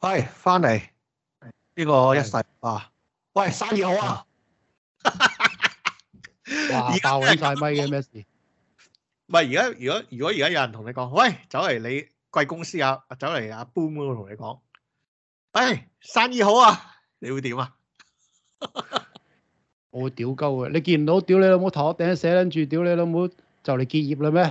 喂，翻嚟呢個一世啊！喂，生意好啊！哇，爆晒咪嘅咩事？唔係而家，如果如果而家有人同你講，喂，走嚟你貴公司啊，走嚟阿 Boom 嗰度同你講，哎，生意好啊！你會點啊？我會屌鳩啊，你見唔到屌你老母頭頂寫捻住，屌你老母就嚟結業啦咩？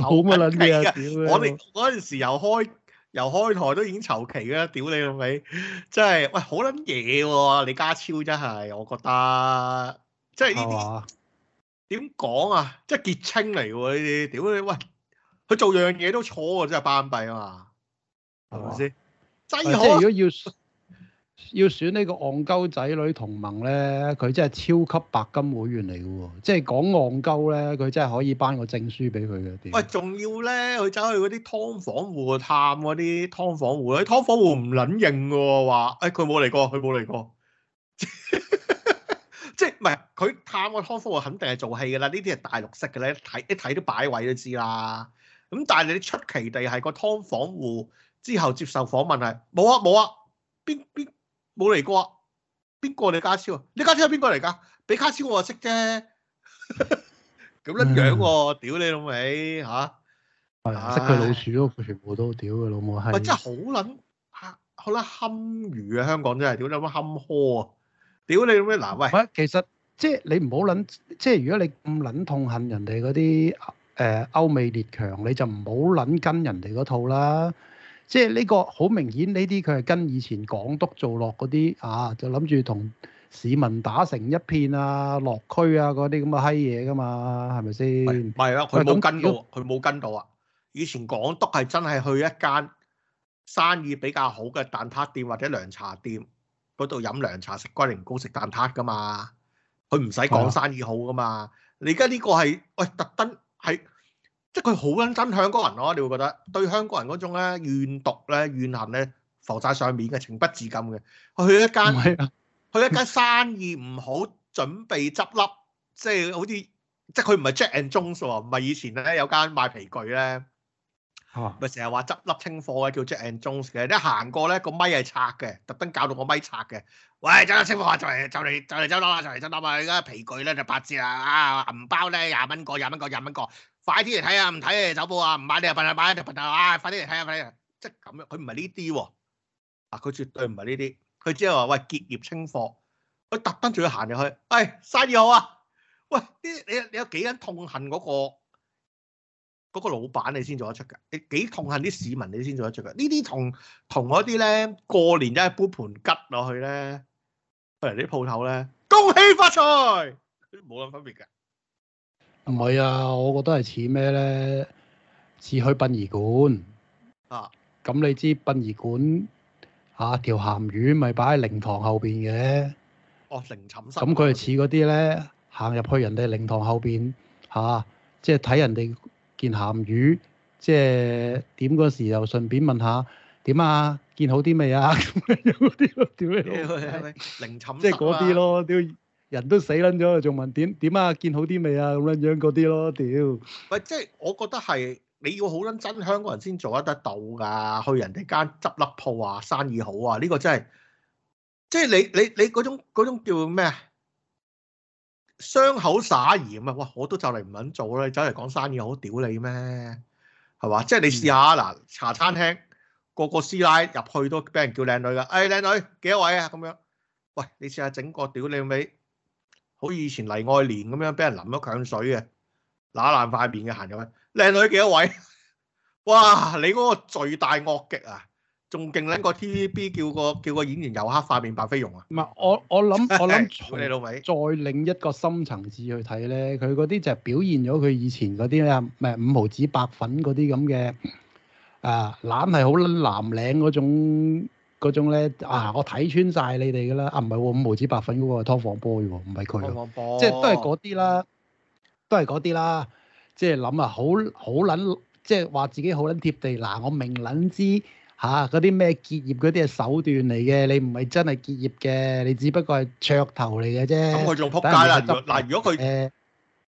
好啊捻嘢，我哋嗰陣時又開。由開台都已經籌期啦，屌你老味！真係喂，好撚嘢喎，李家超真係，我覺得即係呢啲點講啊，即係結清嚟喎呢啲，屌你喂，佢做樣嘢都錯喎，真係班閉啊嘛，係咪先？即係要要。要選呢個戇鳩仔女同盟咧，佢真係超級白金會員嚟嘅喎，即係講戇鳩咧，佢真係可以頒個證書俾佢嘅。喂，仲、哎、要咧，佢走去嗰啲劏房戶探嗰啲劏房戶咧，劏房戶唔撚認嘅喎，話佢冇嚟過，佢冇嚟過。 即係唔係佢探個劏房戶肯定係做戲嘅啦？呢啲係大陸式嘅咧，睇一睇都擺位都知啦。咁但係你出奇地係個劏房戶之後接受訪問係冇啊冇啊，邊邊、啊？冇嚟過，邊個你家超啊？你家超係邊個嚟㗎？俾家超我就識啫，咁甩樣喎！屌你老味吓，識佢老鼠囉全部都屌佢老母係。喂，真係好撚嚇，好撚堪魚啊！香港真係屌你乜坎坷！屌你老味嗱喂。喂，其實即係你唔好撚即係，如果你咁撚痛恨人哋嗰啲誒歐美列強，你就唔好撚跟人哋嗰套啦。即係呢個好明顯，呢啲佢係跟以前港督做落嗰啲啊，就諗住同市民打成一片啊，落區啊嗰啲咁嘅閪嘢㗎嘛，係咪先？唔係啊，佢冇跟嘅喎，佢冇跟到啊。以前港督係真係去一間生意比較好嘅蛋撻店或者涼茶店嗰度飲涼茶、食龜苓膏、食蛋撻㗎嘛。佢唔使講生意好㗎嘛。啊、你而家呢個係喂、哎、特登係。即係佢好撚憎香港人咯、哦，你會覺得對香港人嗰種咧怨毒咧怨恨咧浮曬上，上面嘅情不自禁嘅。去一間、啊、去一間生意唔 好，準備執笠，即係好似即係佢唔係 Jack and Jones 啊，唔係以前咧有間賣皮具咧，咪成日話執笠清貨嘅叫 Jack and Jones 嘅，一行過咧個咪係拆嘅，特登搞到個咪拆嘅。喂，走啦！清貨，就嚟就嚟就嚟走啦，就嚟走啦！而家皮具咧就八折啦，啊，銀包咧廿蚊個，廿蚊個，廿蚊個，快啲嚟睇啊！唔睇啊，走寶啊！唔買你就笨啊，買就笨啊！啊，快啲嚟睇啊，快啲啊！即係咁樣，佢唔係呢啲喎，嗱，佢絕對唔係呢啲，佢只係話喂結業清貨，佢特登仲要行入去，哎，生意好啊！喂，你你有幾人痛恨嗰個嗰個老闆你先做得出噶？你幾痛恨啲市民你先做得出噶？呢啲同同嗰啲咧，過年真係杯盤吉落去咧。人啲鋪頭咧，恭喜發財，冇乜分別㗎。唔係啊，我覺得係似咩咧？似去殯儀館啊。咁、嗯、你知殯儀館嚇、啊、條鹹魚咪擺喺靈堂後邊嘅。哦，靈寢室。咁佢係似嗰啲咧，行入去人哋靈堂後邊嚇、啊，即係睇人哋件鹹魚，即係點嗰時又順便問下點啊。見好啲未啊？咁樣樣嗰啲，點樣靈診室啊？即係嗰啲咯，屌人都死撚咗，仲問點點啊？見好啲未啊？咁樣樣嗰啲咯，屌！喂，即係我覺得係你要好撚憎，香港人先做得到㗎。去人哋間執笠鋪啊，生意好啊，呢個真係即係你你你嗰種嗰種叫咩啊？傷口撒鹽啊！哇！我都就嚟唔撚做啦，你走嚟講生意好，屌你咩係嘛？即係你試下嗱，茶餐廳。個個師奶入去都俾人叫靚女噶，誒、哎、靚女幾多位啊？咁樣，喂，你試下整個屌你尾，好似以前黎愛蓮咁樣俾人淋咗強水嘅，攋爛塊面嘅，行入去，靚女幾多位？哇！你嗰個罪大惡極啊，仲勁拎個 TVB 叫個叫個演員油黑塊面白飛容啊！唔係，我我諗我諗你老味，再另一個深層次去睇咧，佢嗰啲就表現咗佢以前嗰啲咩唔係五毫子白粉嗰啲咁嘅。啊，攬係好撚藍領嗰種嗰種咧啊！我睇穿晒你哋噶啦啊，唔係喎，五毛子白粉嗰個湯房波嘅喎，唔係佢，即係都係嗰啲啦，都係嗰啲啦，即係諗啊，好好撚，即係話自己好撚貼地。嗱、啊，我明撚知嚇嗰啲咩結業嗰啲係手段嚟嘅，你唔係真係結業嘅，你只不過係噱頭嚟嘅啫。咁佢做仆街啦，嗱如果佢誒，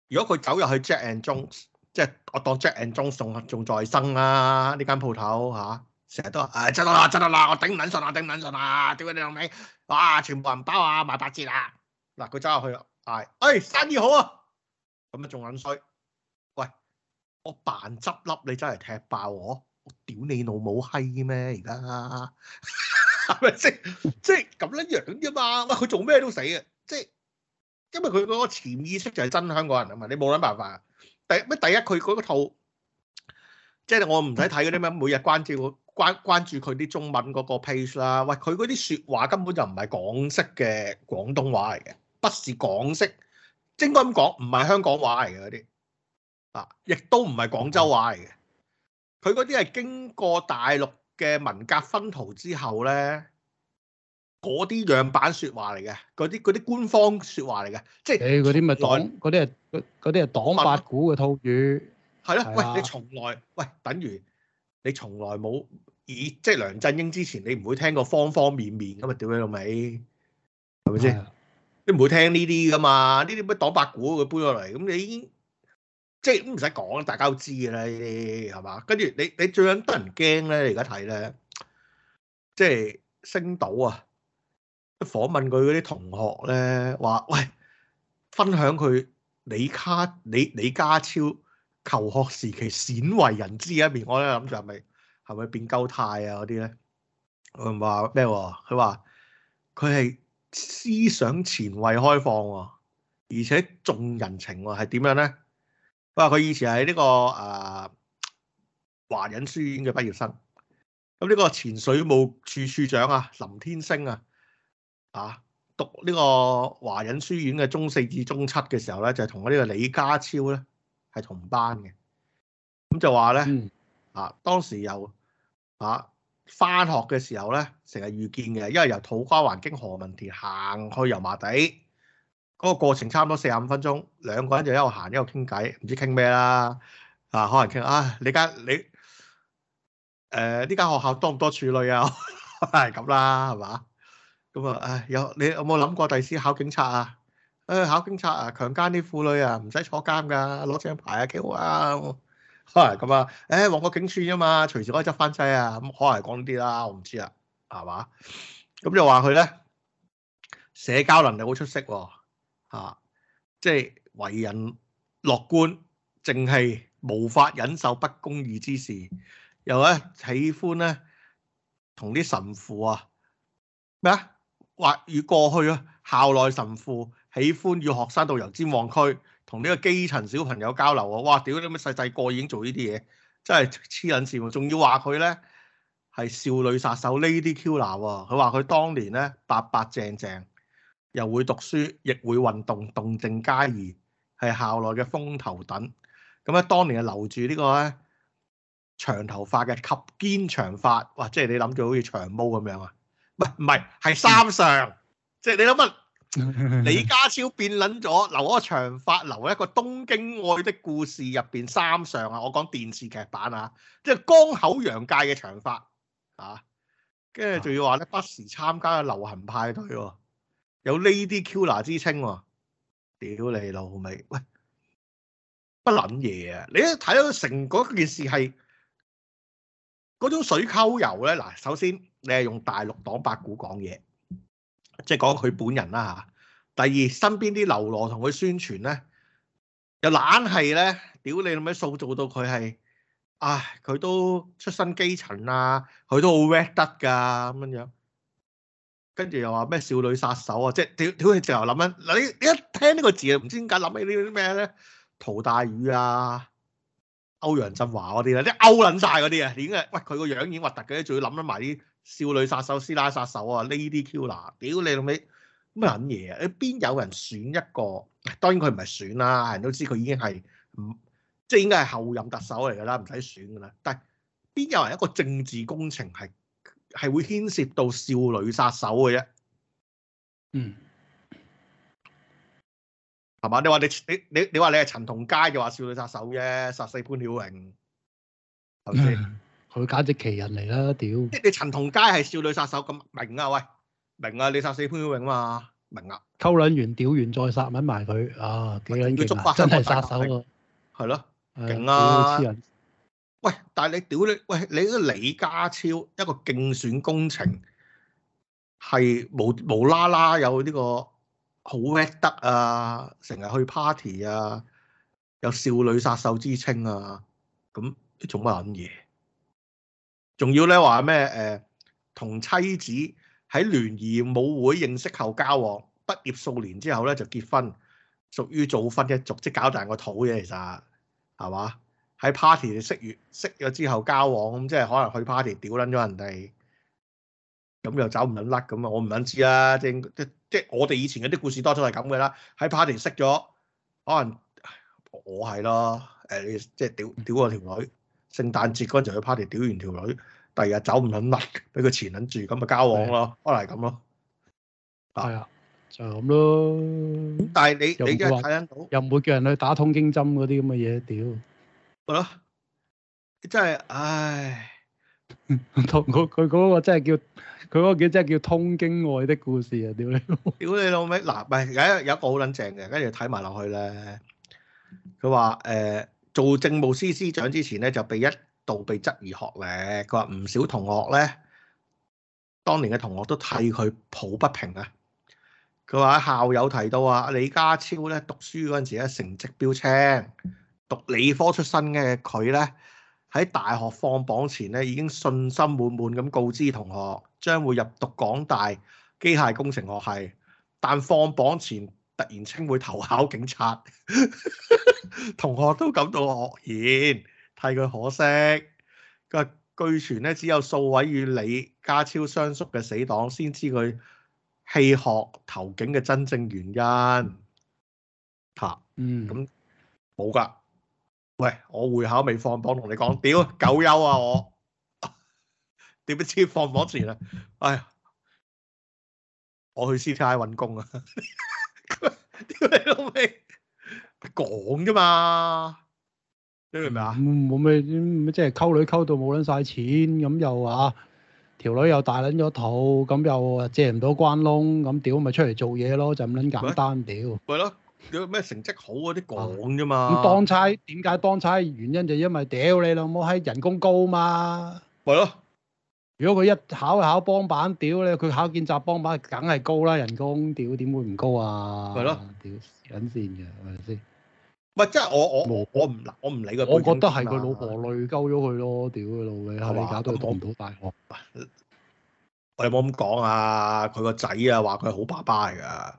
如果佢、呃、走入去 Jack and Jones、嗯。即係我當 Jack and John，送仲再生啦，呢間鋪頭吓，成日、啊、都話誒，執得啦，執得啦，我頂唔捻順啊，頂唔捻順啊，屌你老味！」哇，全部人包啊，買八折啊，嗱佢走入去啊，唉，誒、哎、生意好啊，咁啊仲捻衰，喂，我扮執笠你真係踢爆我，我屌你老母閪咩而家，係咪即係咁捻樣啫嘛，喂，佢做咩都死啊，即、就、係、是、因為佢嗰個潛意識就係真香港人啊嘛，你冇捻辦法。第第一佢嗰套，即係我唔使睇嗰啲咩每日關注關關注佢啲中文嗰個 page 啦。喂，佢嗰啲説話根本就唔係港式嘅廣東話嚟嘅，不是港式，應該咁講唔係香港話嚟嘅嗰啲啊，亦都唔係廣州話嚟嘅。佢嗰啲係經過大陸嘅文革薰陶之後咧。嗰啲樣板說話嚟嘅，嗰啲啲官方說話嚟嘅，即係誒嗰啲咪黨嗰啲啊嗰啲啊，黨八股嘅套語係咯，喂，你從來，喂等於你從來冇以即係，梁振英之前你唔會聽過方方面面噶嘛，屌你老味係咪先？你唔會聽呢啲噶嘛？呢啲咩黨八股佢，啊、搬過嚟，咁你已經即係都唔使講，大家都知噶啦，呢啲係嘛？跟住你你最緊得人驚咧，你而家睇咧，即係升到啊！訪問佢嗰啲同學咧，話喂，分享佢李卡李李家超求學時期鮮為人知嘅一面，我咧諗住係咪係咪變鳩態啊嗰啲咧？佢話咩？佢話佢係思想前衛開放，而且重人情喎，係點樣咧？佢話佢以前係呢、呢個誒、啊、華仁書院嘅畢業生，咁呢個前水務處處長啊林天星啊。啊，讀呢個華仁書院嘅中四至中七嘅時候咧，就同我呢個李家超咧係同班嘅。咁就話咧，啊當時由啊翻學嘅時候咧，成日遇見嘅，因為由土瓜灣經何文田行去油麻地，嗰、那個過程差唔多四十五分鐘，兩個人就一路行一路傾偈，唔知傾咩啦，啊可能傾啊、哎，你間你誒呢間學校多唔多處女啊？係咁啦，係嘛？咁啊、哎，唉，有你有冇諗過第時考警察啊？誒、哎，考警察啊，強姦啲婦女啊，唔使坐監噶，攞張牌啊，幾好啊？係咁啊，誒、哎，旺角警署啊嘛，隨時可以執翻劑啊。咁可能係講啲啦，我唔知啊，係嘛？咁就話佢咧，社交能力好出色喎、啊，即、啊、係、就是、為人樂觀，淨係無法忍受不公義之事，又咧、啊、喜歡咧同啲神父啊，咩啊？話與過去啊，校內神父喜歡要學生到油尖旺區，同呢個基層小朋友交流啊！哇，屌你咩細細個已經做呢啲嘢，真係黐撚線。仲要話佢咧係少女殺手 Lady Killer 喎，佢話佢當年咧白白淨淨，又會讀書，亦會運動，動靜皆宜，係校內嘅風頭等。咁咧，當年係留住呢個咧長頭髮嘅及肩長髮，哇！即係你諗住好似長毛咁樣啊！唔係唔係，係三上，即係你諗乜？李家超變捻咗，留咗長髮，留一個《東京愛的故事》入邊三上啊，我講電視劇版啊，即係江口洋介嘅長髮啊，跟住仲要話咧不時參加流行派對、啊，有呢啲 Lady Killer 之稱、啊，屌你老味，喂，不捻嘢啊！你睇到成嗰件事係嗰種水溝油咧，嗱，首先。你係用大陸黨八股講嘢，即係講佢本人啦嚇。第二，身邊啲流羅同佢宣傳咧，又懶係咧，屌你咁樣塑造到佢係，唉，佢都出身基層啊，佢都好叻得㗎咁樣樣。跟住又話咩少女殺手啊，即係屌屌佢就由諗緊，你一聽呢個字啊，唔知點解諗起呢啲咩咧？陶大宇啊、歐陽震華嗰啲咧，即 out 撚曬嗰啲啊，點解？喂，佢個樣已經核突嘅，仲要諗緊埋啲。少女殺手、師奶殺手啊，Lady Killer，屌你老味乜撚嘢啊？你邊有人選一個？當然佢唔係選啦，人都知佢已經係唔即係應該係後任特首嚟噶啦，唔使選噶啦。但係邊有人一個政治工程係係會牽涉到少女殺手嘅啫？嗯，係嘛？你話你你你你話你係陳同佳就話少女殺手啫，殺死潘曉榮，係咪 佢簡直奇人嚟啦！屌，即係你陳同佳係少女殺手咁明啊？喂，明啊！你殺死潘啊嘛？明啊！溝卵、啊、完，屌完再殺，揾埋佢啊！幾撚勁啊！真係殺手咯、啊，係咯、啊，勁啊，癡人！喂，但係你屌你，喂，你嗰李家超一個競選工程係無無啦啦有呢、呢個好叻得啊，成日去 party 啊，有少女殺手之稱啊，咁、欸、做乜撚嘢？仲要咧話咩？誒、呃，同妻子喺聯誼舞會認識後交往，畢業數年之後咧就結婚，屬於早婚一族，即搞大個肚嘅其實，係嘛？喺 party 識完識咗之後交往，咁、嗯、即係可能去 party 屌撚咗人哋，咁又走唔撚甩咁啊！我唔撚知啦，即即即我哋以前嗰啲故事多數係咁嘅啦。喺 party 識咗，可能我係咯，你即係屌屌我條女，聖誕節嗰陣就去 party 屌完條女。第二日走唔肯甩，俾佢纏撚住，咁咪交往咯，可能係咁咯。係啊，就咁咯。但係你你而家睇到，又唔會叫人去打通經針嗰啲咁嘅嘢。屌，係咯，真係，唉，同佢佢嗰個真係叫佢嗰個叫真係叫通經愛的故事啊！屌你，屌你老味嗱，唔係有一有一個好撚正嘅，跟住睇埋落去咧。佢話誒做政務司司長之前咧，就被一。道被質疑學歷，佢話唔少同學呢，當年嘅同學都替佢抱不平啊！佢話校友提到啊，李家超呢讀書嗰陣時咧成績標青，讀理科出身嘅佢呢，喺大學放榜前呢已經信心滿滿咁告知同學將會入讀港大機械工程學系，但放榜前突然稱會投考警察， 同學都感到愕然。係佢可惜，佢話據傳咧只有數位與李家超相熟嘅死黨先知佢棄學投警嘅真正原因。吓、啊，嗯，咁冇噶。喂，我會考未放榜同你講，屌，狗優啊我。點不知道放榜前啊？哎呀，我去 C T I 揾工啊！屌你老味，講噶嘛。即係咪啊？冇咩，即係溝女溝到冇捻晒錢，咁又啊，條女又大捻咗肚，咁又借唔到關窿，咁屌咪出嚟做嘢咯，就咁捻簡單屌。係咯，啲咩成績好嗰啲講啫嘛。咁當差點解當差？原因就因為屌你啦，唔好閪，人工高嘛。係咯。如果佢一考考幫板屌咧，佢考見習幫板梗係高啦，人工屌點會唔高啊？係咯，屌捻線嘅係咪先？唔即係我我我唔我唔理佢。我覺得係佢老婆累鳩咗佢咯，屌佢老味，考你搞都考唔到大學。我有冇咁講啊？佢個仔啊，話佢好爸爸嚟噶。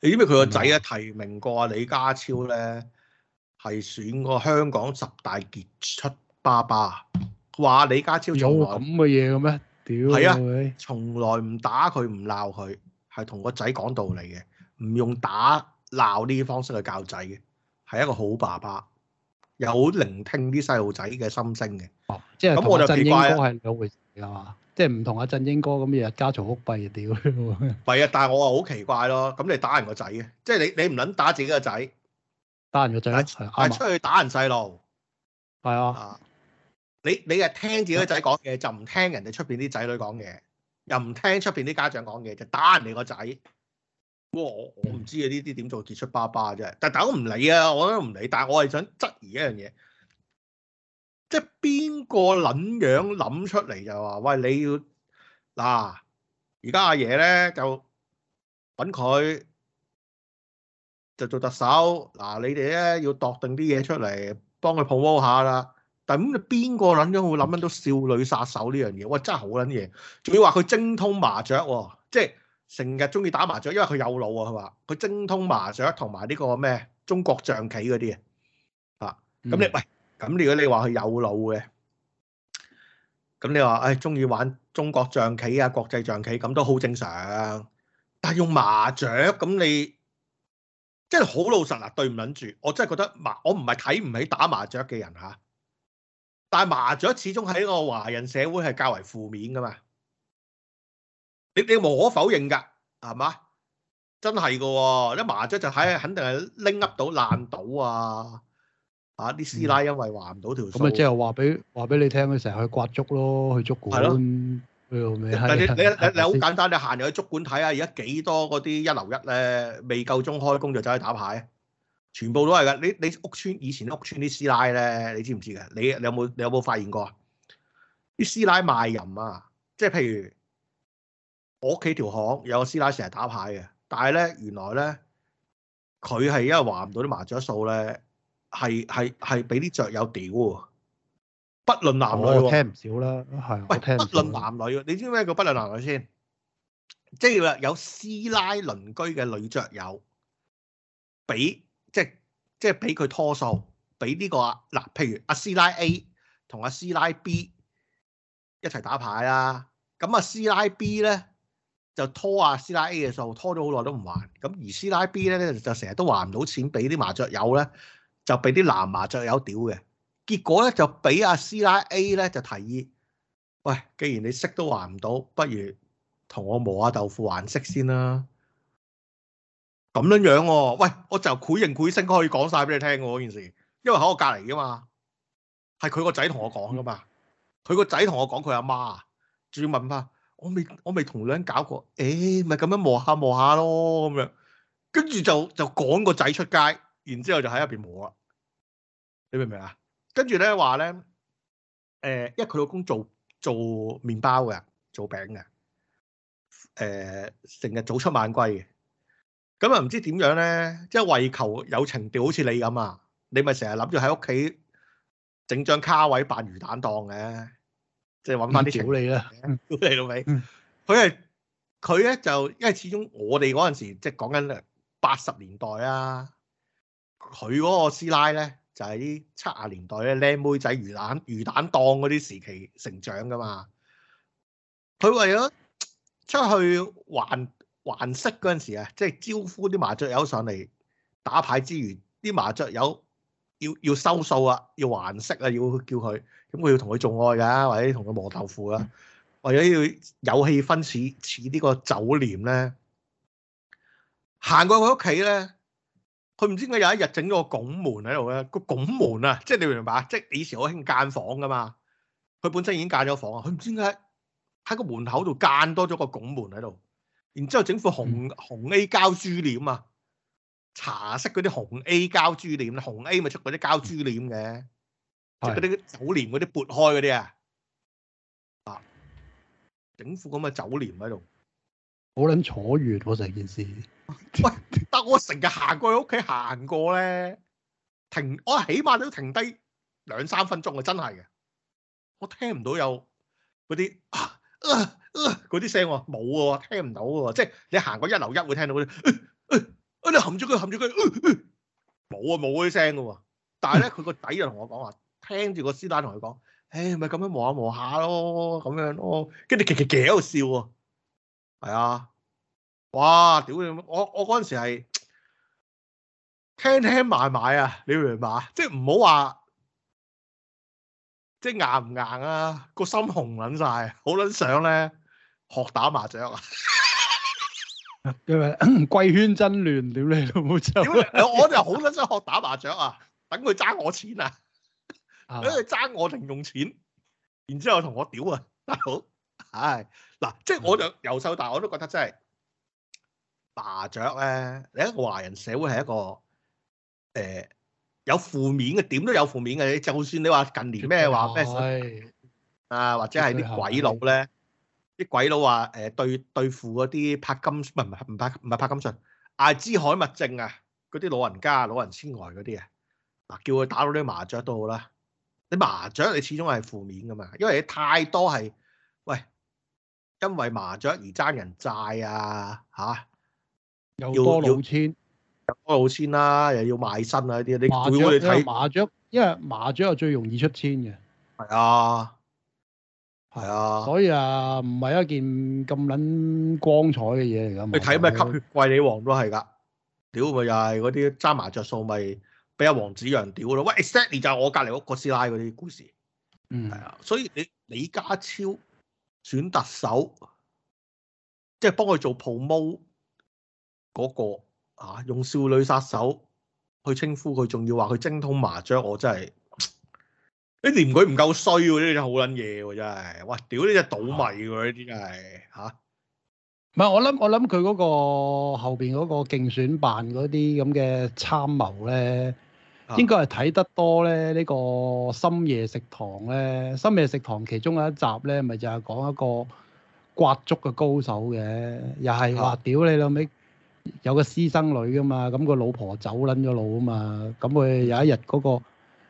你知唔知佢個仔啊提名過啊李家超咧，係選過香港十大傑出爸爸？話李家超從來咁嘅嘢嘅咩？屌係啊，從來唔打佢唔鬧佢，係同個仔講道理嘅，唔用打鬧呢啲方式去教仔嘅。係一個好爸爸，有聆聽啲細路仔嘅心聲嘅。哦，即係咁我就奇怪，係兩回事啊嘛。即係唔同阿振英哥咁日日家嘈屋閉，屌。係啊，但係我話好奇怪咯。咁你打人個仔嘅，即係你你唔撚打自己個仔，打人個仔咯。係出去打人細路，係啊。啊，你你係聽自己個仔講嘢，就唔聽人哋出邊啲仔女講嘢，又唔聽出邊啲家長講嘢，就打人哋個仔。哦、我我唔知啊，呢啲點做傑出爸爸啫，但但係我唔理啊，我都唔理。但係我係想質疑一樣嘢，即係邊個捻樣諗出嚟就話、是、喂你要嗱，而家阿爺咧就搵佢就做特首嗱，你哋咧要度定啲嘢出嚟幫佢 promote 下啦。但係咁你邊個捻樣會諗到少女殺手呢樣嘢？喂，真係好捻嘢，仲要話佢精通麻雀、哦，即係。成日鍾意打麻雀，因為佢有腦啊！佢話佢精通麻雀同埋呢個咩中國象棋嗰啲啊、嗯。咁你喂，咁如果你話佢有腦嘅，咁你話誒鍾意玩中國象棋啊、國際象棋咁都好正常、啊。但係用麻雀咁你，真係好老實啊！對唔撚住，我真係覺得麻，我唔係睇唔起打麻雀嘅人吓、啊。但係麻雀始終喺個華人社會係較為負面㗎嘛。你你無可否認㗎，係嘛？真係噶喎！你麻雀就睇，肯定係拎噏到爛到啊！啊啲師奶因為話唔到條，咁咪，即係話俾話俾你聽，佢成日去刮竹咯，去竹館去到尾。但係你你你你好簡單，你行入去竹館睇下！而家幾多嗰啲一流一咧，未夠鐘開工就走去打牌，全部都係㗎。你你屋村以前屋村啲師奶咧，你知唔知㗎？你你有冇你有冇發現過啊？啲師奶賣淫啊，即係譬如。我屋企條巷有個師奶成日打牌嘅，但係咧原來咧佢係因為話唔到啲麻雀數咧，係係係俾啲雀友屌喎，不論男女喎。聽唔少啦，係喂，不論男女，不論男女你知唔知咩叫不論男女先？即係話有師奶鄰居嘅女雀友俾即係即係俾佢拖數，俾呢個啊嗱，譬如阿師奶 A 同阿師奶 B 一齊打牌啦，咁啊師奶 B 咧。就拖阿師奶 A 嘅數，拖咗好耐都唔還。咁而師奶 B 咧就成日都還唔到錢俾啲麻雀友咧，就俾啲男麻雀友屌嘅。結果咧就俾阿師奶 A 咧就提議：喂，既然你息都還唔到，不如同我磨下豆腐還息先啦。咁樣樣、啊、喎，喂，我就繪形繪聲可以講晒俾你聽喎嗰件事，因為喺我隔離㗎嘛，係佢個仔同我講㗎嘛，佢個仔同我講佢阿媽啊，仲要問翻。我未我未同女人搞過，誒咪咁樣磨下磨下咯，咁樣，跟住就就趕個仔出街，然之後就喺入面磨啦。你明唔明啊？跟住咧話咧，誒、呃，因為佢老公做做麵包嘅，做餅嘅，成日、呃、早出晚歸嘅，咁啊唔知點樣咧，即係為求有情調，好似你咁啊，你咪成日諗住喺屋企整張卡位扮魚蛋檔嘅。即係揾翻啲小利啦，小利老味。佢係佢咧就，因為始終我哋嗰陣時即係講緊八十年代啊，佢嗰個師奶咧就係啲七啊年代咧靚妹仔魚蛋魚蛋檔嗰啲時期成長噶嘛。佢為咗出去還還室嗰陣時啊，即係招呼啲麻雀友上嚟打牌之餘，啲麻雀友。要要收數啊，要還息啊，要叫佢咁，佢要同佢做愛㗎、啊，或者同佢磨豆腐啊，或者要有氣氛似似呢個酒簾咧。行過佢屋企咧，佢唔知點解有一日整咗個拱門喺度咧。個拱門啊，即係你明唔明白啊？即係以前好興間房㗎嘛，佢本身已經間咗房啊，佢唔知點解喺個門口度間多咗個拱門喺度，然之後整副紅、嗯、紅 A 膠珠簾啊！茶色嗰啲紅 A 膠珠簾，紅 A 咪出嗰啲膠珠簾嘅，啲酒簾嗰啲撥開嗰啲啊，啊，整副咁嘅酒簾喺度，好撚坐月喎成件事。 喂，但我成日行過去屋企行過咧，停，我起碼都停低兩三分鐘啊，真係嘅，我聽唔到有嗰啲啊嗰啲、啊啊、聲，冇喎、啊，聽唔到喎、啊，即係你行過一樓一會聽到嗰啲。啊跟住含住佢，含住佢，冇啊冇啲聲噶喎。但係咧，佢個底就同我講話，聽住個師奶同佢講，誒、哎，咪咁樣磨下磨下咯，咁樣咯。跟住其其其喺度笑啊，係啊，哇，屌！我我嗰陣時係聽聽埋埋啊，你明唔明啊？即係唔好話，即、就、係、是、硬唔硬啊？個心紅捻晒，好捻想咧學打麻雀啊！ 因為貴圈真亂，屌你都冇錯，我就好撚想學打麻雀啊，等佢爭我錢啊，等佢爭我零用錢，然之後同我屌啊，大 佬、 啊，唉、就是，嗱、嗯，即係我就由細到大我都覺得真係麻雀咧，你、這、喺、個、華人社會係一個誒、呃、有負面嘅，點都有負面嘅，就算你話近年咩話咩啊，或者係啲鬼佬咧。啲鬼佬話誒、呃、對對付嗰啲柏金唔唔唔柏唔係柏金遜，艾滋海默症啊，嗰啲老人家老人痴呆嗰啲啊，嗱，叫佢打到啲麻雀都好啦。你麻雀你始終係負面噶嘛，因為你太多係喂，因為麻雀而爭人債啊嚇，又、啊、多老千，又多老千啦、啊，又要賣身啊啲，你叫我哋睇麻雀，因為麻雀係最容易出千嘅，係啊。係啊，所以啊，唔係一件咁撚光彩嘅嘢嚟噶。你睇咩吸血鬼女王都係噶，屌佢又係嗰啲揸麻雀數咪俾阿黃子揚屌咯。喂 Stanley、exactly、就係我隔離屋個師奶嗰啲故事，嗯，係啊。所以你李家超選特首，即、就、係、是、幫佢做 promo 嗰、那個啊，用少女殺手去稱呼佢，仲要話佢精通麻雀，我真係～啲掂佢唔夠衰喎，呢啲真好捻嘢喎，真係，哇！屌你只倒米喎，呢啲真係，吓，唔係我諗，我諗佢嗰個後邊嗰個競選辦嗰啲咁嘅參謀咧，應該係睇得多咧呢個深夜食堂咧，深夜食堂其中有一集咧，咪就係講一個刮足嘅高手嘅，又係話屌你老味，有個私生女噶嘛，咁個老婆走捻咗路啊嘛，咁佢有一日嗰個。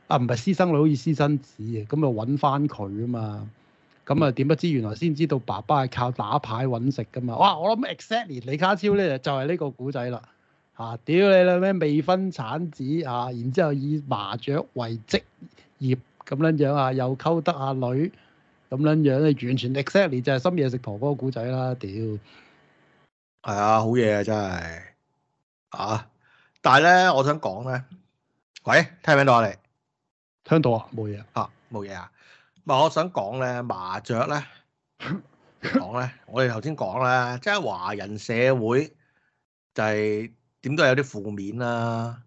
啊，唔係私生女，好似私生子啊，咁啊揾翻佢啊嘛，咁啊點不知原來先知道爸爸係靠打牌揾食噶嘛，哇！我諗 exactly 李家超咧就就係呢個古仔啦，嚇、啊、屌你啦咩未婚產子啊，然之後以麻雀為職業咁樣樣啊，又溝得阿女咁樣樣，完全 exactly 就係深夜食婆嗰個古仔啦，屌！係啊，好嘢真係，啊！但係咧，我想講咧，喂，聽唔聽到啊你？聽到啊，冇嘢啊，冇嘢啊。嗱我想講咧，麻雀咧，講 咧，我哋頭先講啦，即係華人社會就係、是、點都有啲負面啦、啊。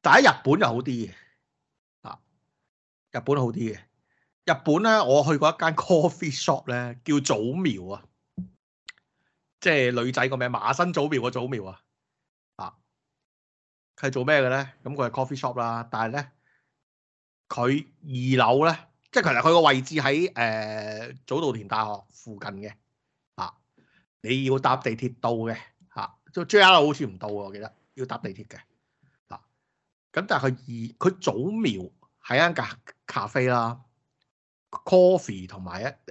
但喺日本就好啲嘅啊，日本好啲嘅。日本咧，我去過一間 coffee shop 咧，叫早苗啊，即、就、係、是、女仔個名馬生早苗個早苗啊。啊，係做咩嘅咧？咁佢係 coffee shop 啦，但係咧。佢二樓咧，即係其實佢個位置喺早稻田大學附近嘅啊，你要搭地鐵到嘅就做 JR 好似唔到喎，記得要搭地鐵嘅咁、啊、但係佢二佢早苗喺一間咖咖啡啦，coffee 同埋一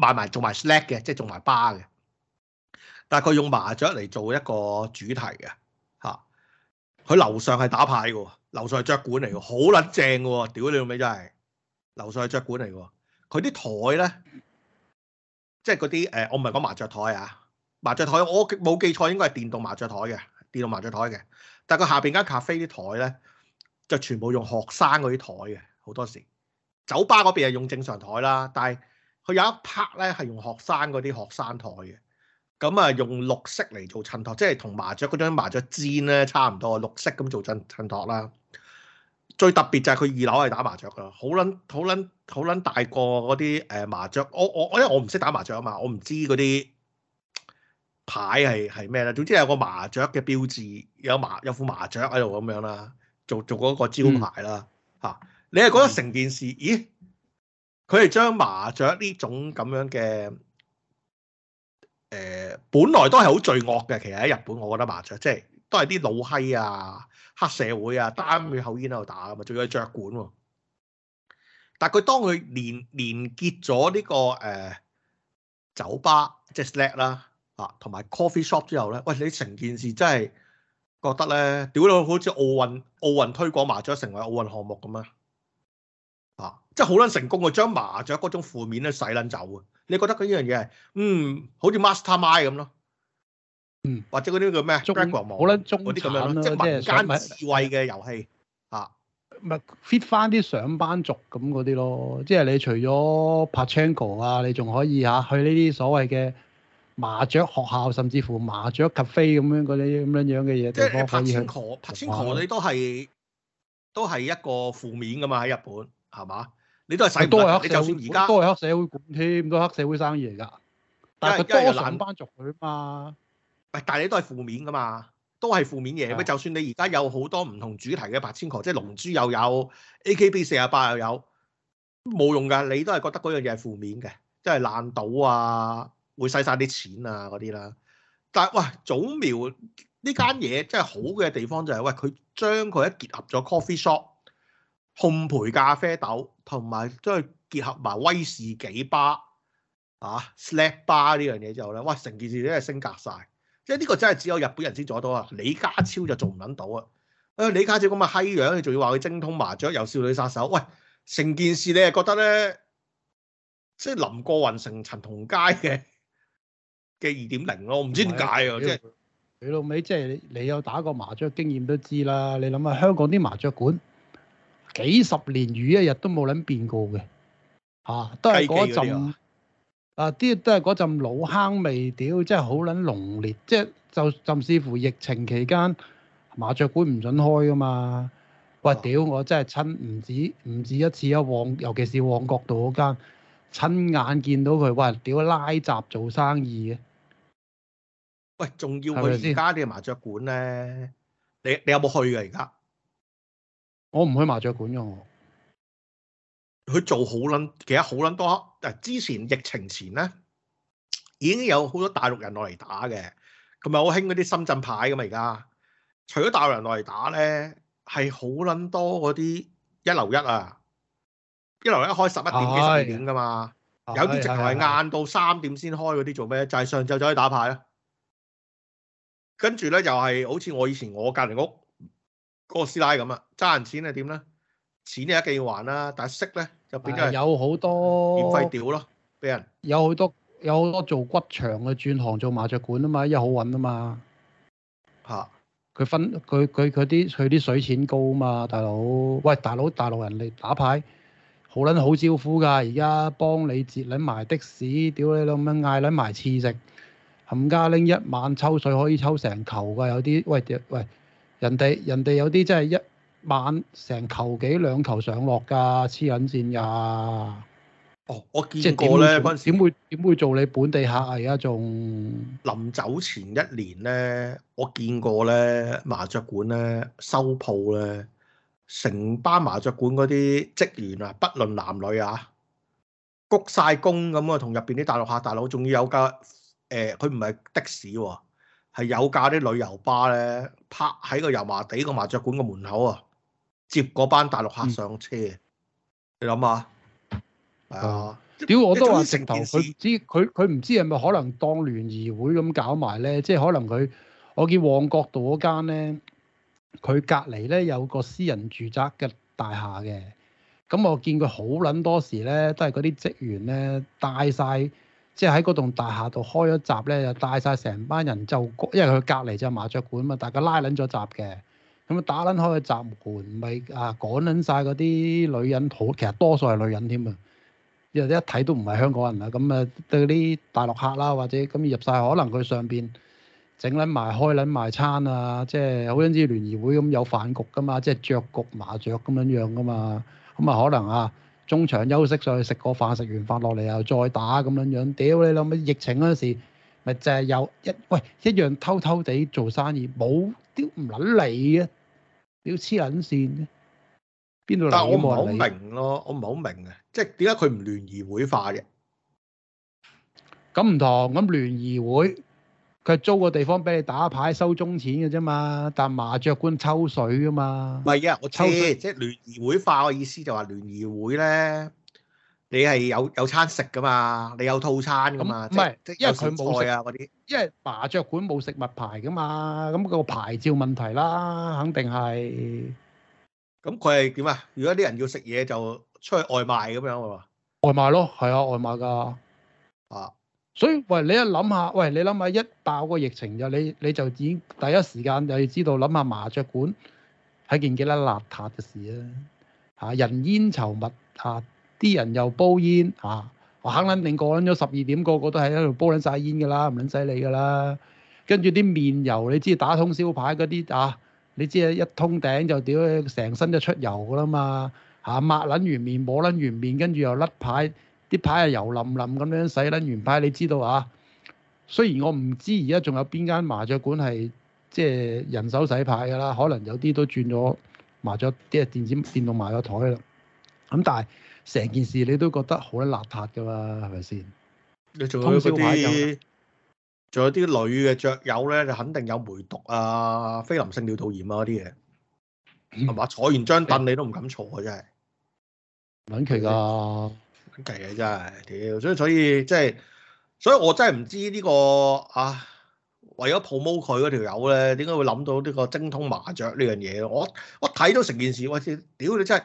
賣埋、呃、做埋 snack 嘅，即係做埋 bar 嘅。但係佢用麻雀嚟做一個主題嘅佢、啊、樓上係打牌喎。樓上係雀館嚟嘅，好撚正嘅喎！屌你老味真係，樓上係雀館嚟嘅。佢啲台咧，即係嗰啲誒，我唔係講麻雀台啊，麻雀台我冇記錯應該係電動麻雀台嘅，電動麻雀台嘅。但係佢下邊間咖啡啲台咧，就全部用學生嗰啲台嘅，好多時。酒吧嗰邊係用正常台啦，但係佢有一 part 咧係用學生嗰啲學生台嘅。咁啊，用綠色嚟做襯托，即係同麻雀嗰張麻雀氈咧差唔多，綠色咁做襯襯托啦。最特別就係佢二樓係打麻雀㗎，好撚好撚好撚大個嗰啲誒麻雀。我我我因為我唔識打麻雀啊嘛，我唔知嗰啲牌係係咩咧。總之有個麻雀嘅標誌，有麻有副麻雀喺度咁樣啦，做做嗰個招牌啦嚇、嗯啊。你係覺得成件事？是咦，佢哋將麻雀呢種咁樣嘅誒、呃，本來都係好罪惡嘅。其實喺日本，我覺得麻雀即係都係啲老閪啊，黑社會啊，擔佢口煙喺度打啊嘛，仲要係雀館喎。但係佢當佢連連結咗呢、這個誒、呃、酒吧即係、就是、slag 啦啊，同埋 coffee shop 之後咧，喂你成件事真係覺得咧，屌到好似奧運奧運推廣麻雀成為奧運項目咁啊！啊，真係好撚成功啊，將麻雀嗰種負面咧洗撚走啊！你覺得佢呢樣嘢係嗯，好似 mastermind 咁咯？嗯，或者嗰啲叫咩？中國冇啦，中啲咁樣咯，即係民間智慧嘅遊戲啊，咪 fit 翻啲上班族咁嗰啲咯。嗯、即係你除咗 Pachinko 啊，你仲可以吓去呢啲所謂嘅麻雀學校，甚至乎麻雀 cafe 咁樣嗰啲咁樣樣嘅嘢。即係 Pachinko，Pachinko 你都係都係一個負面噶嘛？喺日本係嘛？你都係使多係黑社會管添，多黑、黑社會生意嚟噶。但係多上班族去啊嘛。喂，但係你都係負面噶嘛，都係負面嘢。喂，就算你而家有好多唔同主題嘅八千鶴，即係龍珠又有 A.K.B. 四十八又有，冇用㗎。你都係覺得嗰樣嘢係負面嘅，即係爛賭啊，會嘥晒啲錢啊嗰啲啦。但係，喂，祖苗呢間嘢真係好嘅地方就係、是，喂，佢將佢一結合咗 coffee shop、烘焙咖啡豆同埋即係結合埋威士忌巴、啊，啊 snap bar 呢樣嘢之後咧，哇，成件事真係升格晒。即係呢個真係只有日本人先做得到啊！李家超就做唔撚到啊！誒、啊，李家超咁嘅閪樣，你仲要話佢精通麻雀又少女殺手？喂，成件事你係覺得咧，即係林過雲成陳同佳嘅嘅二點零咯，我唔知點解啊！即係，你老味，即、就、係、是你，就是、你，你有打過麻雀經驗都知啦。你諗下香港啲麻雀館幾十年如一日都冇撚變過嘅，嚇、啊、都係嗰陣。啊！啲都係嗰陣老坑味，屌真係好捻濃烈，即係就甚至乎疫情期間麻雀館唔准開噶嘛。喂、哎，屌我真係親唔止唔止一次一旺，尤其是旺角度嗰間，親眼見到佢喂屌拉閘做生意嘅。喂，仲要佢而家啲麻雀館咧？你你有冇去噶？而家我唔去麻雀館咗，我去做好捻，其實好捻多。之前疫情前咧，已經有好多大陸人落嚟打嘅，同埋好興嗰啲深圳牌咁、啊、嘛。而家除咗大陸人落嚟打咧，係好撚多嗰啲一樓一啊，一樓一開十一點幾十二點噶嘛，哎、有啲直頭係晏到三點先開嗰啲做咩就係、是、上晝走去打牌啊，跟住咧又係好似我以前我隔離屋嗰、那個師奶咁啊，揸人錢係點咧？錢你一定要還啦，但係息咧就變咗有好多免費屌咯，俾人有好多有好多做骨場嘅轉行做麻雀館啊嘛，因為好穩啊嘛，嚇佢分佢佢佢啲佢啲水錢高啊嘛，大佬喂，大佬大陸人嚟打牌好撚好招呼㗎，而家幫你接撚埋的士，屌你老母嗌撚埋刺食，冚家拎一晚抽水可以抽成球㗎，有啲喂，喂人哋人哋有啲真係一。晚成球幾兩球上落㗎，黐緊線㗎。哦，我見過咧，點會點會，會做你本地客啊？而家仲臨走前一年咧，我見過咧麻雀館咧收鋪咧，成班麻雀館嗰啲職員啊，不論男女啊，鞠晒躬咁啊，同入邊啲大陸客大佬仲要有架誒，佢唔係的士喎，哦，係有架啲旅遊巴咧，泊喺個油麻地個麻雀館個門口啊！接嗰班大陸客上車，嗯、你諗下，係啊？屌、啊、我都話直頭，佢唔知佢佢唔知係咪可能當聯誼會咁搞埋咧？即、就、係、是、可能佢，我見旺角度嗰間咧，佢隔離咧有個私人住宅嘅大廈嘅，咁我見佢好撚多時咧，都係嗰啲職員咧帶晒，即係喺嗰棟大廈度開咗閘咧，又帶晒成班人就，因為佢隔離就係麻雀館嘛，大家拉撚咗閘嘅。咁打撚開個閘門，咪啊趕撚曬嗰啲女人，好其實多數係女人添啊！因為一睇都唔係香港人啦，咁啊對啲大陸客啦，或者咁入曬，可能佢上邊整撚埋開撚埋餐啊，即係好似聯誼會咁有飯局噶嘛，即係著局麻雀咁樣樣噶嘛，咁啊可能啊中場休息上去食個飯，食完飯落嚟又再打咁樣樣。屌你諗乜疫情嗰陣時，咪就係有一喂一樣偷偷地做生意，冇啲唔撚理嘅。屌黐撚線嘅，邊度？但係我唔係好明咯，我唔係好明呀，即係點解佢唔聯誼會化嘅？咁唔同，咁聯誼會佢租個地方俾你打牌收鐘錢嘅啫嘛，但麻雀館抽水噶嘛。唔係啊，我抽水，即係聯誼會化嘅意思就話聯誼會咧。你係有有餐食噶嘛？你有套餐噶嘛？唔、嗯、係，因為佢冇食啊嗰啲，因為麻雀館冇食物牌噶嘛，咁個牌照問題啦，肯定係。咁佢係點啊？如果啲人要食嘢就出去外賣咁樣係咪？外賣咯，係啊，外賣㗎。啊，所以喂，你一諗下，喂，你諗下一爆個疫情就你你就已經第一時間就要知道諗下麻雀館係件幾撚邋遢嘅事啊！嚇，人煙稠密啊～啲人又煲煙嚇、啊，我肯定過咗十二點，個個都喺度煲撚晒煙㗎啦，唔撚使你㗎啦。跟住啲面油，你知打通宵牌嗰啲嚇，你知啊，一通頂就屌，成身就出油㗎啦嘛嚇、啊，抹撚完面摸撚完面，跟住又甩牌，啲牌係油淋淋咁樣洗撚完牌，你知道啊？雖然我唔知而家仲有邊間麻雀館係即係人手洗牌㗎啦，可能有啲都轉咗麻雀即係電子電動麻雀台啦。咁但係。成件事你都覺得好邋遢噶嘛，係咪先？你仲有啲，仲有啲女嘅雀友咧，就肯定有梅毒啊、非淋性尿道炎啊啲嘢，係、嗯、嘛？坐完張凳你都唔敢坐啊、嗯！真係，撚奇啊！撚奇啊！真係，屌！所以所以即係，所以我真係唔知呢個啊，為咗 promote 佢嗰條友咧，點解會諗到呢個精通麻雀呢樣嘢？我我睇到成件事，我屌你真係～真係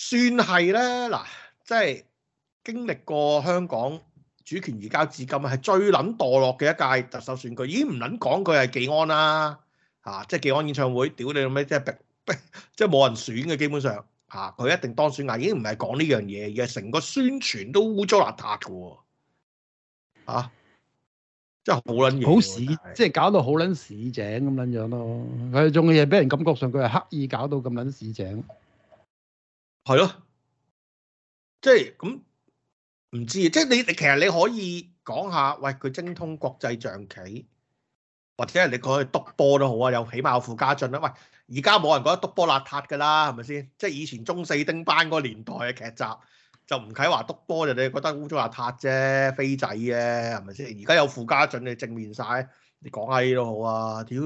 算係咧，嗱，即係經歷過香港主權移交至今啊，係最撚墮落嘅一屆特首選舉。已經唔撚講佢係紀安啦、啊，嚇、啊，即係紀安演唱會，屌你老味，即係逼逼，即係冇人選嘅基本上，嚇、啊，佢一定當選壓、啊，已經唔係講呢樣嘢，而係成個宣傳都污糟邋遢㗎喎，即真係好撚嘢，好屎，即係搞到好撚市井咁撚樣咯。佢仲嘅嘢俾人感覺上佢係刻意搞到咁撚市井。係咯，即係咁唔知即係你，你其實你可以講下，喂，佢精通國際象棋，或者人哋講佢督波都好啊，又起碼有傅家俊啊！喂，而家冇人覺得督波邋遢噶啦，係咪先？即係以前中四丁班嗰個年代嘅劇集，就唔係話督波就你覺得污糟邋遢啫，飛仔啫，係咪先？而家有傅家俊，你正面晒，你講下依啲都好啊！屌，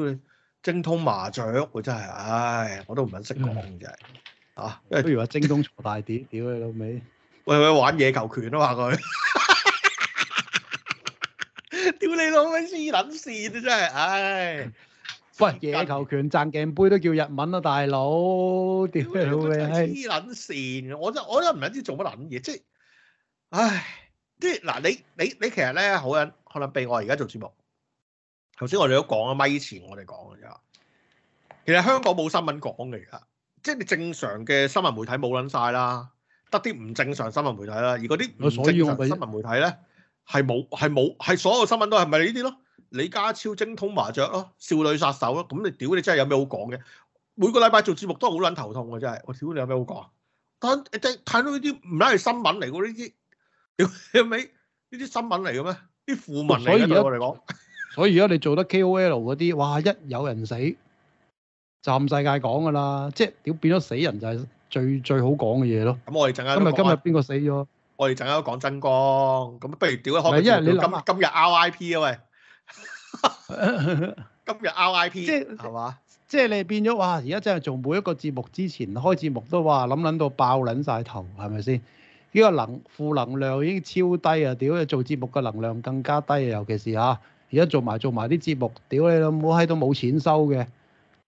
精通麻雀啊，真係，唉，我都唔肯識講，真、嗯、係。啊！不如話精工坐大碟，屌你老味，喂喂，玩野球拳啊嘛佢，屌 你老味黐捻線啊真係！唉、哎，喂、欸，野球拳賺鏡杯都叫日文啊大佬，屌你老味黐捻線，我真我都唔撚知做乜捻嘢，即係，唉、哎，即係嗱你你你其實咧好撚可能畀我而家做節目，頭先我哋都講咗，咪前我哋講嘅，其實香港冇新聞講嚟㗎即係你正常嘅新聞媒體冇撚晒啦，得啲唔正常新聞媒體啦。而嗰啲唔正常新聞媒體咧，係冇係冇係所有新聞都係咪呢啲咯？李家超精通麻雀咯，少女殺手咯。咁你屌你真係有咩好講嘅？每個禮拜做節目都係好撚頭痛嘅真係。我屌你有咩好講？但係睇到呢啲唔係新聞嚟喎，呢啲屌尾呢啲新聞嚟嘅咩？啲負聞嚟嘅對我嚟講。所以而家 你做得 K O L 嗰啲，哇一有人死。站世界講噶啦，即係屌變咗死人就係最最好講嘅嘢咯。咁我哋陣間今日今日邊個死咗？我哋陣間都講真光，咁不如屌開到今日 RIP 啊喂！今日 RIP 係嘛？即係你變咗哇！而家真係做每一個節目之前開節目都話諗諗到爆撚晒頭，係咪先？呢個能負能量已經超低啊！屌你做節目嘅能量更加低，尤其是嚇而家做埋做埋啲節目，屌你老母喺度冇錢收嘅。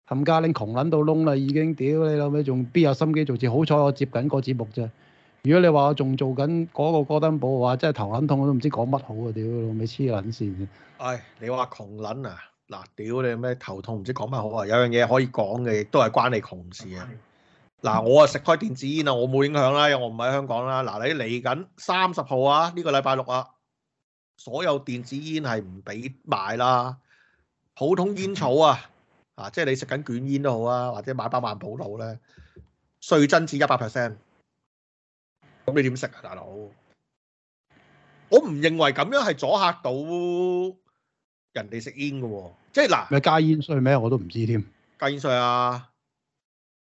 冚家拎窮捻到窿啦，已經屌你老味，仲邊有心機做字？好彩我接緊個節目啫。如果你話我仲做緊嗰個哥登堡嘅話，真係頭捻痛，我都唔知講乜好你、哎、你啊！屌你老味黐捻綫唉，你話窮捻啊？嗱，屌你咩頭痛，唔知講乜好啊？有樣嘢可以講嘅，亦都係關你窮事啊。嗱，我啊食開電子煙啊，我冇影響啦，因為我唔喺香港啦。嗱，你嚟緊三十號啊，呢、這個禮拜六啊，所有電子煙係唔俾買啦，普通煙草啊。啊！即係你食緊卷煙都好啊，或者買包萬寶路咧，稅增至一百 percent，咁你點食啊，大佬？我唔認為咁樣係阻嚇到人哋食煙嘅喎，即係嗱，咪加煙稅咩？我都唔知添。加煙稅啊，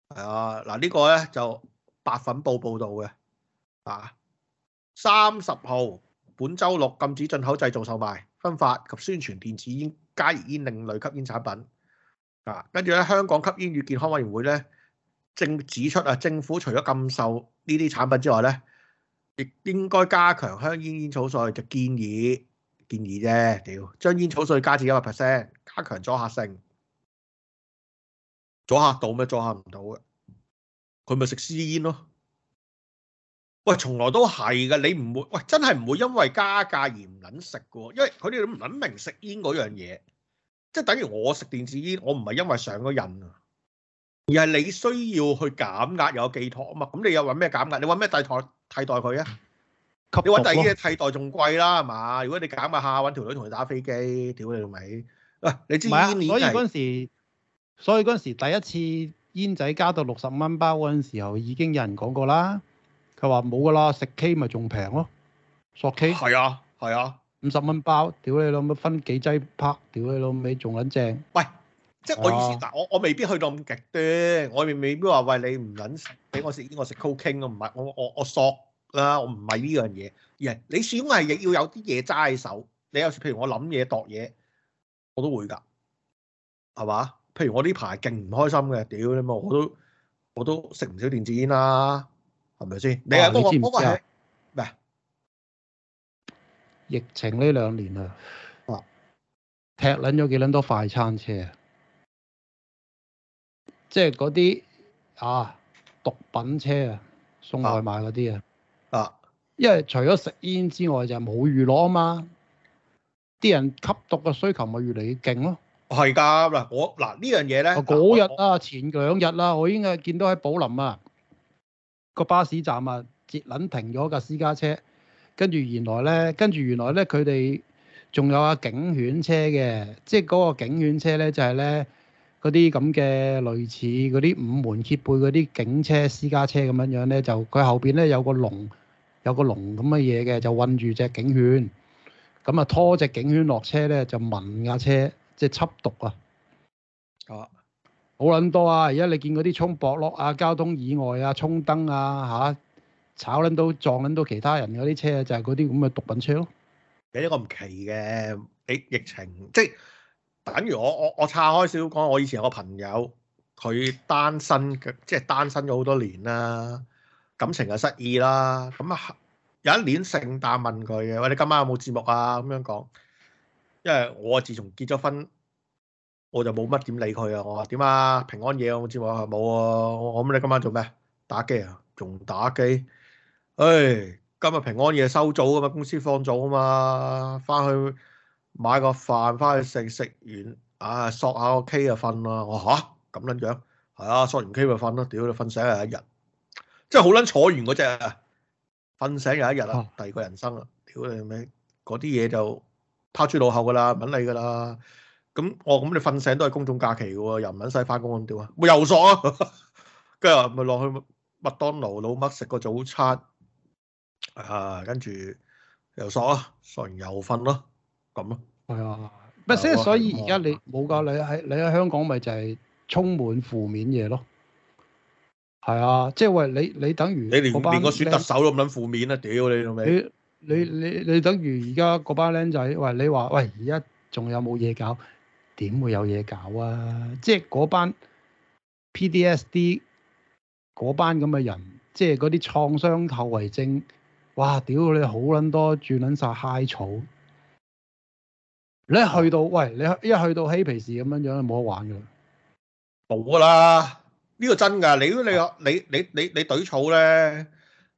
係啊！嗱，呢個咧就白粉報報導嘅，啊，三十號本週六禁止進口製造、售賣、分發及宣傳電子煙、加熱煙、另類吸煙產品。啊，跟住咧，香港吸煙與健康委員會咧，正指出啊，政府除咗禁售呢啲產品之外咧，亦應該加強香煙煙草稅，就建議建議啫，屌，將煙草稅加至一百 percent，加強阻嚇性，阻嚇到咩？阻嚇唔到嘅，佢咪食私煙咯？喂，從來都係嘅，你唔會，喂，真係唔會因為加價而唔撚食嘅，因為佢哋都唔撚明食煙嗰樣嘢。即係等於我食電子煙，我唔係因為上咗癮啊，而係你需要去減壓又有寄託啊嘛。咁你又揾咩減壓？你揾咩替，替代，代替代佢啊？你揾第二嘅替代仲貴啦，係嘛？如果你減下揾條女同你打飛機，屌你老味！喂，你知唔知啊？所以嗰陣時，所以嗰陣時第一次煙仔加到六十蚊包嗰陣時候，已經有人講過啦。佢話冇㗎啦，食 K 咪仲平咯。索 K 係啊，係啊。五十蚊包，屌你老母分幾劑拍，屌你老味仲撚正！喂，即係我以前，但、啊、我我未必去到咁極端，我未未必話喂你唔撚俾我食煙，我食 cooking 咯，唔係我我我索啦，我唔係呢樣嘢。而係，你始終係亦要有啲嘢揸喺手。你有時譬如我諗嘢度嘢，我都會㗎，係嘛？譬如我呢排勁唔開心嘅，屌你媽，我都我都食唔少電子煙啦，係咪先？你係嗰、那個嗰、哦那個咩？疫情呢兩年啊，啊，踢撚咗幾撚多快餐車啊，即係嗰啲啊毒品車啊，送外賣嗰啲啊，啊，因為除咗食煙之外，就冇娛樂啊嘛，啲人吸毒嘅需求咪越嚟越勁咯。係㗎嗱，我嗱、啊、呢樣嘢咧，嗰日啊，前兩日啊，我已經係見到喺寶林啊個巴士站啊，截撚停咗架私家車。跟住原來咧，跟住原來咧，佢哋仲有阿警犬車嘅，即係嗰個警犬車咧，就係咧嗰啲咁嘅類似嗰啲五門揭背嗰啲警車私家車咁樣樣咧，就佢後邊咧有個籠，有個籠咁嘅嘢嘅，就韞住隻警犬，咁啊拖隻警犬落車咧，就聞架車，即係緝毒啊！哦、啊，好撚多啊！而家你見嗰啲衝薄落啊、交通意外啊、衝燈啊嚇～啊炒撚到撞撚到其他人嗰啲車啊，就係嗰啲咁嘅毒品車咯。有、這、一個唔奇嘅，你疫情即係等於我我我岔開少少講，我以前有個朋友佢單身嘅，即係單身咗好多年啦，感情又失意啦。咁啊有一年聖誕問佢嘅，我話你今晚有冇節目啊？咁樣講，因為我自從結咗婚，我就冇乜點理佢啊。我話點啊，平安夜、啊、有冇節目啊？冇啊，我咁你今晚做咩？打機啊，仲打機。唉、哎，今日平安夜收早啊嘛，公司放早啊嘛，翻去買個飯，翻去食食完，啊，索下個 K 就瞓啦。我吓咁捻樣？係啊，索完 K 咪瞓咯。屌你瞓醒又一日，真係好捻坐完嗰隻啊。瞓醒又一日啊，第二個人生啊，屌你咩？嗰啲嘢就拋諸腦後噶啦，唔、哦、理噶啦。咁我咁你瞓醒都係公眾假期噶喎，又唔捻使翻工，咁屌啊，咪又爽啊。跟住咪落去麥當勞老麥食個早餐。啊，跟住又索啊，索完又瞓咯，咁咯。係啊，唔係，啊啊嗯，所以而家你冇噶，你喺你喺香港咪就係充滿負面嘢咯。係啊，即、就、係、是，喂你你等於你連連個選特首都唔撚負面啊，屌你老味，你你你等於而家嗰班僆仔喂，你話喂，而家仲有冇嘢搞？點會有嘢搞啊？即係嗰班 PDSD 嗰班咁嘅人，即係嗰啲創傷後遺症。哇！屌你好，好撚多轉撚晒嗨草，你一去到，喂，你一去到嬉皮士咁樣樣，冇得玩噶啦，冇噶啦！呢個真噶，你你你你你你隊草咧，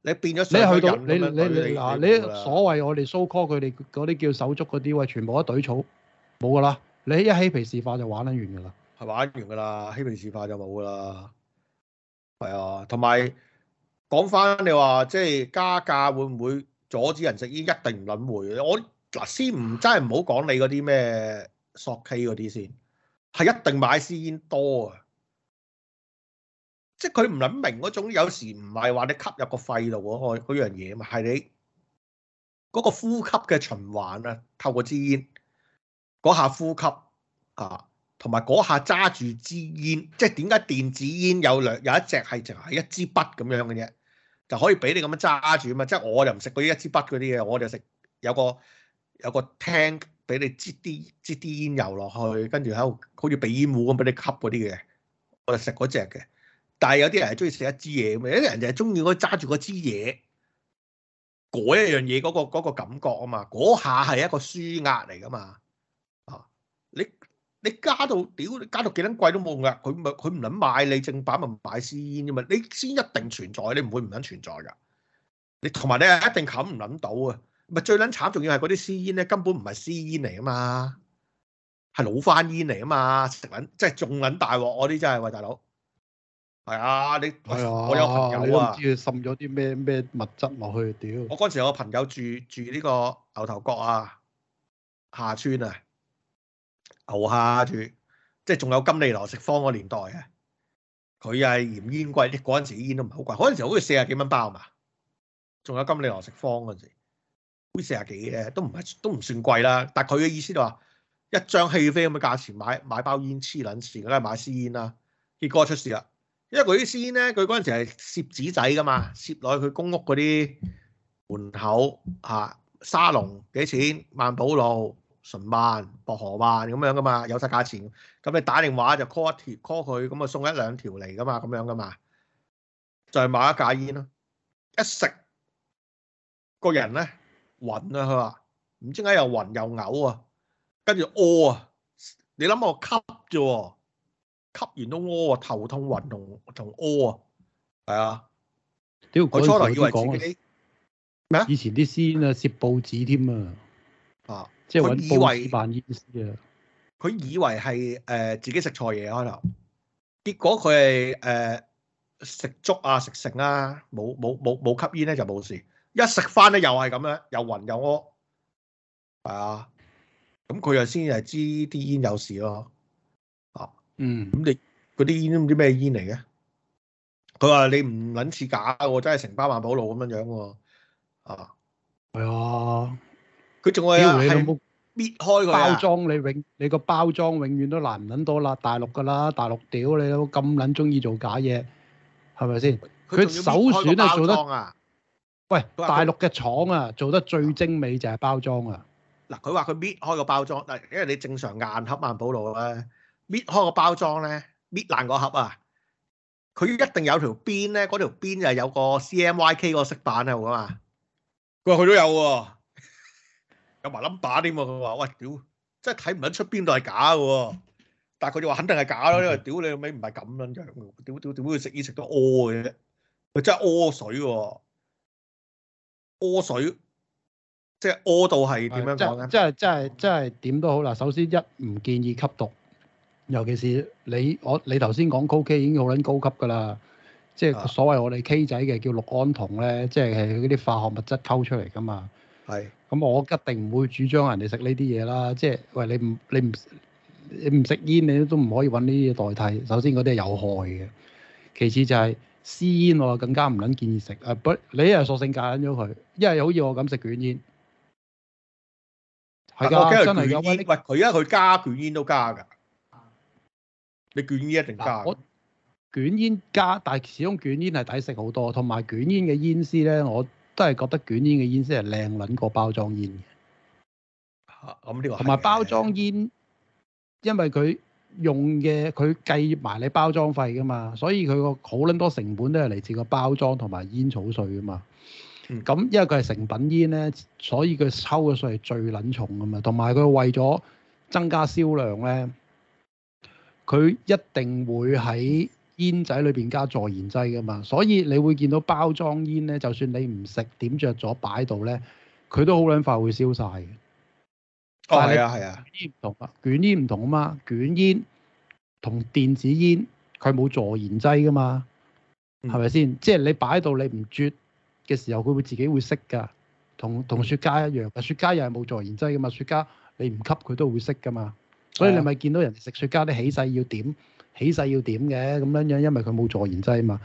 你變咗衰去，去到，你你你，嗱，你所謂我哋 so call 佢哋嗰啲叫手足嗰啲，喂，全部一隊草，冇噶啦！你一嬉皮士化就玩得完噶啦，係玩完噶啦，嬉皮士化就冇噶啦，係啊，同埋。講翻你話，即係加價會唔會阻止人食煙？一定唔撚會。我嗱先唔真係唔好講你嗰啲咩索 K 嗰啲先，係一定買私煙多啊！即係佢唔撚明嗰種，有時唔係話你吸入個肺度嗰嗰樣嘢啊嘛，係你嗰個呼吸嘅循環啊，透過支煙嗰下呼吸啊，同埋嗰下揸住支煙，即係點解電子煙有兩有一隻係淨係一支筆咁樣嘅嘢？就可以俾你咁樣揸住啊嘛，即係我又唔食嗰啲一支筆嗰啲嘢，我就食有個有個聽俾你擠啲擠啲煙油落去跟，跟住喺度好似鼻煙壺咁俾你吸嗰啲嘅，我就食嗰隻嘅。但係有啲人係中意食一支嘢咁樣，有啲人就係中意嗰揸住嗰支嘢嗰一樣嘢嗰、嗰個嗰個感覺啊嘛，嗰下係一個舒壓嚟噶嘛啊你。你加到屌，加到幾撚貴都冇用噶，佢唔佢唔撚買你正版，咪唔擺私煙啫嘛？你先一定存在，你唔會唔撚存在噶。你同埋你一定冚唔撚到啊！咪最撚慘，仲要係嗰啲私煙咧，根本唔係私煙嚟啊嘛，係老翻煙嚟啊嘛，食撚即係仲撚大鑊嗰啲，真係，喂大佬。係、哎、啊，你我、哎、我有朋友啊，我唔知佢滲咗啲咩咩物質落去屌。我嗰陣時有個朋友住住呢個牛頭角啊，下村啊。留下住，即係仲有金利來食坊嗰年代啊！佢又係嫌煙貴，嗰陣時煙都唔係好貴，嗰陣時好似四十幾蚊包嘛。仲有金利來食坊嗰陣時，好似四十幾嘅，都唔係都唔算貴啦。但係佢嘅意思就話，一張戲飛咁嘅價錢買買包煙黐撚線，梗係買私煙啦。結果出事啦，因為嗰啲私煙咧，佢嗰陣時係攝紙仔噶嘛，攝落去佢公屋嗰啲門口，嚇沙龍幾錢？萬寶路。純慢薄荷慢咁樣噶嘛，有晒價錢。咁你打電話就 call 一條 call 佢，咁啊送一兩條嚟噶嘛，咁樣噶嘛。就係買一架煙咯、啊。一食個人咧暈啊，佢話唔知點解又暈又嘔啊，跟住屙啊。你諗我吸啫喎，吸完都屙啊，頭痛暈同同屙啊。係啊，屌佢初嚟以為講咩啊？以前啲師兄啊攝報紙添啊。啊。即係佢以為扮煙師啊！佢以為係誒、呃、自己食錯嘢開頭，結果佢係誒食粥啊食食啊冇冇冇冇吸煙咧就冇事，一食翻咧又係咁樣又暈又屙，係啊！咁佢又先至係知啲煙有事咯、啊，啊嗯咁你嗰啲煙都唔知咩煙嚟嘅？佢話你唔撚似假喎，真係成包萬寶路咁樣樣喎、啊，啊係啊！佢仲有係搣開個包裝，你永你個包裝永遠都難撚多啦，大陸噶啦，大陸屌你都咁撚中意做假嘢，係咪先？佢首選都做得。喂，大陸嘅廠啊，做得最精美就係包裝啊！嗱，佢話佢搣開個包裝，嗱，因為你正常硬盒萬寶路咧，搣開個包裝咧，搣爛個盒啊，佢一定有條邊咧，嗰條邊就有個 CMYK 嗰個色板喺度噶嘛。佢話佢都有喎。有埋冧把 m b 添喎，佢話：喂，屌，即係睇唔得出邊度係假嘅喎。但係佢就話肯定係假咯，因為屌你老味唔係咁撚樣，屌屌屌，佢食煙食到屙嘅啫，佢真係屙水喎，屙水，餓呃、即係屙到係點樣講咧？即係即係即係點都好啦。首先一唔建議吸毒，尤其是你我你頭先講高 K 已經好撚高級㗎啦，即係所謂我哋 K 仔嘅叫氯胺酮咧，即係係啲化學物質溝出嚟㗎嘛。係、嗯、咁，我一定唔會主張人哋食呢啲嘢啦。即係餵你唔你唔你唔食煙，你都唔可以揾呢啲嘢代替。首先嗰啲係有害嘅，其次就係私煙我更加唔撚建議食。啊不，你一係索性揀咗佢，因為好似我咁食卷煙，係㗎，okay, 真係有煙。喂，佢而家佢加捲煙都加㗎，你捲煙一定加。我捲煙加，但係始終捲煙係抵食好多，同埋捲煙嘅煙絲咧，我。都係覺得捲煙嘅煙先係靚撚過包裝煙嘅。同、啊、埋、嗯、這個、包裝煙，的因為佢用嘅佢計埋你包裝費㗎嘛，所以佢個好撚多成本都係嚟自個包裝同埋煙草稅㗎嘛。咁、嗯、因為佢係成品煙咧，所以佢收嘅稅係最撚重㗎嘛。同埋佢為咗增加銷量咧，佢一定會喺。煙仔裏邊加助燃劑㗎嘛，所以你會見到包裝煙咧，就算你唔食點着咗擺到咧，佢都好撚快會燒晒嘅。哦，係啊，係啊。煙唔同啊，捲煙唔同啊嘛，卷煙同電子煙佢冇助燃劑㗎嘛，係咪先？即係、就是、你擺到你唔啜嘅時候，佢會自己會熄㗎，同同雪茄一樣。雪茄又係冇助燃劑㗎嘛，雪茄你唔吸佢都會熄㗎嘛。所以你咪見到人食雪茄啲起勢要點？起勢要點嘅咁樣樣，因為佢冇助燃劑啊嘛。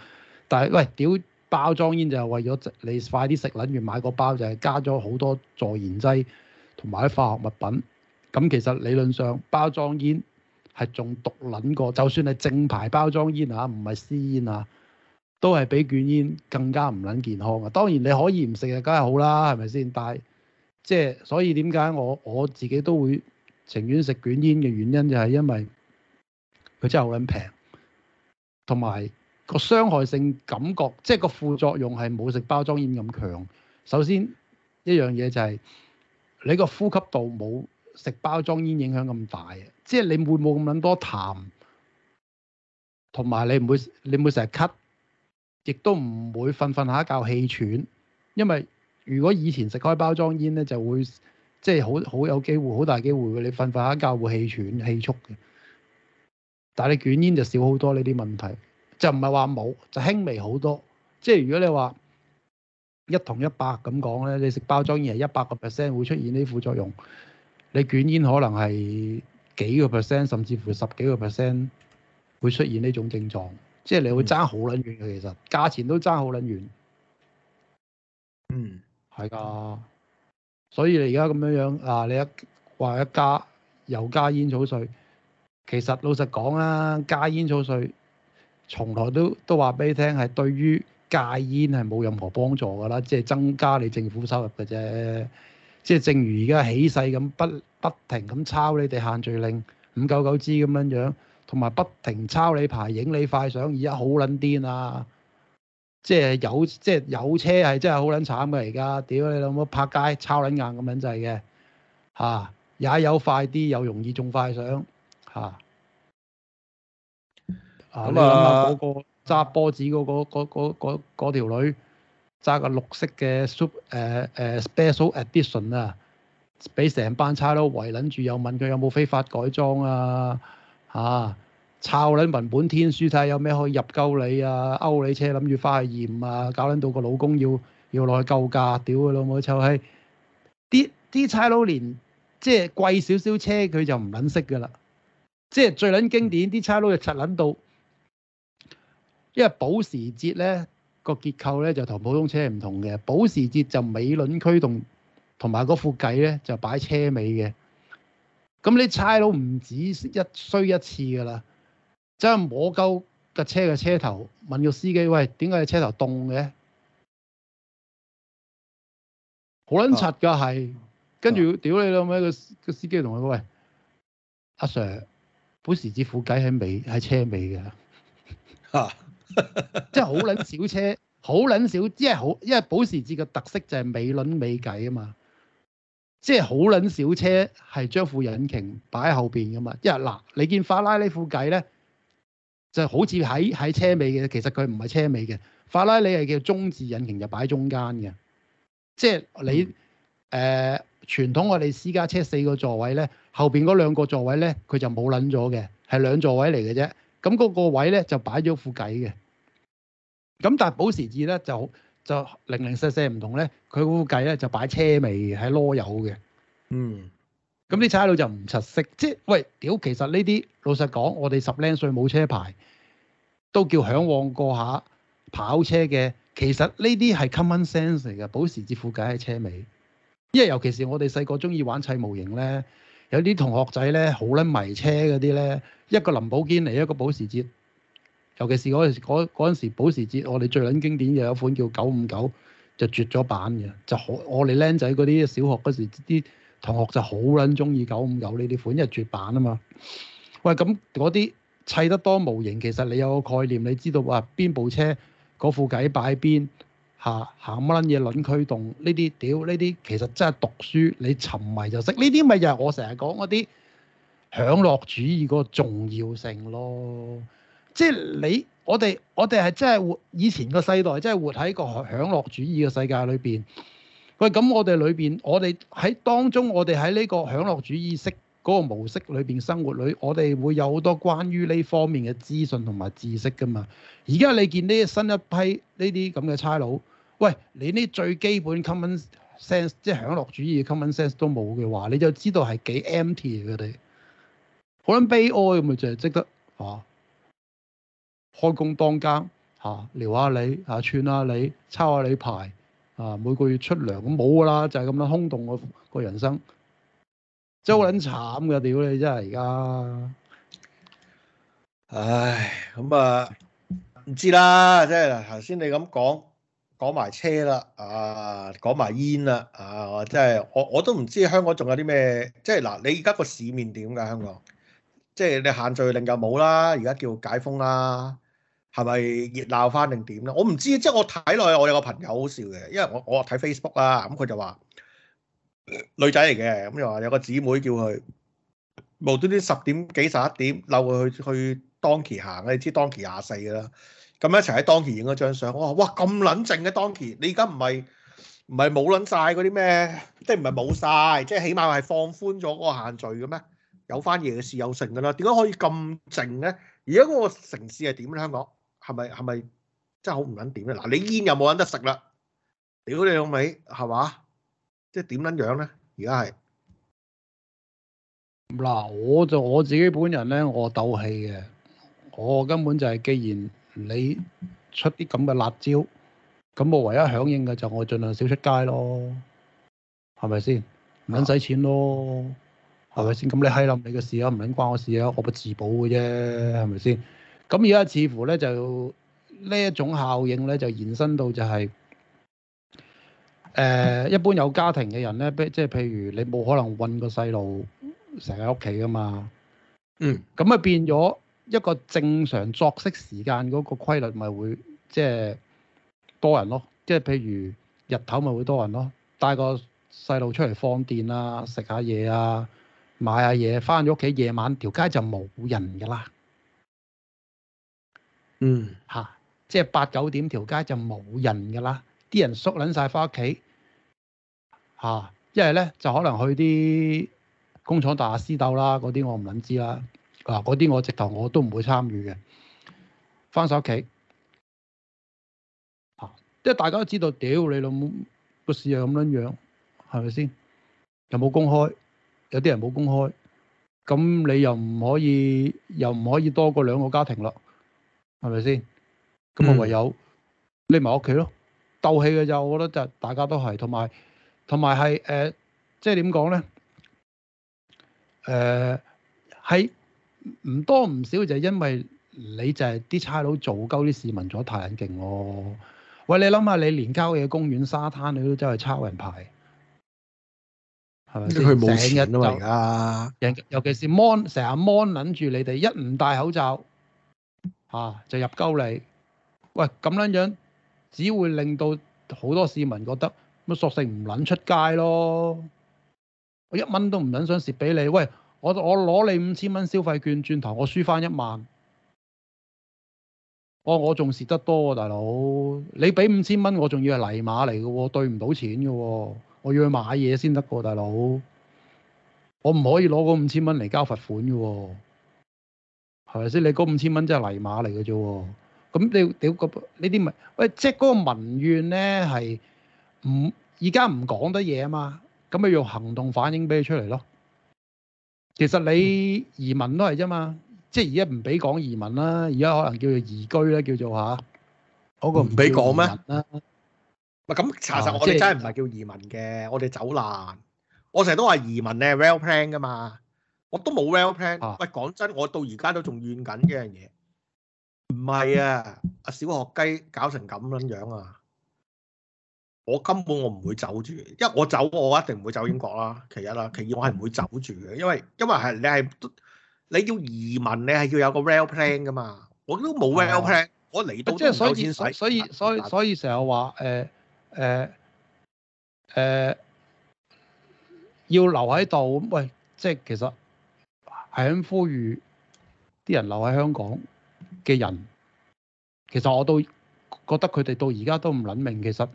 但係喂，屌包裝煙就係為咗你快啲食，撚完買個包就係加咗好多助燃劑同埋啲化學物品。咁其實理論上包裝煙係仲毒撚過，就算係正牌包裝煙啊，唔係私煙啊，都係比捲煙更加唔撚健康啊。當然你可以唔食啊，梗係好啦，係咪先？但係即係所以點解我我自己都會情願食卷煙嘅原因就係因為。即係好撚平，同埋個傷害性感覺，即係個副作用係冇食包裝煙咁強。首先一樣嘢就係、是、你個呼吸道冇食包裝煙影響咁大嘅，即係你會冇咁撚多痰，同埋你唔會你唔會成日咳，亦都唔會瞓瞓下覺氣喘。因為如果以前食開包裝煙咧，就會即係好好有機會、好大機會你瞓瞓下覺會氣喘、氣促嘅。但係你捲煙就少好多呢啲問題，就唔係話冇，就輕微好多。即係如果你話一同一百咁講咧，你食包裝煙係一百個 percent 會出現呢副作用，你捲煙可能係幾個 percent，甚至乎十幾個 percent 會出現呢種症狀。即係你會爭好撚遠嘅、嗯，其實價錢都爭好撚遠。嗯，係㗎。所以你而家咁樣樣啊，你一話一加又加煙草稅。其實老實講啊，戒煙草稅從來都都話俾你聽係對於戒煙係冇任何幫助㗎啦，即係增加你政府收入㗎啫。即係正如而家起勢咁不不停咁抄你哋限聚令，五九九支咁樣樣，同埋不停抄你牌、影你快相，而家好撚癲啊！即係有即係有車係真係好撚慘㗎而家，屌你老母拍街抄撚硬咁就係嘅嚇，也有快啲又容易中快相。啊！咁啊、那個，個揸波子嗰、那個條、那個那個那個那個、女揸個綠色嘅 super 誒誒 special edition 啊，俾成班差佬圍捻住，又問佢有冇非法改裝啊？吓抄捻文本天書睇有咩可以入鳩你啊，勾你車諗住翻去驗啊，搞捻到個老公要要落去救駕，屌佢老母臭係啲啲差佬連即係貴少少車佢就唔捻識噶啦。即係最捻經典啲差佬就柒捻到，因為保時捷咧、個結構咧就同普通車唔同嘅，保時捷就尾輪驅動，同埋個副計咧就擺車尾嘅。咁啲差佬唔止一衰一次噶啦，即係摸夠架車嘅車，車頭問個司機，喂，點解你車頭凍嘅？好捻柒噶係，跟住、啊、屌你老味個個司機同佢喂阿、啊、Sir。保時捷副駆喺尾喺車尾嘅，嚇！ 即係好撚小車，好撚小，即係好，因為保時捷嘅特色就係尾輪尾駆啊嘛，即係好撚小車係將副引擎擺喺後邊嘅嘛。因為嗱，你見法拉利副駆咧，就好似喺喺車尾嘅，其實佢唔係車尾嘅，法拉利係叫中置引擎，就擺喺中間嘅，即係你誒。嗯呃傳統我哋私家車四個座位咧，後邊嗰兩個座位咧，佢就冇撚咗嘅，係兩座位嚟嘅啫。咁嗰個位咧就擺咗副偈嘅。咁但係保時捷咧就就零零舍舍唔同咧，佢副偈咧就擺車尾喺囉柚嘅。嗯，咁啲差佬就唔實識，即係喂屌，其實呢啲老實講，我哋十零歲冇車牌都叫嚮往過下跑車嘅。其實呢啲係 common sense 嚟嘅，保時捷副偈喺車尾。因為尤其是我哋細個中意玩砌模型咧，有啲同學仔咧好撚迷車嗰啲咧，一個林寶堅尼，一個保時捷。尤其是嗰嗰陣時，保時捷我哋最撚經典嘅有一款叫九五九，就絕咗版嘅，就好我哋僆仔嗰啲小學嗰時啲同學就好撚中意九五九呢啲款，因為絕版啊嘛。喂，咁嗰啲砌得多模型，其實你有個概念，你知道話邊部車嗰副計擺邊。啊！行乜撚嘢輪驅動呢啲？屌呢啲其實真係讀書，你沉迷就識呢啲，咪就係我成日講嗰啲享樂主義個重要性咯。即係你我哋，我哋係真係活以前個世代，真係活喺個享樂主義嘅世界裏邊。喂，咁我哋裏邊，我哋喺當中，我哋喺呢個享樂主義式嗰個模式裏邊生活裏，我哋會有好多關於呢方面嘅資訊同埋知識噶嘛。而家你見呢新一批呢啲咁嘅差佬。喂，你呢最基本 common sense，即係享樂主義嘅 common sense 都冇嘅話，你就知道係幾 empty 佢、啊、哋，好撚悲哀咁咪就係即得嚇、啊、開工當更，嚇、啊，撩下你嚇、啊，串下你，抄下你牌啊，每個月出糧咁冇噶啦，就係、是、咁樣空洞個個人生，真係好撚慘嘅，屌你真係而家，唉，咁啊唔知啦，即係頭先你咁講。講埋車啦，啊講埋煙啦，啊我真係我我都唔知香港仲有啲咩，即係嗱你而家個市面點㗎香港，即係你限聚令又冇啦，而家叫解封啦，係咪熱鬧翻定點咧？我唔知，即係我睇落去我有個朋友好笑嘅，因為我我睇 Facebook 啦，咁佢就話、呃、女仔嚟嘅，咁又話有個姊妹叫佢無端端十點幾十一點溜佢去去 Donkey 行，你知 Donkey 廿四㗎啦。咁一齊喺當期影咗張相，我話哇咁撚靜嘅當期，你而家唔係唔係冇撚曬嗰啲咩？即係唔係冇曬？即係起碼係放寬咗嗰個限聚嘅咩？有翻夜市有剩嘅啦。點解可以咁靜咧？而家嗰個城市係點咧？香港係咪係咪真係好唔撚點咧？嗱，你煙又冇撚得食啦，屌你老味，係嘛？即係點撚樣咧？而家係嗱，我就我自己本人咧，我鬥氣嘅，我根本就係既然。你出啲咁嘅辣椒，咁我唯一響應嘅就我儘量少出街咯，係咪先？唔撚使錢咯，係咪先？咁你閪諗你嘅事啊，唔撚關我的事啊，我必自保嘅啫，係咪先？咁而家似乎咧就呢一種效應咧就延伸到就係誒一般有家庭嘅人咧，即係譬如你冇可能揾個細路成日喺屋企噶嘛，嗯，咁啊變咗。一個正常作息時間嗰個規律咪會即係、就是、多人咯，即、就、係、是、譬如日頭咪會多人咯，帶個細路出嚟放電啊、食下嘢啊、買下嘢，翻咗屋企夜晚條街就冇人㗎啦。嗯，吓、啊，即係八九點條街就冇人㗎啦，啲人縮撚晒翻屋企吓，一係咧就可能去啲工廠大廈私鬥啦，嗰啲我唔撚知啦。嗱，嗰啲我直頭我都唔會參與嘅，翻曬屋企嚇，因、啊、為大家都知道，屌你老母個事又咁樣樣，係咪先？又冇公開，有啲人冇公開，咁你又唔可以，又唔可以多過兩個家庭啦，係咪先？咁啊唯有匿埋屋企咯，鬥氣嘅就我覺得就是、大家都係，同埋同埋係誒，即係點講咧？誒、呃、喺～唔多唔少就係因為你就係啲差佬做鳩啲市民做得太緊勁咯。喂，你諗下，你連郊野公園沙灘你都真係抄人牌，係咪先？佢冇錢啊嘛而家。尤其是 mon 成日 mon 撚住你哋，一唔戴口罩嚇、啊、就入鳩你。喂，咁樣樣只會令到好多市民覺得乜索性唔撚出街咯。我一蚊都唔撚想蝕俾你。喂！我我攞你五千蚊消費券轉頭，我輸翻一萬。我我仲蝕得多，大佬。你俾五千蚊，我仲要係泥馬嚟嘅喎，兌唔到錢嘅喎。我要去買嘢先得㗎，大佬。我唔可以攞嗰五千蚊嚟交罰款嘅喎。係咪先？你嗰五千蚊真係泥馬嚟嘅啫。咁你屌個呢啲咪？喂，即係嗰個民怨咧，係唔而家唔講得嘢啊嘛。咁咪用行動反映俾佢出嚟咯。其實你移民都係啫嘛，即係而家唔俾講移民啦，而家可能叫做移居啦，叫做吓，嗰個唔俾講咩？唔係咁，查實我哋真係唔係叫移民嘅，啊就係，我哋走難。我成日都話移民咧，well plan 噶嘛，我都冇 well plan，啊。喂，講真，我到而家都仲怨緊呢樣嘢。唔係啊，阿小學雞搞成咁樣樣啊！我根本我唔會走住，因為我走我一定唔會走英國啦。其一啦，其二我係唔會走住嘅，因為因為係你係你要移民，你係要有個 real plan 噶嘛。我、哦、我都冇 real plan，我嚟到即係所以所以所以所以成日話誒誒誒要留喺度，喂，即係其實係咁呼籲啲人留喺香港嘅人，其實我都覺得佢哋到而家都唔諗明其實。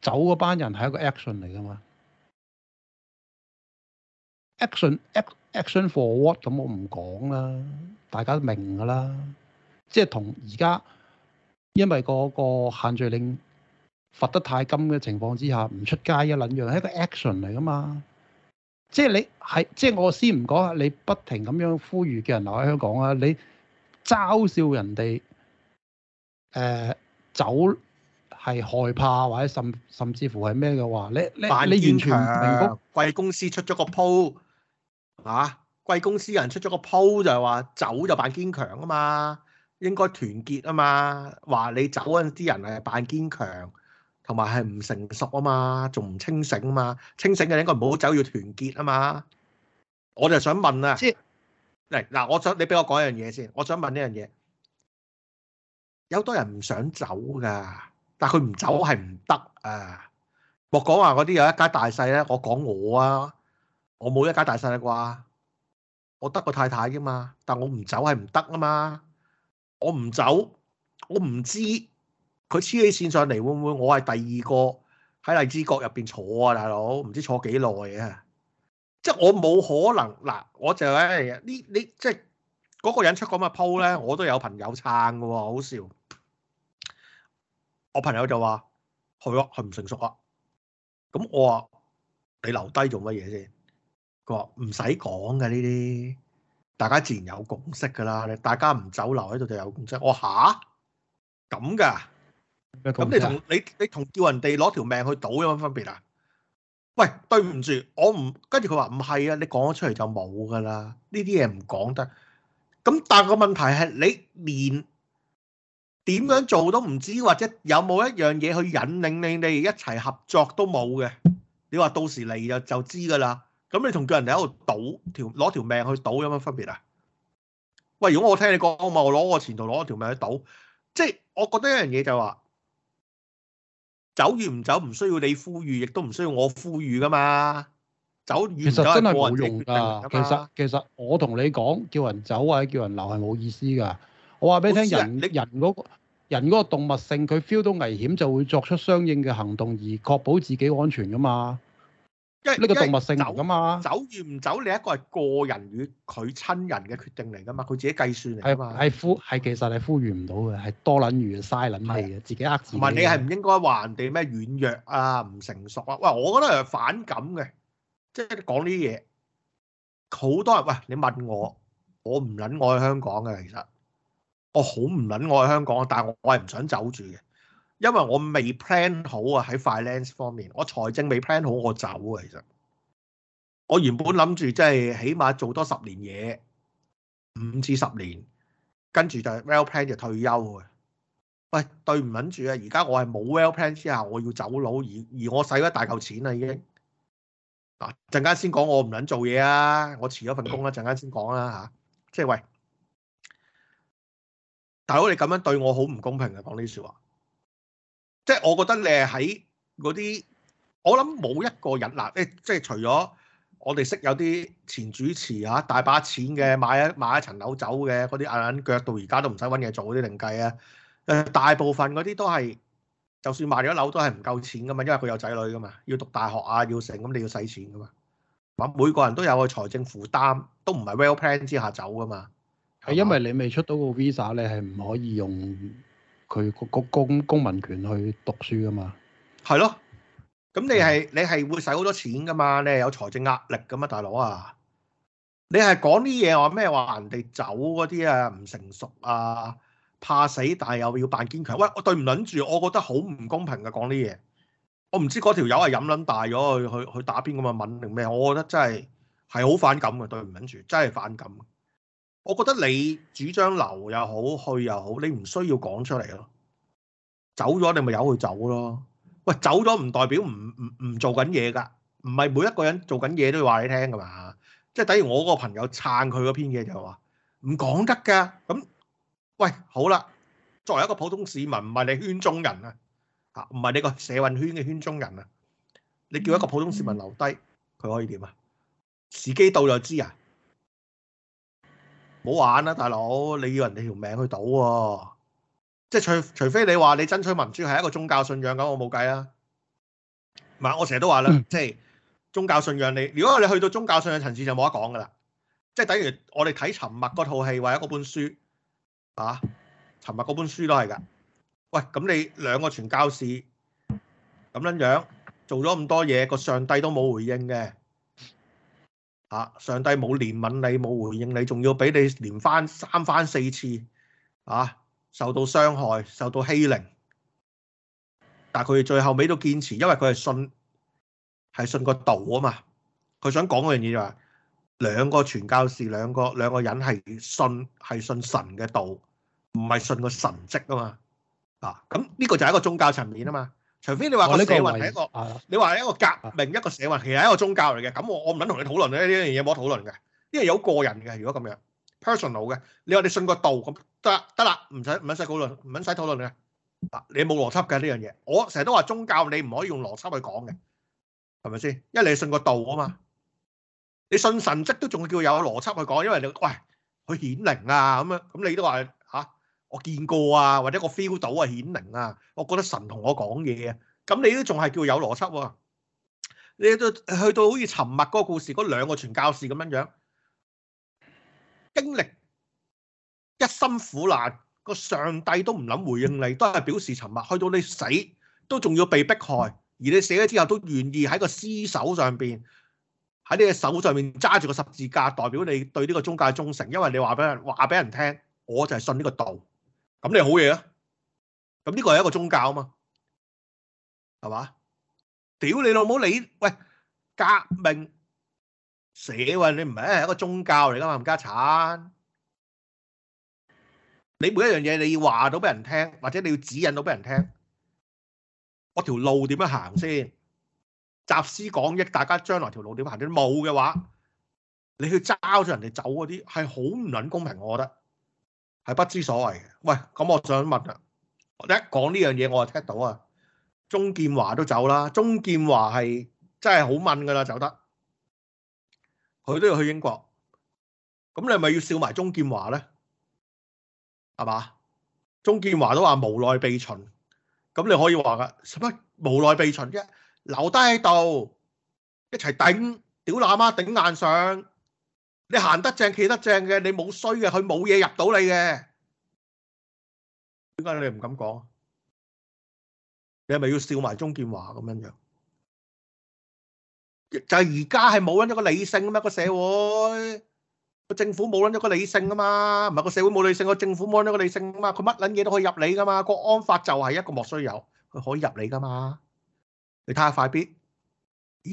走嗰班人係一個 action 嚟噶嘛？action act i o n forward 咁我唔講啦，大家都明噶啦。即係同而家，因為個個限聚令罰得太金嘅情況之下，唔出街又諗樣係一個 action 嚟噶嘛？即係你係即係我先唔講啊！你不停咁樣呼籲嘅人留喺香港啊！你嘲笑人哋誒、呃、走。係害怕或者甚甚至乎係咩嘅話，你你你完全誒貴公司出咗個 po 嚇、啊，貴公司人出咗個 po 就係話走就扮堅強啊嘛，應該團結啊嘛，話你走嗰啲人係扮堅強，同埋係唔成熟啊嘛，仲唔清醒啊嘛，清醒嘅應該唔好走，要團結啊嘛。我就想問啊，嚟嗱，我想你俾我講一樣嘢先，我想問呢樣嘢，有好多人唔想走噶。但佢唔走係唔得啊！莫講話嗰啲有一家大細咧，我講我啊，我冇一家大細啦啩，我得個太太啫嘛。但我唔走係唔得啊嘛！我唔走，我唔知佢黐起線上嚟會唔會我係第二個喺荔枝角入邊坐啊，大佬唔知坐幾耐啊！即係我冇可能嗱，我就係呢、哎，你即係嗰、那個人出嗰個 po 咧，我都有朋友撐嘅喎、啊，好笑。我朋友就話佢咯，佢唔成熟啊。咁我話，你留低做乜嘢先？佢話唔使講嘅呢啲，大家自然有共識噶啦。你大家唔走留喺度就有共識。我吓，咁噶？咁你同你你同叫人哋攞條命去賭有乜分別啊？喂，對唔住，我唔跟住佢話唔係啊。你講咗出嚟就冇噶啦。呢啲嘢唔講得。咁但係個問題係你面。點樣做都唔知，或者有冇一樣嘢去引領你哋一齊合作都冇嘅。你話到時嚟就就知㗎啦。咁你同叫人哋喺度賭條攞條命去賭，有乜分別啊？喂！如果我聽你講啊，我攞我前途攞條命去賭，即係我覺得一樣嘢就話走與唔走，唔需要你呼籲，亦都唔需要我呼籲噶嘛。走與唔走都係個人嘅決定。其實其實，其實我同你講叫人走或者叫人留係冇意思㗎。我話俾你聽、啊，人的人嗰人嗰個動物性，佢 feel 到危險就會作出相應嘅行動，而確保自己安全㗎嘛。因為呢、呢個動物性㗎嘛。走與唔走，你一個係個人與佢親人嘅決定嚟㗎嘛，佢自己計算嚟。係嘛？係呼係其實係呼籲唔到嘅，係多撚餘嘥撚氣嘅，自己呃自己。唔同你係唔應該話人哋咩軟弱啊、唔成熟啊。喂，我覺得係反感嘅，即係講呢啲嘢。好多人喂，你問我，我唔撚愛香港嘅，其實。我好唔捻，我喺香港，但係我係唔想走住嘅，因為我未 plan 好啊，喺 finance 方面，我財政未 plan 好，我走啊。其實我原本諗住即係起碼做多十年嘢，五至十年，跟住就 well plan 就退休啊。喂，對唔捻住啊，而家我係冇 well plan 之下，我要走佬，而而我使咗大嚿錢啦已經。嗱，陣間先講我唔捻做嘢啊，我辭咗份工啦，陣間先講啦吓，即係喂。大佬，你咁樣對我好唔公平啊！講呢啲説話，即係我覺得你係喺嗰啲，我諗冇一個人嗱，誒，即係除咗我哋識有啲前主持啊，大把錢嘅買一買一層樓走嘅嗰啲眼眼腳到而家都唔使揾嘢做嗰啲另計啊。誒，大部分嗰啲都係，就算賣咗樓都係唔夠錢噶嘛，因為佢有仔女噶嘛，要讀大學啊，要成咁你要使錢噶嘛。咁每個人都有個財政負擔，都唔係 well plan 之下走噶嘛。係因為你未出到個 visa，你係唔可以用佢個公公民權去讀書噶嘛。係咯，咁你係你係會使好多錢噶嘛？你係有財政壓力噶嘛，大佬啊？你係講啲嘢，話咩話人哋走嗰啲啊，唔成熟啊，怕死，但係又要扮堅強。喂，我對唔撚住，我覺得好唔公平噶，講啲嘢。我唔知嗰條友係飲撚大咗去去去打邊個嘅問定咩？我覺得真係係好反感噶，對唔撚住，真係反感。我覺得你主張留又好，去又好，你唔需要講出嚟咯。走咗你咪由佢走咯。喂，走咗唔代表唔唔唔做緊嘢噶，唔係每一個人做緊嘢都要話你聽噶嘛。即係等於我個朋友撐佢嗰篇嘢就話唔講得噶。咁喂，好啦，作為一個普通市民，唔係你圈中人啊，吓唔係你個社運圈嘅圈中人啊，你叫一個普通市民留低，佢可以點啊？時機到就知啊。唔好玩啦，大佬！你要人哋條命去賭喎、啊，即係除除非你話你爭取民主係一個宗教信仰咁，我冇計啦、啊。唔係，我成日都話啦、嗯，即係宗教信仰你。如果你去到宗教信仰層次就冇得講噶啦，即係等於我哋睇《沉默》嗰套戲或者嗰本書啊，沉默嗰本書都係噶。喂，咁你兩個傳教士咁樣樣做咗咁多嘢，個上帝都冇回應嘅。啊！上帝冇憐憫你，冇回應你，仲要俾你連翻三番四次啊！受到傷害，受到欺凌，但係佢最後尾都堅持，因為佢係信係信個道啊嘛。佢想講嗰樣嘢就話、係，兩個傳教士，兩個兩個人係信係信神嘅道，唔係信個神跡啊嘛。啊，咁呢個就係一個宗教層面啦嘛。除非你話個社運係一個，你話一個革命一個社運，其實係一個宗教嚟嘅。咁我我唔想同你討論呢呢樣嘢，冇得討論嘅，因為有個人嘅。如果咁樣，personal 嘅。你話你信個道咁得得啦，唔使唔使討論，唔使討論嘅。嗱，你冇邏輯嘅呢樣嘢。我成日都話宗教你唔可以用邏輯去講嘅，係咪先？因為你信個道啊嘛，你信神跡都仲叫有邏輯去講，因為你喂佢顯靈啊咁樣，咁你都話。我見過啊，或者我 feel 到啊，顯靈啊，我覺得神同我講嘢啊。咁你都仲係叫有邏輯喎、啊？你都去到好似沉默嗰個故事嗰兩個傳教士咁樣樣，經歷一心苦難，個上帝都唔諗回應你，都係表示沉默。去到你死都仲要被迫害，而你死咗之後都願意喺個屍首上邊，喺你嘅手上面揸住個十字架，代表你對呢個宗教忠誠，因為你話俾人話俾人聽，我就係信呢個道。咁你好嘢啊！咁呢個係一個宗教啊嘛，係嘛？屌你老母你喂革命死喂！你唔係誒一個宗教嚟噶嘛？冚家鏟，你每一樣嘢你要話到俾人聽，或者你要指引到俾人聽，我條路點樣行先？集思廣益，大家將來條路點行先？冇嘅話，你去揸咗人哋走嗰啲係好唔撚公平，我覺得。係不知所謂嘅，喂，咁我想問啊，一講呢樣嘢我就聽到啊，鍾建華都走啦，鍾建華係真係好問噶啦，走得，佢都要去英國，咁你係咪要笑埋鍾建華咧？係嘛？鍾建華都話無奈避秦，咁你可以話噶，使乜無奈避秦啫？留低喺度，一齊頂屌喇媽頂硬上。你行得正企得正嘅，你冇衰嘅，佢冇嘢入到你嘅。點解你唔敢講？你係咪要笑埋鍾建華咁樣樣？就係而家係冇咗一個理性吖嘛，個社會？個政府冇咗一個理性噶嘛？唔係個社會冇理性，個政府冇咗一個理性嘛？佢乜撚嘢都可以入你噶嘛？國安法就係一個莫須有，佢可以入你噶嘛？你睇下快必，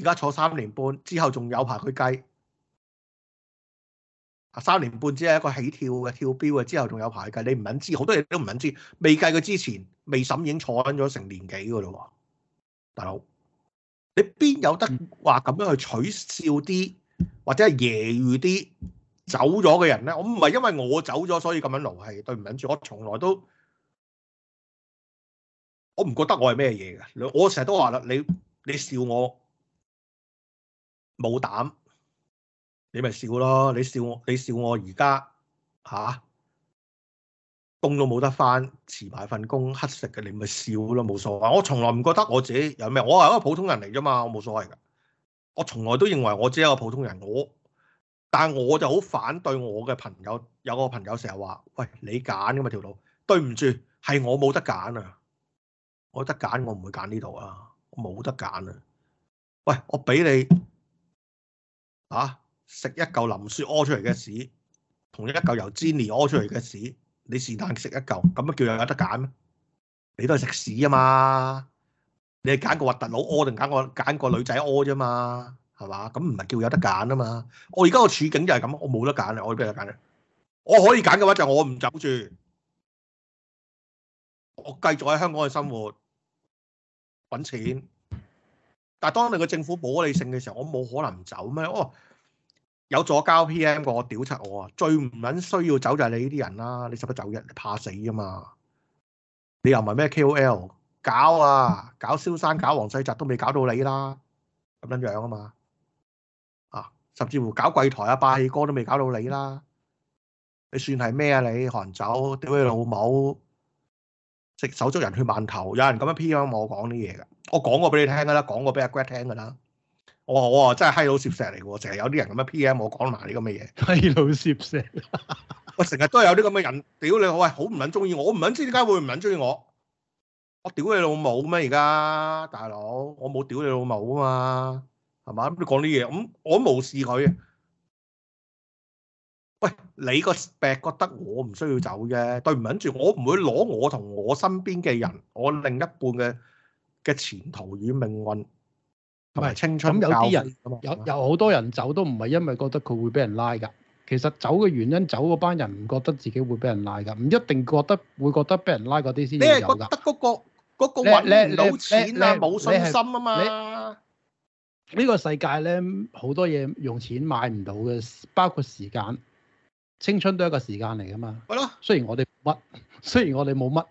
而家坐三年半之後仲有排佢計。三年半只係一個起跳嘅跳標嘅，之後仲有排計，你唔肯知好多嘢都唔肯知。未計佢之前，未審影坐緊咗成年幾嘅咯喎，大佬，你邊有得話咁樣去取笑啲或者係揶揄啲走咗嘅人咧？我唔係因為我走咗所以咁樣勞氣對唔忍住，我從來都我唔覺得我係咩嘢嘅。我成日都話啦，你你笑我冇膽。你咪笑咯！你笑我，你笑我而家吓，工、啊、都冇得翻，辭埋份工，乞食嘅。你咪笑咯，冇所謂。我從來唔覺得我自己有咩，我係一個普通人嚟啫嘛，我冇所謂噶。我從來都認為我自己係一個普通人，我，但係我就好反對我嘅朋友，有個朋友成日話，喂，你揀噶嘛條、這個、路？對唔住，係我冇得揀啊！我得揀，我唔會揀呢度啊！我冇得揀啊！喂，我俾你啊！食一嚿林書屙出嚟嘅屎，同一嚿由煎 e 屙出嚟嘅屎，你是但食一嚿，咁乜叫又有得揀咩？你都係食屎啊嘛！你揀個核突佬屙定揀個揀個女仔屙啫嘛，係嘛？咁唔係叫有得揀啊嘛！我而家個處境就係咁，我冇得揀啊！我邊有揀咧？我可以揀嘅話就是，我唔走住，我繼續喺香港嘅生活搵錢。但係當你個政府保咗你勝嘅時候，我冇可能唔走咩？哦！有咗交 PM 過我屌柒我啊！最唔撚需要走就係你呢啲人啦，你使乜走嘅？你怕死啊嘛？你又唔係咩 KOL 搞啊？搞蕭生、搞黃世澤都未搞到你啦，咁樣樣啊嘛？啊，甚至乎搞櫃檯啊、霸氣哥都未搞到你啦，你算係咩啊你？你寒走屌你老母，食手足人血饅頭，有人咁樣 PM 我講啲嘢噶，我講過俾你聽噶啦，講過俾阿 Gret 聽噶啦。我話我話真係閪佬攝石嚟嘅喎，成日有啲人咁樣 PM 我講埋呢咁嘅嘢。閪佬攝石，我成日都有啲咁嘅人，屌你！我喂好唔撚中意我，我唔撚知點解會唔撚中意我。我屌你老母咩而家，大佬我冇屌你老母啊嘛，係嘛？咁你講啲嘢，咁我無視佢。喂，你個白覺得我唔需要走嘅，對唔撚住，我唔會攞我同我身邊嘅人，我另一半嘅嘅前途與命運。唔係青春，咁有啲人有有好多人走都唔係因為覺得佢會俾人拉㗎。其實走嘅原因，走嗰班人唔覺得自己會俾人拉㗎，唔一定覺得會覺得俾人拉嗰啲先。你係覺得嗰個嗰、嗰個揾唔到錢啊，冇信心，心啊嘛？呢、呢個世界咧好多嘢用錢買唔到嘅，包括時間、青春都係一個時間嚟㗎嘛。係咯，雖然我哋乜，雖然我哋冇乜，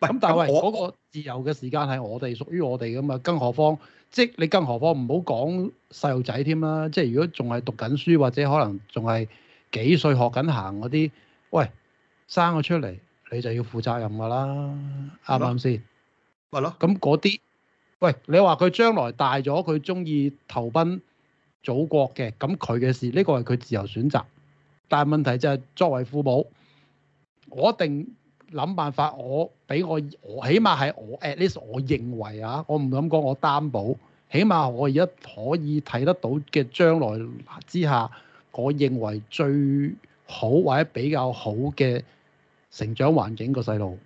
咁 但係我個自由嘅時間係我哋屬於我哋㗎嘛，更何況。即你，更何況唔好講細路仔添啦。即如果仲係讀緊書，或者可能仲係幾歲學緊行嗰啲，喂，生咗出嚟，你就要負責任㗎啦，啱唔啱先？咪咯。咁嗰啲，喂，你話佢將來大咗，佢中意投奔祖國嘅，咁佢嘅事，呢個係佢自由選擇。但係問題就係作為父母，我一定。諗辦法我我，我俾我我起碼係我 at least 我認為啊，我唔敢講我擔保，起碼我而家可以睇得到嘅將來之下，我認為最好或者比較好嘅成長環境個細路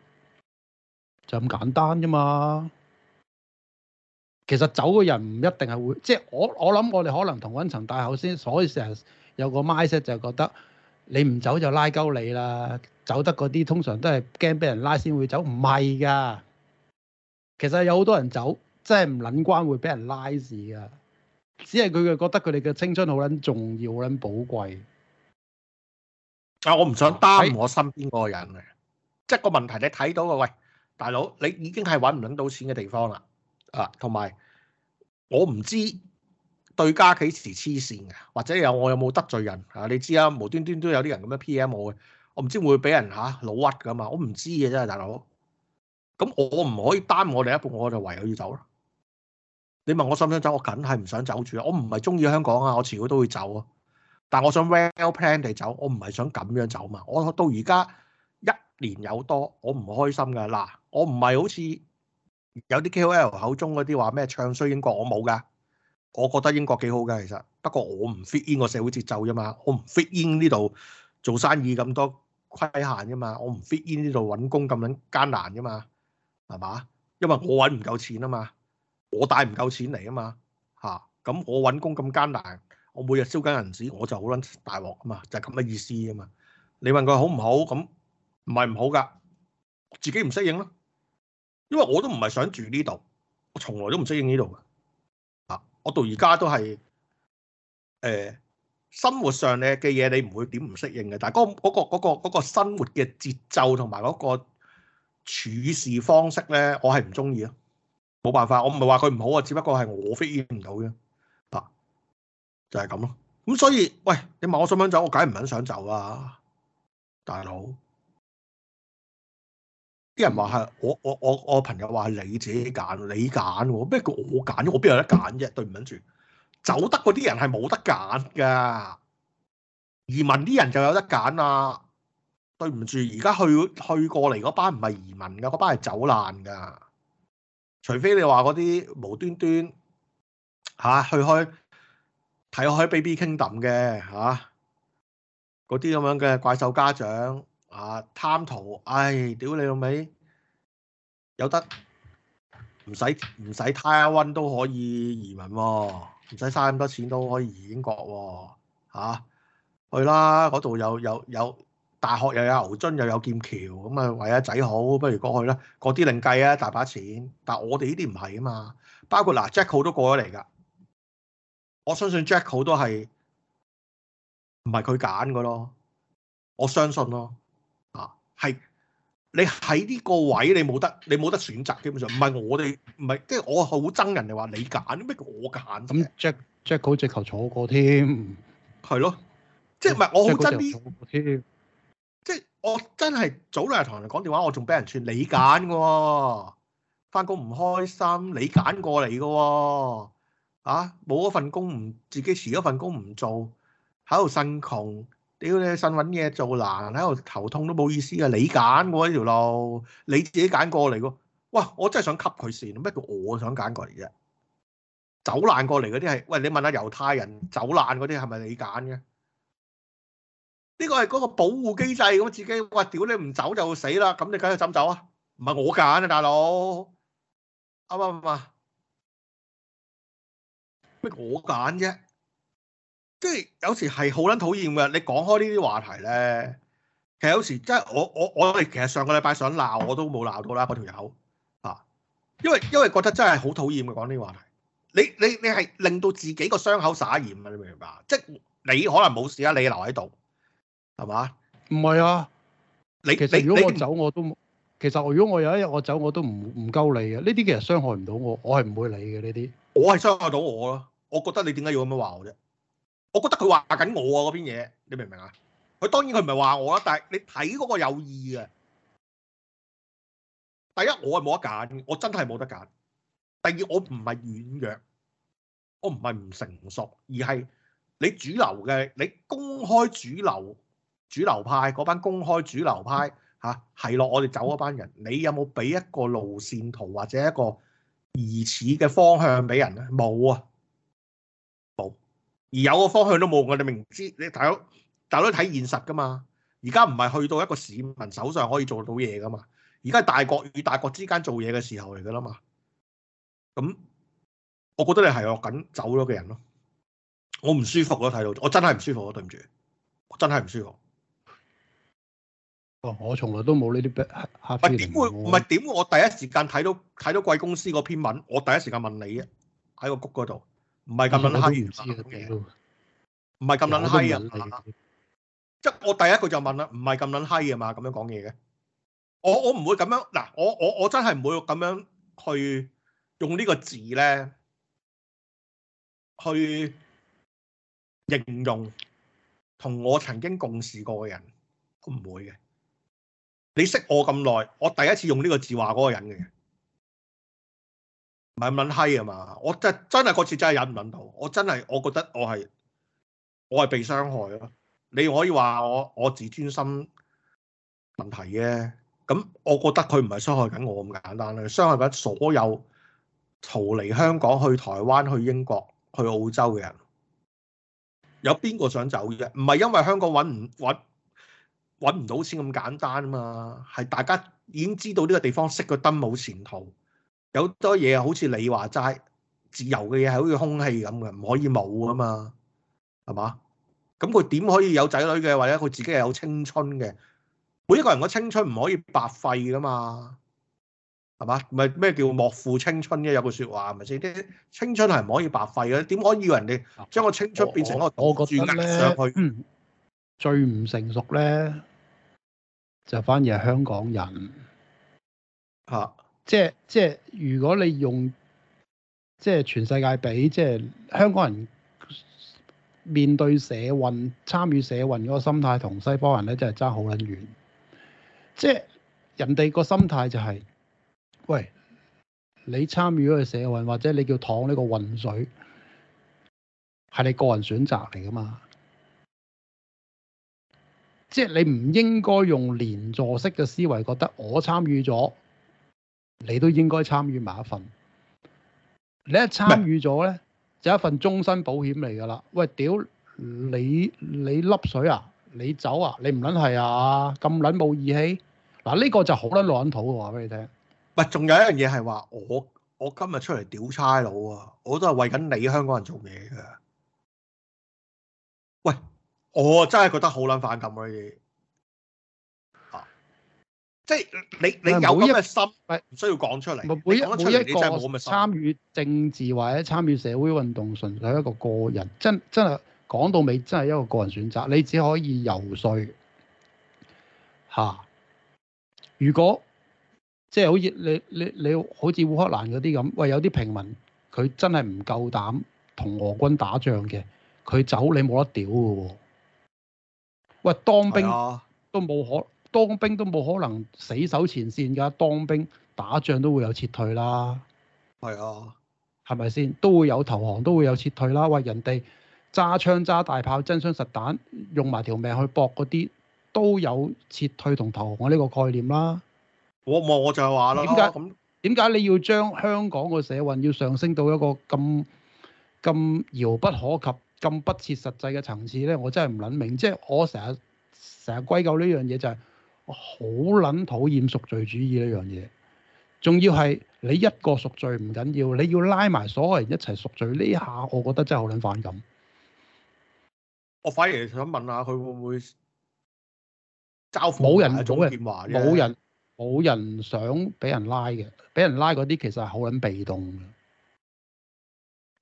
就咁簡單啫嘛。其實走嘅人唔一定係會，即係我我諗我哋可能同溫層大後先，所以成日有個 mindset 就覺得。你唔走就拉鳩你啦，走得嗰啲通常都係驚俾人拉先會走，唔係㗎。其實有好多人走，真係唔撚關會俾人拉事㗎。只係佢哋覺得佢哋嘅青春好撚重要，好撚寶貴。啊！我唔想擔我身邊嗰個人啊，即係個問題你睇到嘅。喂，大佬，你已經係揾唔撚到錢嘅地方啦。啊，同埋我唔知。對家企時黐線嘅，或者有我有冇得罪人？你知啊，無端端都有啲人咁樣 PM 我嘅，我唔知會俾人嚇、啊、老屈噶嘛？我唔知嘅啫，大佬。咁我唔可以耽誤我哋一步，我就唯有要走咯。你問我想唔想走，我梗係唔想走住。我唔係中意香港啊，我遲早都會走啊。但我想 well planned 地走，我唔係想咁樣走嘛。我到而家一年有多，我唔開心嘅啦。我唔係好似有啲 KOL 口中嗰啲話咩唱衰英國，我冇㗎。我覺得英國幾好㗎，其實不過我唔 fit in 個社會節奏啫嘛，我唔 fit in 呢度做生意咁多規限啫嘛，我唔 fit in 呢度揾工咁撚艱難啫嘛，係嘛？因為我揾唔夠錢啊嘛，我帶唔夠錢嚟啊嘛，嚇、啊、咁我揾工咁艱難，我每日燒緊銀紙，我就好撚大鑊啊嘛，就係咁嘅意思啊嘛。你問佢好唔好？咁唔係唔好㗎，我自己唔適應咯。因為我都唔係想住呢度，我從來都唔適應呢度。我到而家都係誒、呃、生活上嘅嘢，你唔會點唔適應嘅。但係嗰嗰個生活嘅節奏同埋嗰個處事方式咧，我係唔中意啊！冇辦法，我唔係話佢唔好啊，只不過係我適應唔到嘅。嗱、啊，就係咁咯。咁所以，喂，你問我，我想唔想走，我梗係唔想走啊，大佬。啲人話係我我我我朋友話，你自己揀，你揀，咩叫我揀？我邊有得揀啫？對唔住，走得嗰啲人係冇得揀噶，移民啲人就有得揀啊！對唔住，而家去去過嚟嗰班唔係移民噶，嗰班係走難噶。除非你話嗰啲無端端吓、啊、去開睇開 Baby Kingdom 嘅吓，嗰啲咁樣嘅怪獸家長。啊！貪圖，唉，屌你老味，有得唔使唔使 tie one 都可以移民喎、啊，唔使嘥咁多錢都可以移英國喎、啊，嚇、啊、去啦！嗰度又有有大學又有，有牛津又有，有劍橋，咁啊為阿仔好，不如過去啦。嗰啲另計啊，大把錢。但係我哋呢啲唔係啊嘛，包括嗱、啊、Jacko 都過咗嚟㗎，我相信 Jacko 都係唔係佢揀嘅咯，我相信咯。係你喺呢個位，你冇得，你冇得選擇。基本上唔係我哋，唔係即係我好憎人哋話你揀，咩叫我揀？咁 Jack Jack 只球坐過添，係咯，即係唔係我好憎啲。即係、就是、我真係早兩日同人講電話，我仲俾人串你揀嘅、哦，翻工唔開心，你揀過嚟嘅、哦，啊，冇嗰份工唔自己辭咗份工唔做，喺度辛窮。屌你，新揾嘢做難喺度頭痛都冇意思啊！你揀喎呢條路，你自己揀過嚟嘅。哇，我真係想吸佢線，乜叫我想揀過嚟啫？走難過嚟嗰啲係，喂你問下猶太人走難嗰啲係咪你揀嘅？呢、這個係嗰個保護機制，咁自己哇，屌你唔走就死啦！咁你梗係咁走啊？唔係我揀啊，大佬，啱唔啱啊？乜我揀啫？即係有時係好撚討厭嘅，你講開呢啲話題咧，其實有時真係我我我哋其實上個禮拜想鬧我都冇鬧到啦，嗰條友啊，因為因為覺得真係好討厭嘅講呢啲話題，你你你係令到自己個傷口撒鹽啊！你明唔明白？即係你可能冇事啊，你留喺度係嘛？唔係啊，你其實如果我走我都，其實如果我有一日我走我都唔唔鳩你嘅，呢啲其實傷害唔到我，我係唔會理嘅呢啲。我係傷害到我咯，我覺得你點解要咁樣話我啫？我覺得佢話緊我啊嗰邊嘢，你明唔明啊？佢當然佢唔係話我啦，但係你睇嗰個有意嘅。第一，我係冇得揀，我真係冇得揀。第二，我唔係軟弱，我唔係唔成熟，而係你主流嘅，你公開主流主流派嗰班公開主流派吓係囉，我哋走嗰班人，你有冇俾一個路線圖或者一個疑似嘅方向俾人咧？冇啊。而有個方向都冇用，我哋明知你大佬，大佬睇現實噶嘛。而家唔係去到一個市民手上可以做到嘢噶嘛。而家係大國與大國之間做嘢嘅時候嚟噶啦嘛。咁我覺得你係落緊走咗嘅人咯。我唔舒服咯，睇到我真係唔舒服咯，對唔住，我真係唔舒，舒服。我從來都冇呢啲黑黑唔係點會？唔係點會？我第一時間睇到睇到貴公司嗰篇文，我第一時間問你啊，喺個谷嗰度。唔係咁撚閪，唔係咁撚閪啊！即係、嗯我，就是，我第一句就問啦，唔係咁撚閪啊嘛！咁樣講嘢嘅，我我唔會咁樣嗱，我我我，我真係唔會咁樣去用呢個字咧，去形容同我曾經共事過嘅人，我唔會嘅。你識我咁耐，我第一次用呢個字話嗰個人嘅。唔係咁捻閪啊嘛！我真真係嗰次真係忍唔忍到，我真係我覺得我係我係被傷害啊。你可以話我我自尊心問題嘅，咁我覺得佢唔係傷害緊我咁簡單啦，傷害緊所有逃離香港去台灣、去英國、去澳洲嘅人。有邊個想走啫？唔係因為香港搵唔搵搵唔到錢咁簡單啊嘛，係大家已經知道呢個地方熄個燈冇前途。有多嘢好似你話齋，自由嘅嘢係好似空氣咁嘅，唔可以冇啊嘛，係嘛？咁佢點可以有仔女嘅，或者佢自己係有青春嘅？每一個人嘅青春唔可以白費噶嘛，係嘛？咪咩叫莫負青春嘅？有句說話係咪先？啲青春係唔可以白費嘅，點可以話人哋將個青春變成一個賭注壓上去？嗯、最唔成熟咧，就反而係香港人啊！嗯即係即係，如果你用即係全世界比，即係香港人面對社運、參與社運嗰個心態，同西方人咧真係爭好撚遠。即係人哋個心態就係：喂，你參與嗰個社運，或者你叫淌呢個混水，係你個人選擇嚟噶嘛？即係你唔應該用連坐式嘅思維，覺得我參與咗。你都應該參與埋一份，你一參與咗咧，就一份終身保險嚟噶啦。喂，屌你你粒水啊，你走啊，你唔卵係啊，咁卵冇義氣嗱，呢、啊這個就好卵卵土嘅話俾你聽。喂，仲有一樣嘢係話我我今日出嚟屌差佬啊，我都係為緊你香港人做嘢噶。喂，我真係覺得好卵反感嗰啲。即係你你有一個心，唔需要講出嚟。每每一個參與政治或者參與社會運動，純粹係一個個人，真真係講到尾，真係一個個人選擇。你只可以游說吓，啊。如果即係好似你你你好似烏克蘭嗰啲咁，喂，有啲平民佢真係唔夠膽同俄軍打仗嘅，佢走你冇得屌噶喎。喂，當兵都冇可。哎當兵都冇可能死守前線㗎，當兵打仗都會有撤退啦，係啊，係咪先都會有投降，都會有撤退啦。喂，人哋揸槍揸大炮，真槍實彈，用埋條命去搏嗰啲，都有撤退同投降呢個概念啦。我冇我就係話啦，點解點解你要將香港嘅社運要上升到一個咁咁遙不可及、咁不切實際嘅層次咧？我真係唔諗明，即係我成日成日歸咎呢樣嘢就係。我好撚討厭贖罪主義呢樣嘢，仲要係你一個贖罪唔緊要，你要拉埋所有人一齊贖罪呢下，我覺得真係好撚反感。我反而想問下佢會唔會招苦？冇人組嘅，冇人冇人想俾人拉嘅，俾人拉嗰啲其實係好撚被動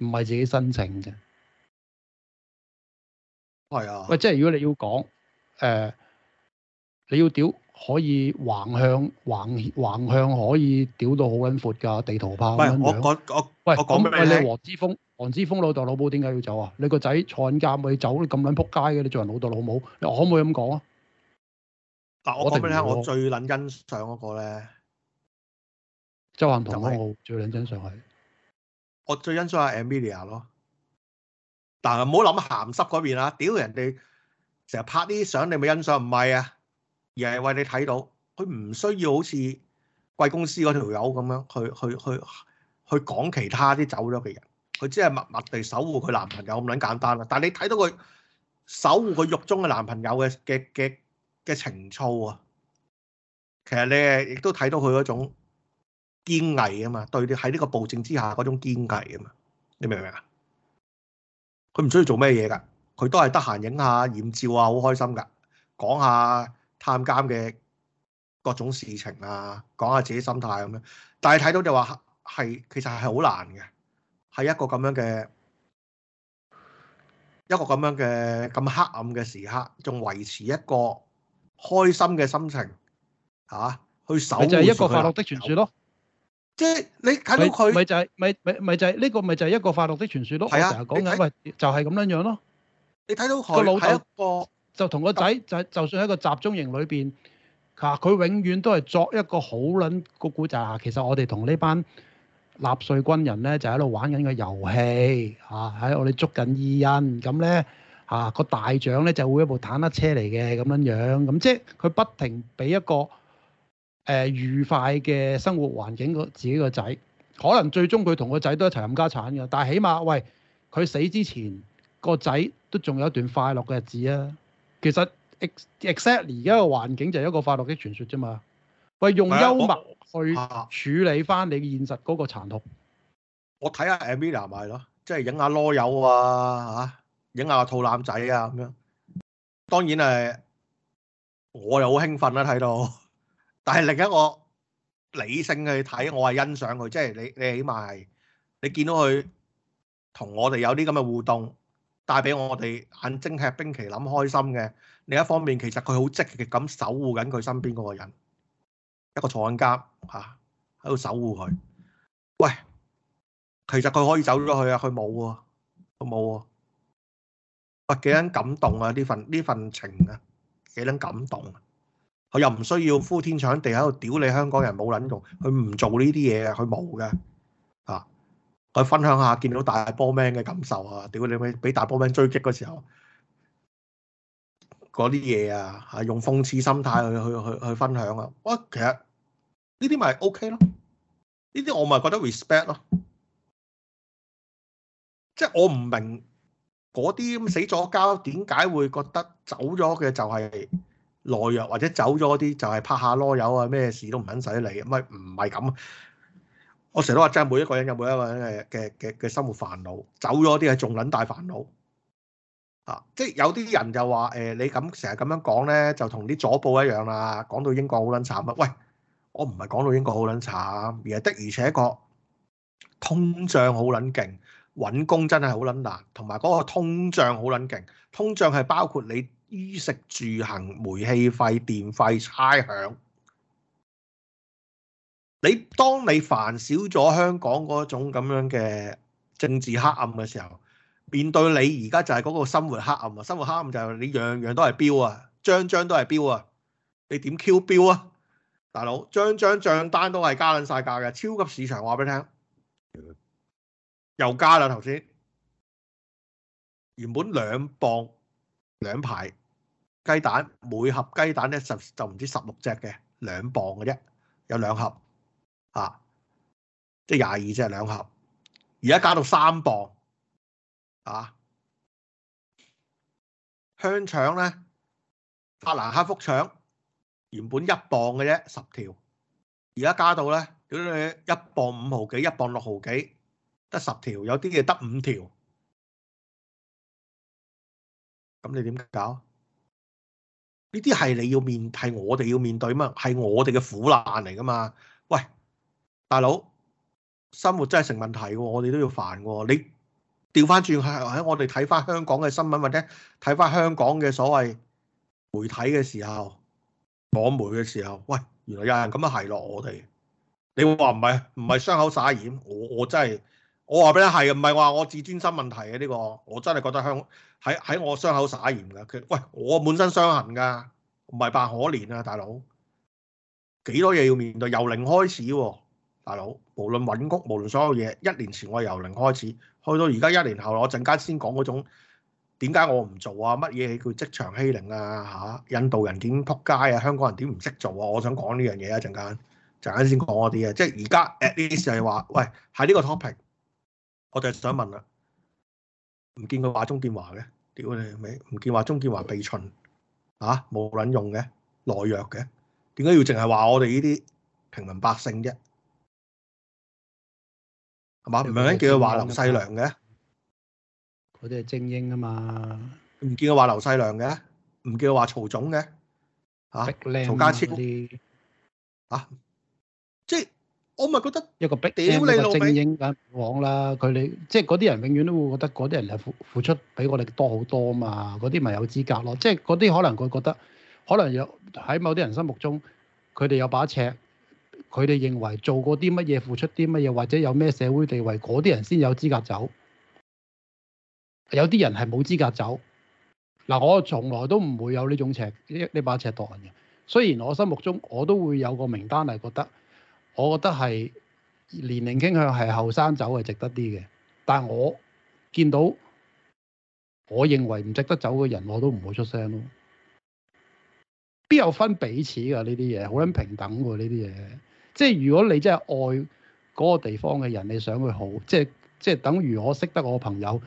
嘅，唔係自己申請嘅。係啊，喂，即係如果你要講，誒、呃。你要屌可以橫向橫橫向，可以屌到好揾闊㗎，地圖炮，咁我講我，我喂我講俾你，你黃之鋒黃之鋒老豆老母點解要走啊？你個仔坐緊監咪走？你咁撚仆街嘅你做人老豆老母，你我可唔可以咁講啊？嗱，我講俾你聽，我最撚欣賞嗰個咧，周幸棠我個最撚欣賞係。我最欣賞阿 Amelia，就是、咯，但係唔好諗鹹濕嗰邊啊！屌人哋成日拍啲相，你咪欣賞唔係啊？而係為你睇到，佢唔需要好似貴公司嗰條友咁樣去去去去講其他啲走咗嘅人，佢只係默默地守護佢男朋友咁撚簡單啦。但係你睇到佢守護佢獄中嘅男朋友嘅嘅嘅嘅情操啊，其實你亦都睇到佢嗰種堅毅啊嘛，對你喺呢個暴政之下嗰種堅毅啊嘛，你明唔明啊？佢唔需要做咩嘢噶，佢都係得閒影下豔照啊，好開心噶，講下。探監嘅各種事情啊，講下自己心態咁樣，但係睇到就話係其實係好難嘅，係一個咁樣嘅一個咁樣嘅咁黑暗嘅時刻，仲維持一個開心嘅心情嚇、啊，去守就係一個快樂的傳説咯。即係你睇到佢，咪就係咪咪咪就係、是、呢、呢個咪就係一個快樂的傳説咯。係啊，講緊咪就係咁樣樣咯。你睇到佢老係一個。就同個仔就就算喺一個集中營裏邊，嚇、啊、佢永遠都係作一個好撚個古仔。嚇，其實我哋同呢班納粹軍人咧就喺度玩緊個遊戲嚇，喺、啊哎、我哋捉緊伊人。咁咧嚇，個大獎咧就會一部坦克車嚟嘅咁樣樣咁、啊，即係佢不停俾一個誒、呃、愉快嘅生活環境自己個仔。可能最終佢同個仔都一齊冚家鏟㗎，但係起碼喂，佢死之前個仔都仲有一段快樂嘅日子啊！其實 ex exactly 而家個環境就係一個快樂嘅傳説啫嘛，喂用幽默去處理翻你現實嗰個殘酷我。我睇、啊、下 Amelia 咪咯，即係影下囉柚啊嚇，影下肚腩仔啊咁樣。當然係，我又好興奮啦、啊、睇到，但係另一個理性去睇，我係欣賞佢，即、就、係、是、你你起碼係你見到佢同我哋有啲咁嘅互動。帶俾我哋眼睛吃冰淇淋開心嘅另一方面，其實佢好積極咁守護緊佢身邊嗰個人，一個坐緊監吓喺度守護佢。喂，其實佢可以走咗去啊，佢冇喎，佢冇喎。幾撚感動啊！呢份呢份情啊，幾撚感動啊！佢又唔需要呼天搶地喺度屌你香港人冇撚用，佢唔做呢啲嘢嘅，佢冇嘅啊。去分享下見到大波 man 嘅感受啊！屌你咪俾大波 man 追擊嗰時候，嗰啲嘢啊，係用諷刺心態去去去去分享啊！我其實呢啲咪 OK 咯，呢啲我咪覺得 respect 咯。即係我唔明嗰啲咁死咗交點解會覺得走咗嘅就係懦弱，或者走咗啲就係拍下籮柚啊，咩事都唔肯使理，咪唔係咁。我成日都話，真係每一個人有每一個人嘅嘅嘅嘅生活煩惱，走咗啲係仲撚大煩惱啊！即係有啲人就話誒、欸，你咁成日咁樣講呢，就同啲左報一樣啦，講到英國好撚慘乜？喂，我唔係講到英國好撚慘，而係的而且確通脹好撚勁，揾工真係好撚難，同埋嗰個通脹好撚勁。通脹係包括你衣食住行、煤氣費、電費、差餉。你當你煩少咗香港嗰種咁樣嘅政治黑暗嘅時候，面對你而家就係嗰個生活黑暗啊！生活黑暗就係你樣樣都係標啊，張張都係標啊，你點 Q 標啊，大佬？張張帳單都係加撚曬價嘅，超級市場話俾你聽，又加啦頭先，原本兩磅兩排雞蛋，每盒雞蛋咧十就唔知十六隻嘅，兩磅嘅啫，有兩盒。啊！即係廿二，即係兩盒，而家加到三磅啊！香腸咧，法蘭克福腸原本一磅嘅啫，十條，而家加到咧，屌你一磅五毫幾，一磅六毫幾，得十條，有啲嘢得五條，咁你點搞？呢啲係你要面，係我哋要面對嘛？係我哋嘅苦難嚟噶嘛？喂！大佬，生活真係成問題嘅，我哋都要煩嘅。你調翻轉喺我哋睇翻香港嘅新聞或者睇翻香港嘅所謂媒體嘅時候，網媒嘅時候，喂，原來有人咁樣係落我哋。你話唔係唔係傷口撒鹽？我我真係我話俾你係，唔係話我自尊心問題嘅呢個，我真係覺得香喺喺我傷口撒鹽嘅。佢喂，我滿身傷痕㗎，唔係扮可憐啊，大佬。幾多嘢要面對，由零開始喎。大佬，無論揾工，無論所有嘢，一年前我由零開始，去到而家一年後，我陣間先講嗰種點解我唔做啊？乜嘢叫職場欺凌啊？嚇，印度人點撲街啊？香港人點唔識做啊？我想講呢樣嘢，一陣間就陣間先講嗰啲啊。即係而家 a 呢啲事係話，喂，喺呢個 topic，我就係想問啦，唔見佢話鍾建華嘅，屌你咪唔見話鍾建華被巡啊，冇撚用嘅，懦弱嘅，點解要淨係話我哋呢啲平民百姓啫？係嘛？唔係咧，叫佢話劉世良嘅，嗰啲係精英啊嘛。唔叫佢話劉世良嘅，唔叫佢話曹總嘅，吓曹家切利，吓，即係我咪覺得有個屌你老味精英梗係往啦。佢哋即係嗰啲人，永遠都會覺得嗰啲人係付付出比我哋多好多嘛。嗰啲咪有資格咯。即係嗰啲可能佢覺得，可能有喺某啲人心目中，佢哋有把尺。佢哋認為做過啲乜嘢、付出啲乜嘢，或者有咩社會地位，嗰啲人先有資格走。有啲人係冇資格走。嗱，我從來都唔會有呢種尺呢把尺度人嘅。雖然我心目中我都會有個名單，係覺得我覺得係年齡傾向係後生走係值得啲嘅。但我見到，我認為唔值得走嘅人，我都唔會出聲咯。邊有分彼此㗎呢啲嘢？好撚平等喎呢啲嘢。即係如果你真係愛嗰個地方嘅人，你想佢好，即係即係等於我識得我朋友，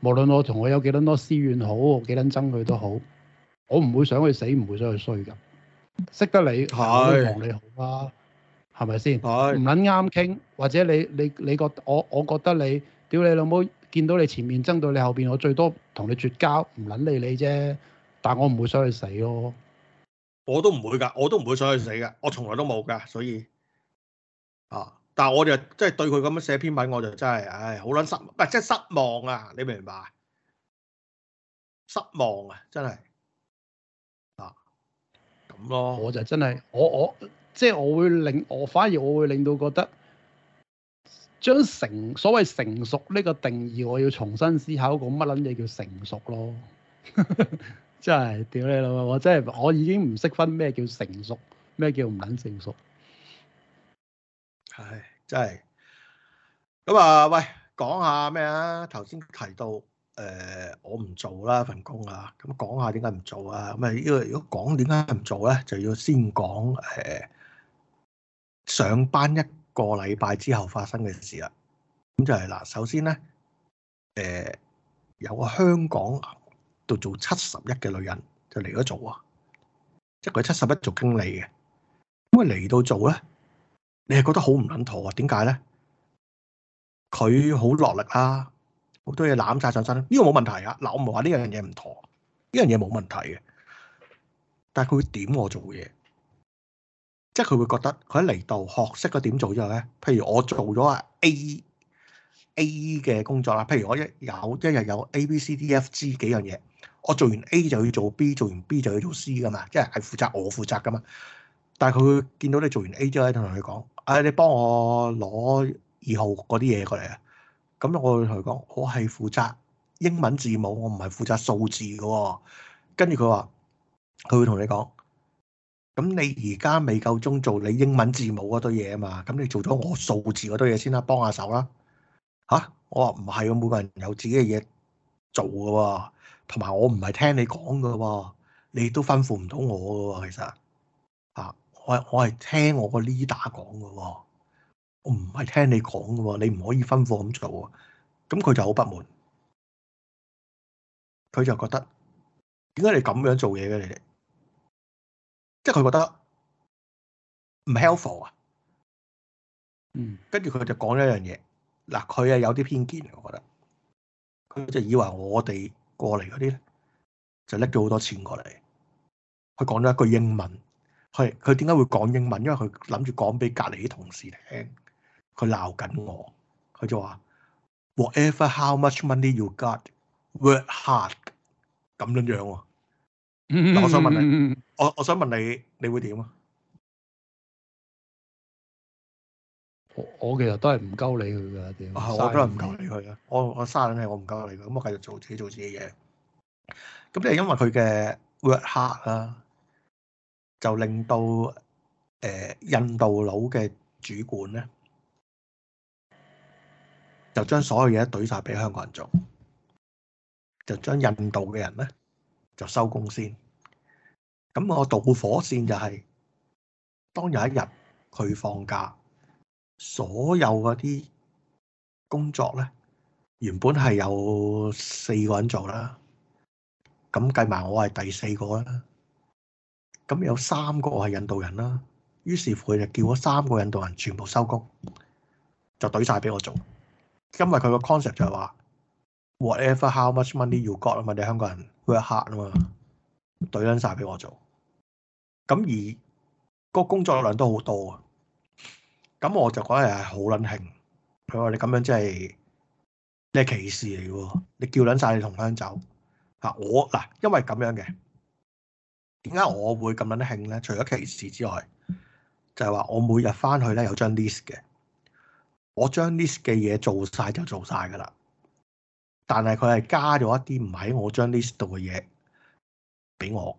無論我同佢有幾多多私怨好，好幾撚憎佢都好，我唔會想佢死，唔會想佢衰噶。識得你，係同你好啊，係咪先？係唔撚啱傾，或者你你你覺我我覺得你，屌你老母，見到你前面爭到你後邊，我最多同你絕交，唔撚理你啫。但我唔會想佢死咯。我都唔會㗎，我都唔會想佢死㗎，我從來都冇㗎，所以。啊！但係我就真係、即係、對佢咁樣寫篇文，我就真係唉，好捻失，唔係即係失望啊！你明唔明白？失望啊！真係啊，咁咯。我就真係我我即係、即係、我會令我反而我會令到覺得，將成所謂成熟呢個定義，我要重新思考個乜捻嘢叫成熟咯。 真係屌你老母！我真係我已經唔識分咩叫成熟，咩叫唔捻成熟。係真係咁啊！喂，講下咩啊？頭先提到誒，我唔做啦份工啊。咁講下點解唔做啊？咁啊，因為如果講點解唔做咧，就要先講誒，上班一個禮拜之後發生嘅事啦。咁就係嗱，首先咧，誒，有個香港度做七十一嘅女人就嚟咗做啊，即係佢七十一做經理嘅，咁啊嚟到做咧。你係覺得好唔撚妥啊。點解咧？佢好落力啊，好多嘢攬晒上身，呢個冇問題啊！嗱，我唔係話呢樣嘢唔妥，呢樣嘢冇問題嘅。但係佢會點我做嘢，即係佢會覺得佢喺嚟度學識咗點做之後咧，譬如我做咗啊 A A 嘅工作啦，譬如我一有一日有 A B C D F G 幾樣嘢，我做完 A 就要做 B，做完 B 就要做 C 噶嘛，即係係負責我負責噶嘛。但係佢會見到你做完 A job 咧，同佢講，誒，你幫我攞二號嗰啲嘢過嚟啊！咁我會同佢講，我係負責英文字母，我唔係負責數字嘅啊。他說他跟住佢話，佢會同你講，咁你而家未夠鐘做你英文字母嗰堆嘢啊嘛？咁你做咗我數字嗰堆嘢先啦，幫下手啦。嚇！我話唔係喎，每個人有自己嘅嘢做嘅喎啊，同埋我唔係聽你講嘅喎，你都吩咐唔到我嘅喎啊，其實。我我係聽我個 leader 講嘅喎，我唔係聽你講嘅喎，你唔可以吩咐咁做喎。咁佢就好不滿，佢就覺得點解你咁樣做嘢嘅你哋？即係佢覺得唔 helpful 啊。嗯，跟住佢就講一樣嘢。嗱，佢啊有啲偏見，我覺得。佢就以為我哋過嚟嗰啲咧，就拎咗好多錢過嚟。佢講咗一句英文。係佢點解會講英文？因為佢諗住講俾隔離啲同事聽。佢鬧緊我，佢就話：Whatever，how much money you got，work hard。咁樣樣喎，嗯嗯。我想問你，我我想問你，你會點啊？我我其實都係唔鳩理佢嘅，點我都係唔鳩理佢嘅。我我沙緊氣，我唔鳩理佢。咁我繼續做自己做自己嘢。咁即係因為佢嘅 work hard 啦。就令到，呃，印度佬嘅主管咧，就將所有嘢對晒俾香港人做，就將印度嘅人咧就收工先。咁我導火線就係、是、當有一日佢放假，所有嗰啲工作咧原本係有四個人做啦，咁計埋我係第四個啦。咁有三個係印度人啦，於是乎佢就叫咗三個印度人全部收工，就懟曬俾我做。因為佢個 concept 就係話，whatever how much money you got 啊嘛，你香港人 work hard 啊嘛，懟撚曬俾我做。咁而個工作量都好多啊。咁我就覺得係好撚興，佢話你咁樣真係你係歧視嚟喎，你叫撚曬你同鄉走啊！我嗱，因為咁樣嘅。點解我會咁樣興咧？除咗歧視之外，就係話我每日翻去咧，有張 list 嘅，我將 list 嘅嘢做晒就做晒噶啦。但係佢係加咗一啲唔喺我張 list 度嘅嘢俾我，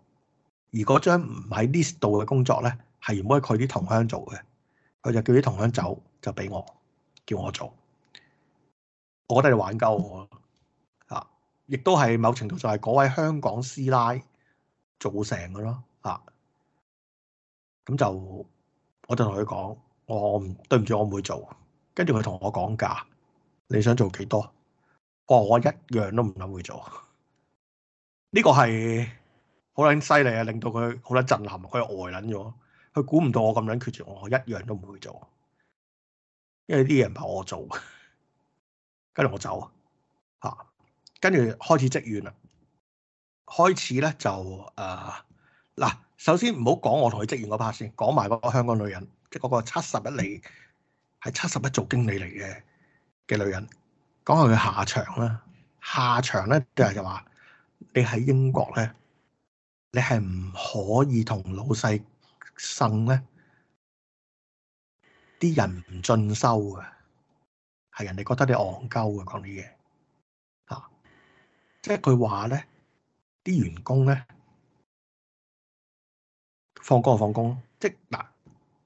而嗰張唔喺 list 度嘅工作咧係唔可以佢啲同鄉做嘅，佢就叫啲同鄉走就俾我叫我做。我覺得你玩鳩我啊！亦都係某程度就係嗰位香港師奶。做成嘅咯，啊，咁就我就同佢講，我唔對唔住，我唔會做。跟住佢同我講價，你想做幾多？我話我一樣都唔諗會做。呢個係好捻犀利啊！令到佢好捻震撼，佢呆捻咗，佢估唔到我咁捻決絕，我一樣都唔會做。因為啲嘢唔係我做，跟住我走啊，吓，跟住開始積怨啦。開始咧，就誒嗱、啊，首先唔好講我同佢職員嗰 part 先，講埋嗰個香港女人，即係嗰個七十一嚟，係七十一做經理嚟嘅嘅女人，講下佢下場啦。下場咧，就係就話你喺英國咧，你係唔可以同老細呻咧，啲人唔進修啊，係人哋覺得你戇鳩啊，講啲嘢啊，即係句話咧。啲員工咧，放工就放工，即係嗱，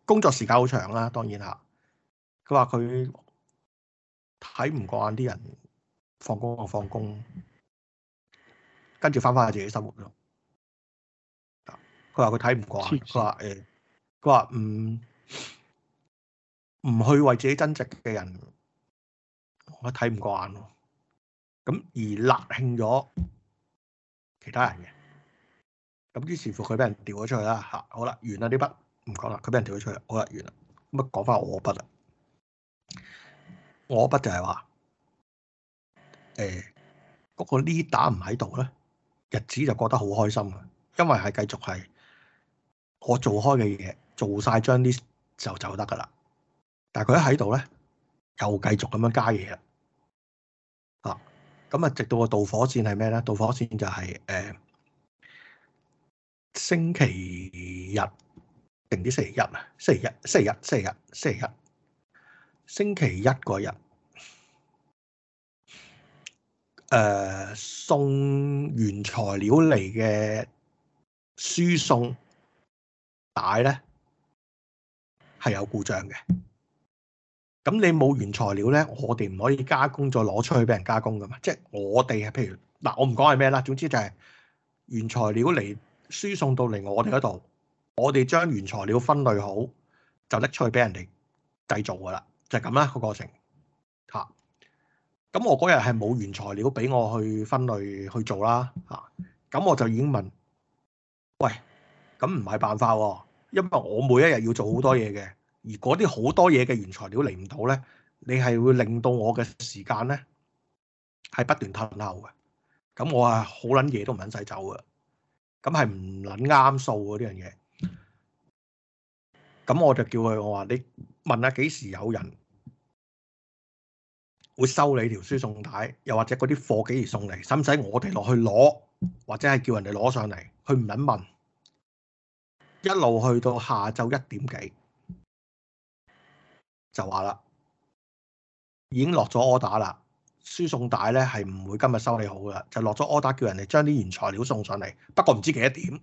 工作時間好長啦、啊，當然嚇。佢話佢睇唔慣啲人放工就放工，跟住翻返去自己生活咯。佢話佢睇唔慣，佢話誒，佢話唔唔去為自己增值嘅人，我睇唔慣咯。咁而立興咗。其他人嘅，咁於是乎佢俾人調咗出去啦嚇，好啦，完啦呢筆唔講啦，佢俾人調咗出去，好啦，完啦，咁啊講翻我筆啦，我筆就係話，誒嗰個 leader 唔喺度咧，日子就覺得好開心啊，因為係繼續係我做開嘅嘢，做晒將啲就走得噶啦，但係佢一喺度咧，又繼續咁樣加嘢啊。咁啊，直到個導火線係咩咧？導火線就係、是、誒、呃、星期日定啲星期一啊，星期一,一,一、星期一、星期一、星期一，星期一嗰日，誒、呃、送原材料嚟嘅輸送帶咧係有故障嘅。咁你冇原材料呢，我哋唔可以加工再攞出去俾人加工噶嘛？即係我哋啊，譬如嗱，我唔講係咩啦，總之就係原材料嚟輸送到嚟我哋嗰度，我哋將原材料分類好就拎出去俾人哋製造噶啦，就係咁啦個過程吓。咁我嗰日係冇原材料俾我去分類去做啦吓，咁我就已經問，喂，咁唔係辦法，因為我每一日要做好多嘢嘅。而嗰啲好多嘢嘅原材料嚟唔到呢，你係會令到我嘅時間呢係不斷吞漏嘅，咁我啊好捻嘢都唔捻使走嘅，咁係唔捻啱數呢樣嘢，咁我就叫佢我話你問下幾時有人會收你條輸送帶，又或者嗰啲貨幾時送嚟，使唔使我哋落去攞，或者係叫人哋攞上嚟？佢唔捻問，一路去到下晝一點幾。就話啦，已經落咗 order 啦，輸送帶咧係唔會今日修理好噶啦，就落咗 order 叫人哋將啲原材料送上嚟。不過唔知幾多點，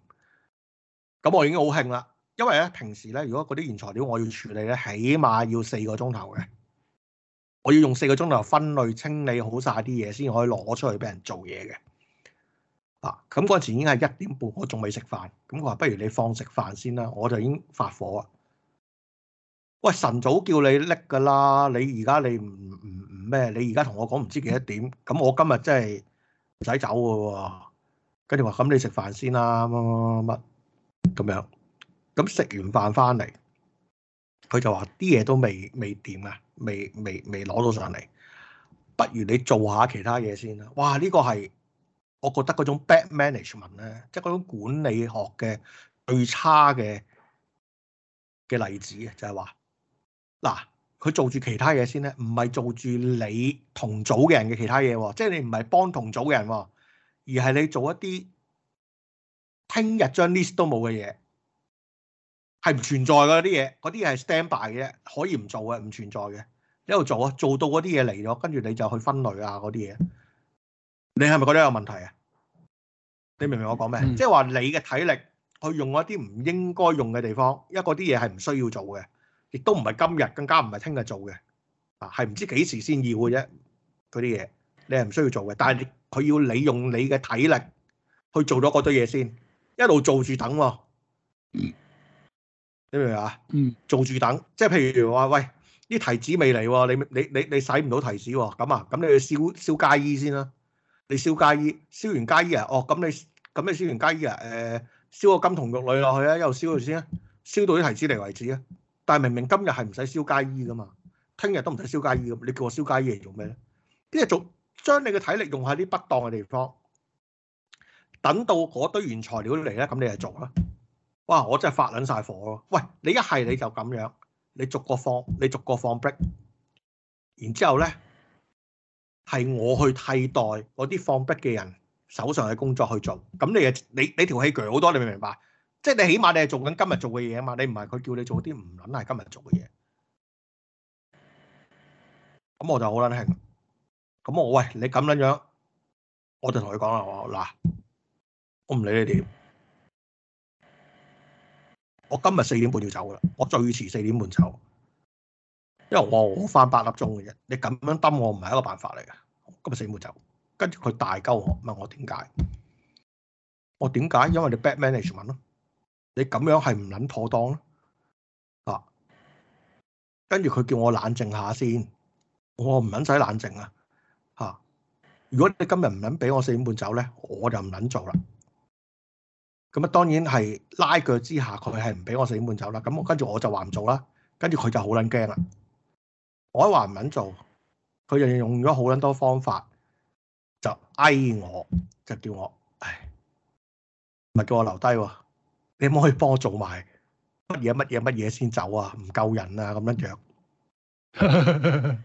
咁我已經好興啦，因為咧平時咧如果嗰啲原材料我要處理咧，起碼要四個鐘頭嘅，我要用四個鐘頭分類清理好晒啲嘢先可以攞出去俾人做嘢嘅。嗱，咁嗰陣時已經係一點半，我仲未食飯，咁我話不如你放食飯先啦，我就已經發火啊！喂，晨早叫你搦噶啦，你而家你唔唔唔咩？你而家同我講唔知幾多點，咁我今日真係唔使走噶喎，啊。跟住話咁，你食飯先啦，啊，乜乜乜乜，咁樣。咁食完飯翻嚟，佢就話啲嘢都未未掂啊，未未未攞到上嚟，不如你做下其他嘢先啦。哇，呢，這個係我覺得嗰種 bad management 咧，即係嗰種管理學嘅最差嘅嘅例子啊，就係話。嗱，佢做住其他嘢先咧，唔係做住你同組嘅人嘅其他嘢喎，即係你唔係幫同組嘅人，而係你做一啲聽日將 list 都冇嘅嘢，係唔存在嘅啲嘢，嗰啲係 standby 嘅啫，可以唔做嘅，唔存在嘅，你一度做啊，做到嗰啲嘢嚟咗，跟住你就去分類啊嗰啲嘢，你係咪覺得有問題啊？你明唔明我講咩，嗯？即係話你嘅體力去用一啲唔應該用嘅地方，因為啲嘢係唔需要做嘅。亦都唔係今日，更加唔係聽日做嘅，啊，係唔知幾時先要嘅啫。佢啲嘢你係唔需要做嘅，但係佢要你用你嘅體力去做咗嗰堆嘢先，一路做住等喎、哦。你明唔明啊？嗯，做住等，即係譬如話喂，啲提子未嚟喎，你你你你使唔到提子喎，咁啊，咁你去燒燒街衣先啦、啊。你燒街衣，燒完街衣啊，哦，咁你咁你燒完街衣啊，誒、呃，燒個金童玉女落去啊，一路燒佢先啊，燒到啲提子嚟為止啊。但係明明今日係唔使燒街衣噶嘛，聽日都唔使燒街衣噶嘛，你叫我燒街衣嚟做咩咧？跟住做將你嘅體力用喺啲不當嘅地方，等到嗰堆原材料嚟咧，咁你就做啦。哇！我真係發撚晒火咯。喂，你一係你就咁樣，你逐個放，你逐個放 brick。然之後咧係我去替代嗰啲放 brick 嘅人手上嘅工作去做，咁你嘅你你條氣鋸好多，你明唔明白？即係你起碼你係做緊今日做嘅嘢啊嘛，你唔係佢叫你做啲唔撚係今日做嘅嘢。咁我就好撚興。咁我喂你咁樣樣，我就同佢講啦。嗱，我唔理你點，我今日四點半要走噶啦，我最遲四點半走。因為我我翻八粒鐘嘅啫，你咁樣揼我唔係一個辦法嚟噶。今日四點半走，跟住佢大鳩我問我點解？我點解？因為你 bad management 咯。你咁樣係唔撚妥當咯，啊！跟住佢叫我冷靜下先，我唔撚使冷靜啊嚇、啊！如果你今日唔撚俾我四點半走咧，我就唔撚做啦。咁啊，當然係拉腳之下，佢係唔俾我四點半走啦。咁跟住我就話唔做啦，跟住佢就好撚驚啦。我一話唔撚做，佢就用咗好撚多方法就哀我，就叫我唉，咪叫我留低喎。你可唔可以幫我做埋乜嘢乜嘢乜嘢先走啊？唔夠人啊，咁樣樣，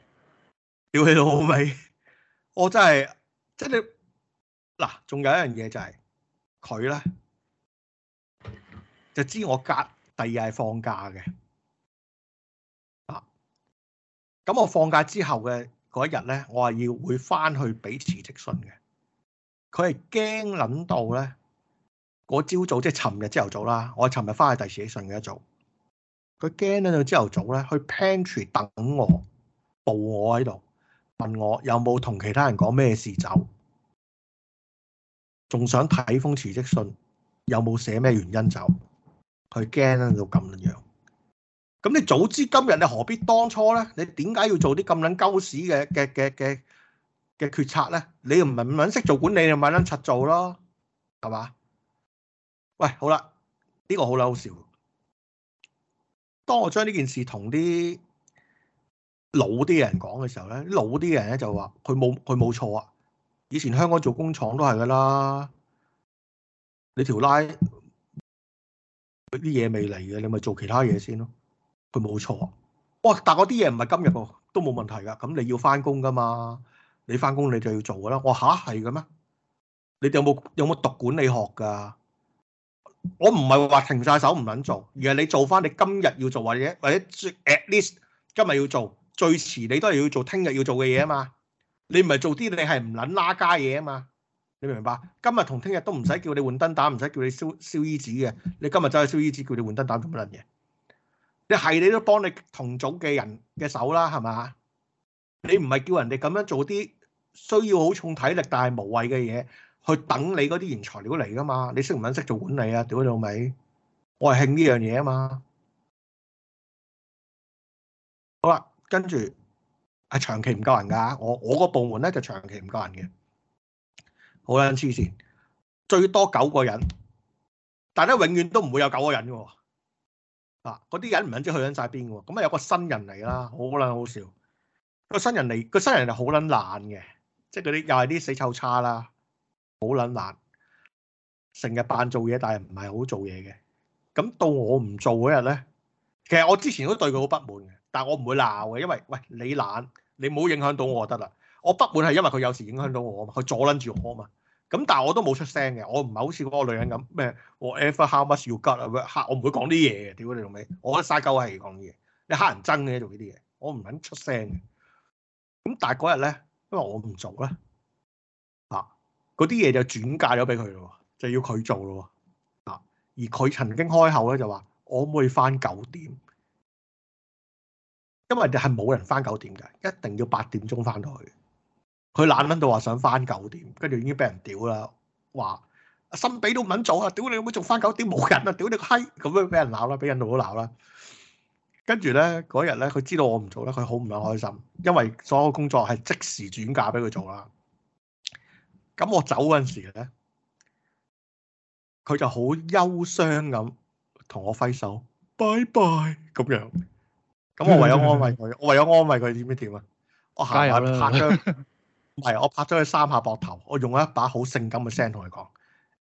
屌你老味，我真係即係你嗱，仲有一樣嘢就係佢咧，就知我隔第二日係放假嘅啊，咁我放假之後嘅嗰一日咧，我係要會翻去俾辭職信嘅，佢係驚諗到咧。我朝早即係尋日朝頭早啦，我尋日翻去遞辭職信嘅一早，佢驚咧到朝頭早咧去 pantry 等我，暴我喺度問我有冇同其他人講咩事走，仲想睇封辭職信，有冇寫咩原因走，佢驚咧到咁樣。咁你早知今日，你何必當初咧？你點解要做啲咁撚鳩屎嘅嘅嘅嘅嘅決策咧？你又唔係唔撚識做管理，你咪撚柒做咯，係嘛？喂，好啦，呢個好嬲笑。當我將呢件事同啲老啲人講嘅時候咧，老啲人咧就話佢冇佢冇錯啊！以前香港做工廠都係噶啦，你條拉嗰啲嘢未嚟嘅，你咪做其他嘢先咯。佢冇錯啊。哇！但嗰啲嘢唔係今日都冇問題噶。咁你要翻工噶嘛？你翻工你就要做噶啦。我吓係噶咩？你哋有冇有冇讀管理學噶？我唔係話停晒手唔撚做，而係你做翻你今日要做或者或者 at least 今日要做，最遲你都係要做聽日要做嘅嘢啊嘛！你唔係做啲你係唔撚拉家嘢啊嘛！你明唔明白？今日同聽日都唔使叫你換燈膽，唔使叫你燒燒衣紙嘅。你今日走去燒衣紙，叫你換燈膽咁撚嘢？你係你都幫你同組嘅人嘅手啦，係嘛？你唔係叫人哋咁樣做啲需要好重體力但係無謂嘅嘢。去等你嗰啲原材料嚟噶嘛？你識唔識做管理啊？屌你老味！我係興呢樣嘢啊嘛！好啦，跟住係長期唔夠人噶、啊。我我個部門咧就長期唔夠人嘅，好撚黐線，最多九個人，但係咧永遠都唔會有九個人嘅喎。嗱，嗰啲人唔唔知去緊晒邊嘅喎。咁啊有個新人嚟啦，我好撚好笑。個新人嚟，個新人是很懶的就好撚爛嘅，即係嗰啲又係啲死臭叉啦～好捻懶，成日扮做嘢，但係唔係好做嘢嘅。咁到我唔做嗰日咧，其實我之前都對佢好不滿嘅。但係我唔會鬧嘅，因為喂，你懶，你冇影響到我就得啦。我不滿係因為佢有時影響到我啊嘛，佢阻捻住我啊嘛。咁但係我都冇出聲嘅，我唔係好似嗰個女人咁咩，whatever how much you got 啊？我唔會講啲嘢嘅，屌你老味，我嘥鳩氣講嘢，你黑人憎嘅喺度呢啲嘢，我唔肯出聲嘅。咁但係嗰日咧，因為我唔做啦。嗰啲嘢就轉嫁咗俾佢咯，就要佢做咯。啊，而佢曾經開口咧就話：我唔可以翻九點，因為人哋係冇人翻九點嘅，一定要八點鐘翻到去。佢懶撚到話想翻九點，跟住已經俾人屌啦。話阿心俾都唔肯做啊，屌你有有回！我唔做翻九點冇人啊，屌你個閪！咁樣俾人鬧啦，俾印度佬鬧啦。跟住咧，嗰日咧，佢知道我唔做咧，佢好唔開心，因為所有工作係即時轉嫁俾佢做啦。咁我走嗰陣時咧，佢就好憂傷咁同我揮手，拜拜咁樣。咁我為咗安慰佢，我為咗安慰佢點樣點啊？我下下拍張，唔係我拍咗佢三下膊頭，我用一把好性感嘅聲同佢講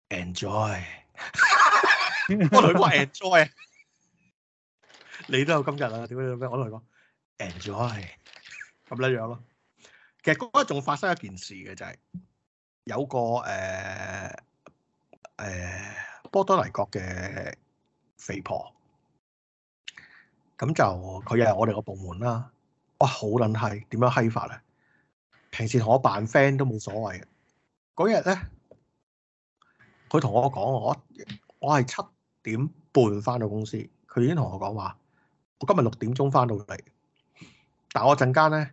，Enjoy。我同佢講 Enjoy，你都有今日啊？點樣樣？我同佢講 Enjoy，咁樣樣咯。其實嗰日仲發生一件事嘅就係。有個誒誒、啊啊、波多黎各嘅肥婆，咁就佢又係我哋個部門啦。哇，好撚係，點樣欺法咧？平時同我扮 friend 都冇所謂。嗰日咧，佢同我講我我係七點半翻到公司，佢已經同我講話我今日六點鐘翻到嚟，但我陣間咧。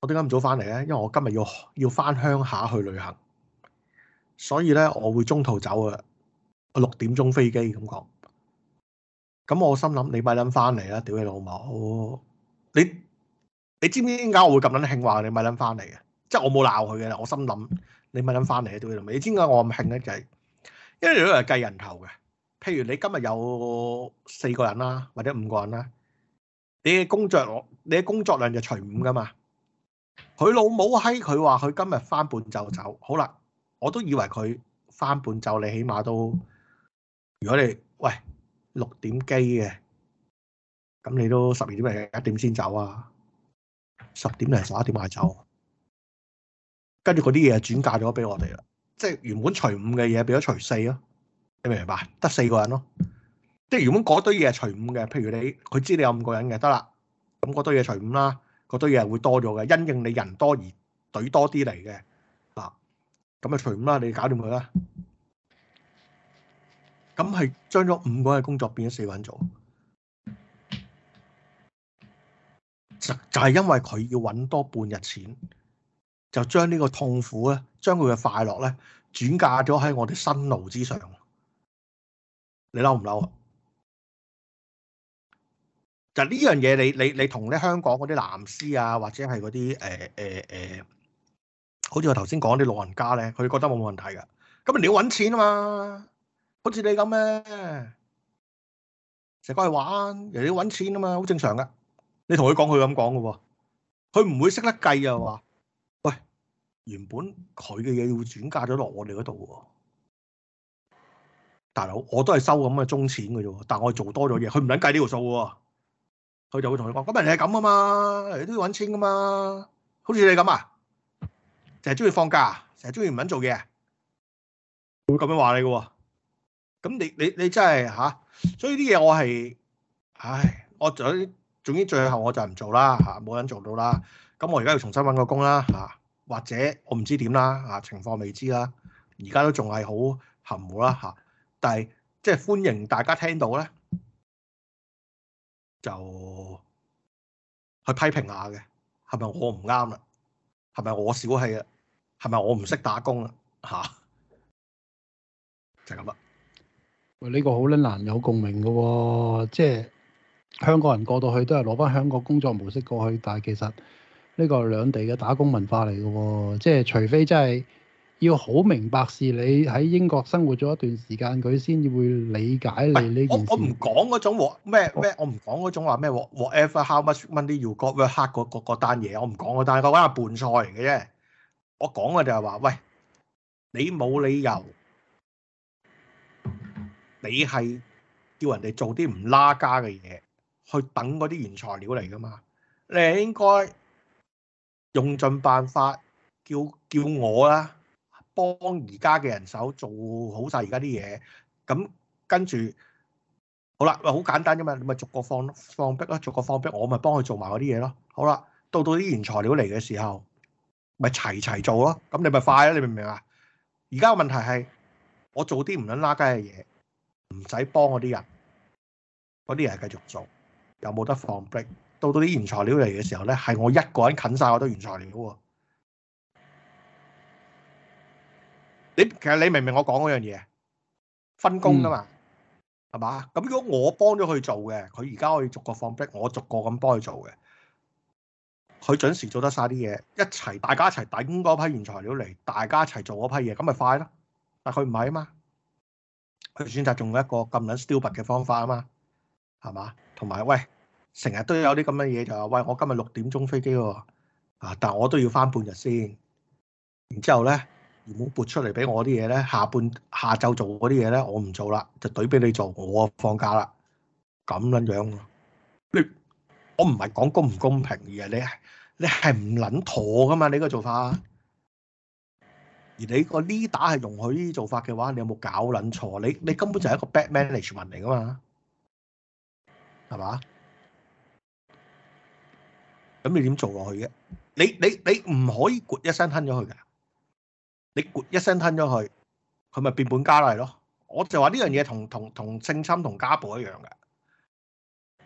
我點解咁早翻嚟咧？因為我今日要要翻鄉下去旅行，所以咧我會中途走啊。六點鐘飛機咁講，咁我心諗，你咪撚翻嚟啦，屌你老母！你你知唔知點解我會咁撚興話你咪撚翻嚟啊？即係我冇鬧佢嘅，我心諗，你咪撚翻嚟啊！屌你老味！你知唔知我咁興咧？就係因為佢係計人頭嘅。譬如你今日有四個人啦，或者五個人啦，你嘅工作你嘅工作量就除五噶嘛。佢老母閪，佢話佢今日返半晝就走，好啦，我都以為佢返半晝就，你起碼都，如果你喂六點機嘅，咁你都十二點零一點先走啊，十點零十一點埋走，跟住嗰啲嘢轉嫁咗俾我哋啦，即係原本除五嘅嘢，變咗除四咯、啊，你明唔明白？得四個人咯、啊，即係原本嗰堆嘢除五嘅，譬如你佢知你有五個人嘅，得啦，咁嗰堆嘢除五啦。嗰堆嘢係會多咗嘅，因應你人多而隊多啲嚟嘅，嗱咁啊除五啦，你搞掂佢啦。咁係將咗五個人嘅工作變咗四個人做，就就係因為佢要揾多半日錢，就將呢個痛苦咧，將佢嘅快樂咧轉嫁咗喺我哋辛勞之上你。你嬲唔嬲啊？嗱，呢樣嘢你你你同咧香港嗰啲藍絲啊，或者係嗰啲誒誒誒，好似我頭先講啲老人家咧，佢覺得冇冇問題噶。咁你要揾錢啊嘛，好似你咁咩？成日過嚟玩人哋要揾錢啊嘛，好正常噶。你同佢講，佢咁講嘅喎，佢唔會識得計啊嘛。喂，原本佢嘅嘢會轉嫁咗落我哋嗰度喎，大佬，我都係收咁嘅鐘錢嘅啫，但係我做多咗嘢，佢唔撚計呢條數喎。佢就會同你講：咁人哋係咁啊嘛，你都要搵錢㗎嘛，好似你咁啊，成日中意放假，成日中意唔肯做嘢，會咁樣話你㗎喎、啊。咁你你你真係吓、啊、所以啲嘢我係，唉，我總總之最後我就唔做啦，冇人做到啦。咁我而家要重新搵個工啦，或者我唔知點啦，情況未知啦。而家都仲係好含糊啦，但係即係歡迎大家聽到咧。就去批評下嘅，係咪我唔啱啦？係咪我小氣啊？係咪我唔識打工啊？吓， 就係咁啦。喂，呢、個好撚難有共鳴嘅、喎，即係香港人過到去都係攞翻香港工作模式過去，但係其實呢個兩地嘅打工文化嚟嘅、喎，即係除非真係。要好明白是你喺英國生活咗一段時間，佢先至會理解你呢件，件事。我我唔講嗰種話咩咩，我唔講嗰種話咩 whatever how much money you got work hard 嗰嗰嗰單嘢，我唔講啊。但係嗰單係拌菜嚟嘅啫。我講嘅就係話，喂，你冇理由，你係叫人哋做啲唔拉家嘅嘢，去等嗰啲原材料嚟㗎嘛？你係應該用盡辦法叫叫我啦。幫而家嘅人手做好晒而家啲嘢，咁跟住好啦，好簡單啫嘛，你咪逐個放放逼咯，逐個放逼，我咪幫佢做埋嗰啲嘢咯。好啦，到到啲原材料嚟嘅時候，咪齊齊做咯。咁你咪快咯，你明唔明啊？而家嘅問題係我做啲唔撚拉雞嘅嘢，唔使幫嗰啲人，嗰啲人繼續做，又冇得放逼。到到啲原材料嚟嘅時候咧，係我一個人啃晒我啲原材料喎。你其實你明唔明我講嗰樣嘢？分工噶嘛，係、嗯、嘛？咁如果我幫咗佢做嘅，佢而家可以逐個放逼，我逐個咁幫佢做嘅，佢準時做得晒啲嘢，一齊大家一齊頂嗰批原材料嚟，大家一齊做嗰批嘢，咁咪快咯。但佢唔係啊嘛，佢選擇用一個咁撚 stupid 嘅方法啊嘛，係嘛？同埋喂，成日都有啲咁嘅嘢就話喂，我今日六點鐘飛機喎，啊，但我都要翻半日先，然之後咧。唔好撥出嚟俾我啲嘢咧，下半下晝做嗰啲嘢咧，我唔做啦，就隊俾你做，我放假啦，咁樣樣。你我唔係講公唔公平，而係你你係唔撚妥噶嘛？你個做法，而你個 leader 係容許呢啲做法嘅話，你有冇搞撚錯？你你根本就係一個 bad management 嚟噶嘛，係嘛？咁你點做落去嘅？你你你唔可以豁一聲吞咗佢噶。你一聲吞咗佢，佢咪變本加厲咯？我就話呢樣嘢同同同性侵同家暴一樣嘅。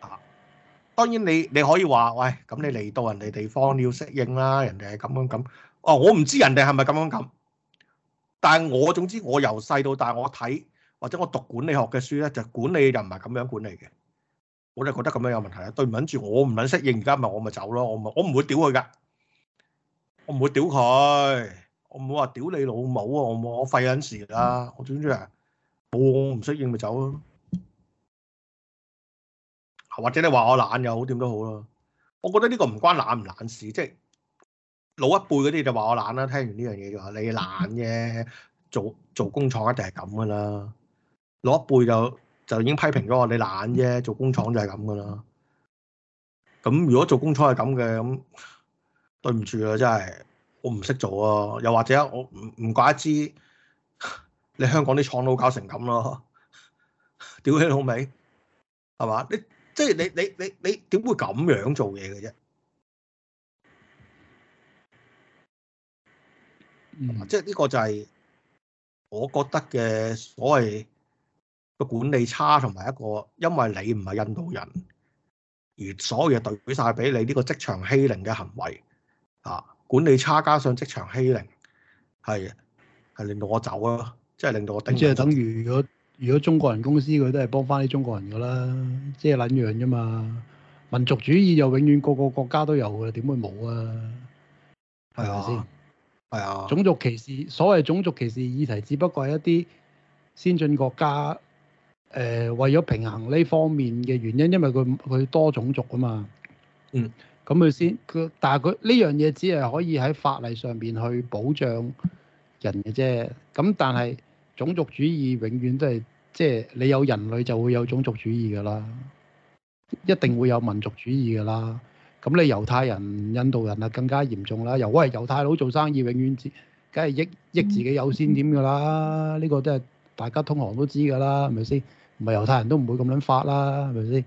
啊，當然你你可以話喂，咁你嚟到人哋地方你要適應啦，人哋係咁樣咁。哦，我唔知人哋係咪咁樣咁。但係我總之我由細到大我睇或者我讀管理學嘅書咧，就管理就唔係咁樣管理嘅。我就覺得咁樣有問題啊！對唔撚住，我唔撚適應，而家咪我咪走咯，我咪我唔會屌佢噶，我唔會屌佢。我唔好話屌你老母啊！我冇我廢人事廢緊事啦！我總之啊，冇我唔適應咪走咯。或者你話我懶又好點都好咯。我覺得呢個唔關懶唔懶事，即係老一輩嗰啲就話我懶啦。聽完呢樣嘢就話你懶啫，做做工廠一定係咁噶啦。老一輩就就已經批評咗我你懶啫，做工廠就係咁噶啦。咁如果做工廠係咁嘅咁，對唔住啊，真係。我唔識做啊！又或者我唔唔怪之你香港啲廠佬搞成咁咯？屌你老味，係嘛？你即係、就是、你你你你點會咁樣做嘢嘅啫？嗯、即係呢個就係我覺得嘅所謂個管理差，同埋一個因為你唔係印度人，而所有嘢對比晒俾你呢個職場欺凌嘅行為啊！管理差加上職場欺凌，係係令到我走啊，即係令到我頂唔住。即係等於，如果如果中國人公司，佢都係幫翻啲中國人噶啦，即係撚樣啫嘛。民族主義又永遠個個國家都有噶，點會冇啊？係咪先？係啊。種族歧視，所謂種族歧視嘅議題，只不過係一啲先進國家誒、呃、為咗平衡呢方面嘅原因，因為佢佢多種族啊嘛。嗯。咁佢先，佢但係佢呢樣嘢只係可以喺法例上面去保障人嘅啫。咁但係種族主義永遠都係，即係你有人類就會有種族主義噶啦，一定會有民族主義噶啦。咁你猶太人、印度人啊，更加嚴重啦。由喂猶太佬做生意，永遠只梗係益益自己有先點㗎啦？呢個都係大家通行都知㗎啦，係咪先？唔係猶太人都唔會咁樣發啦，係咪先？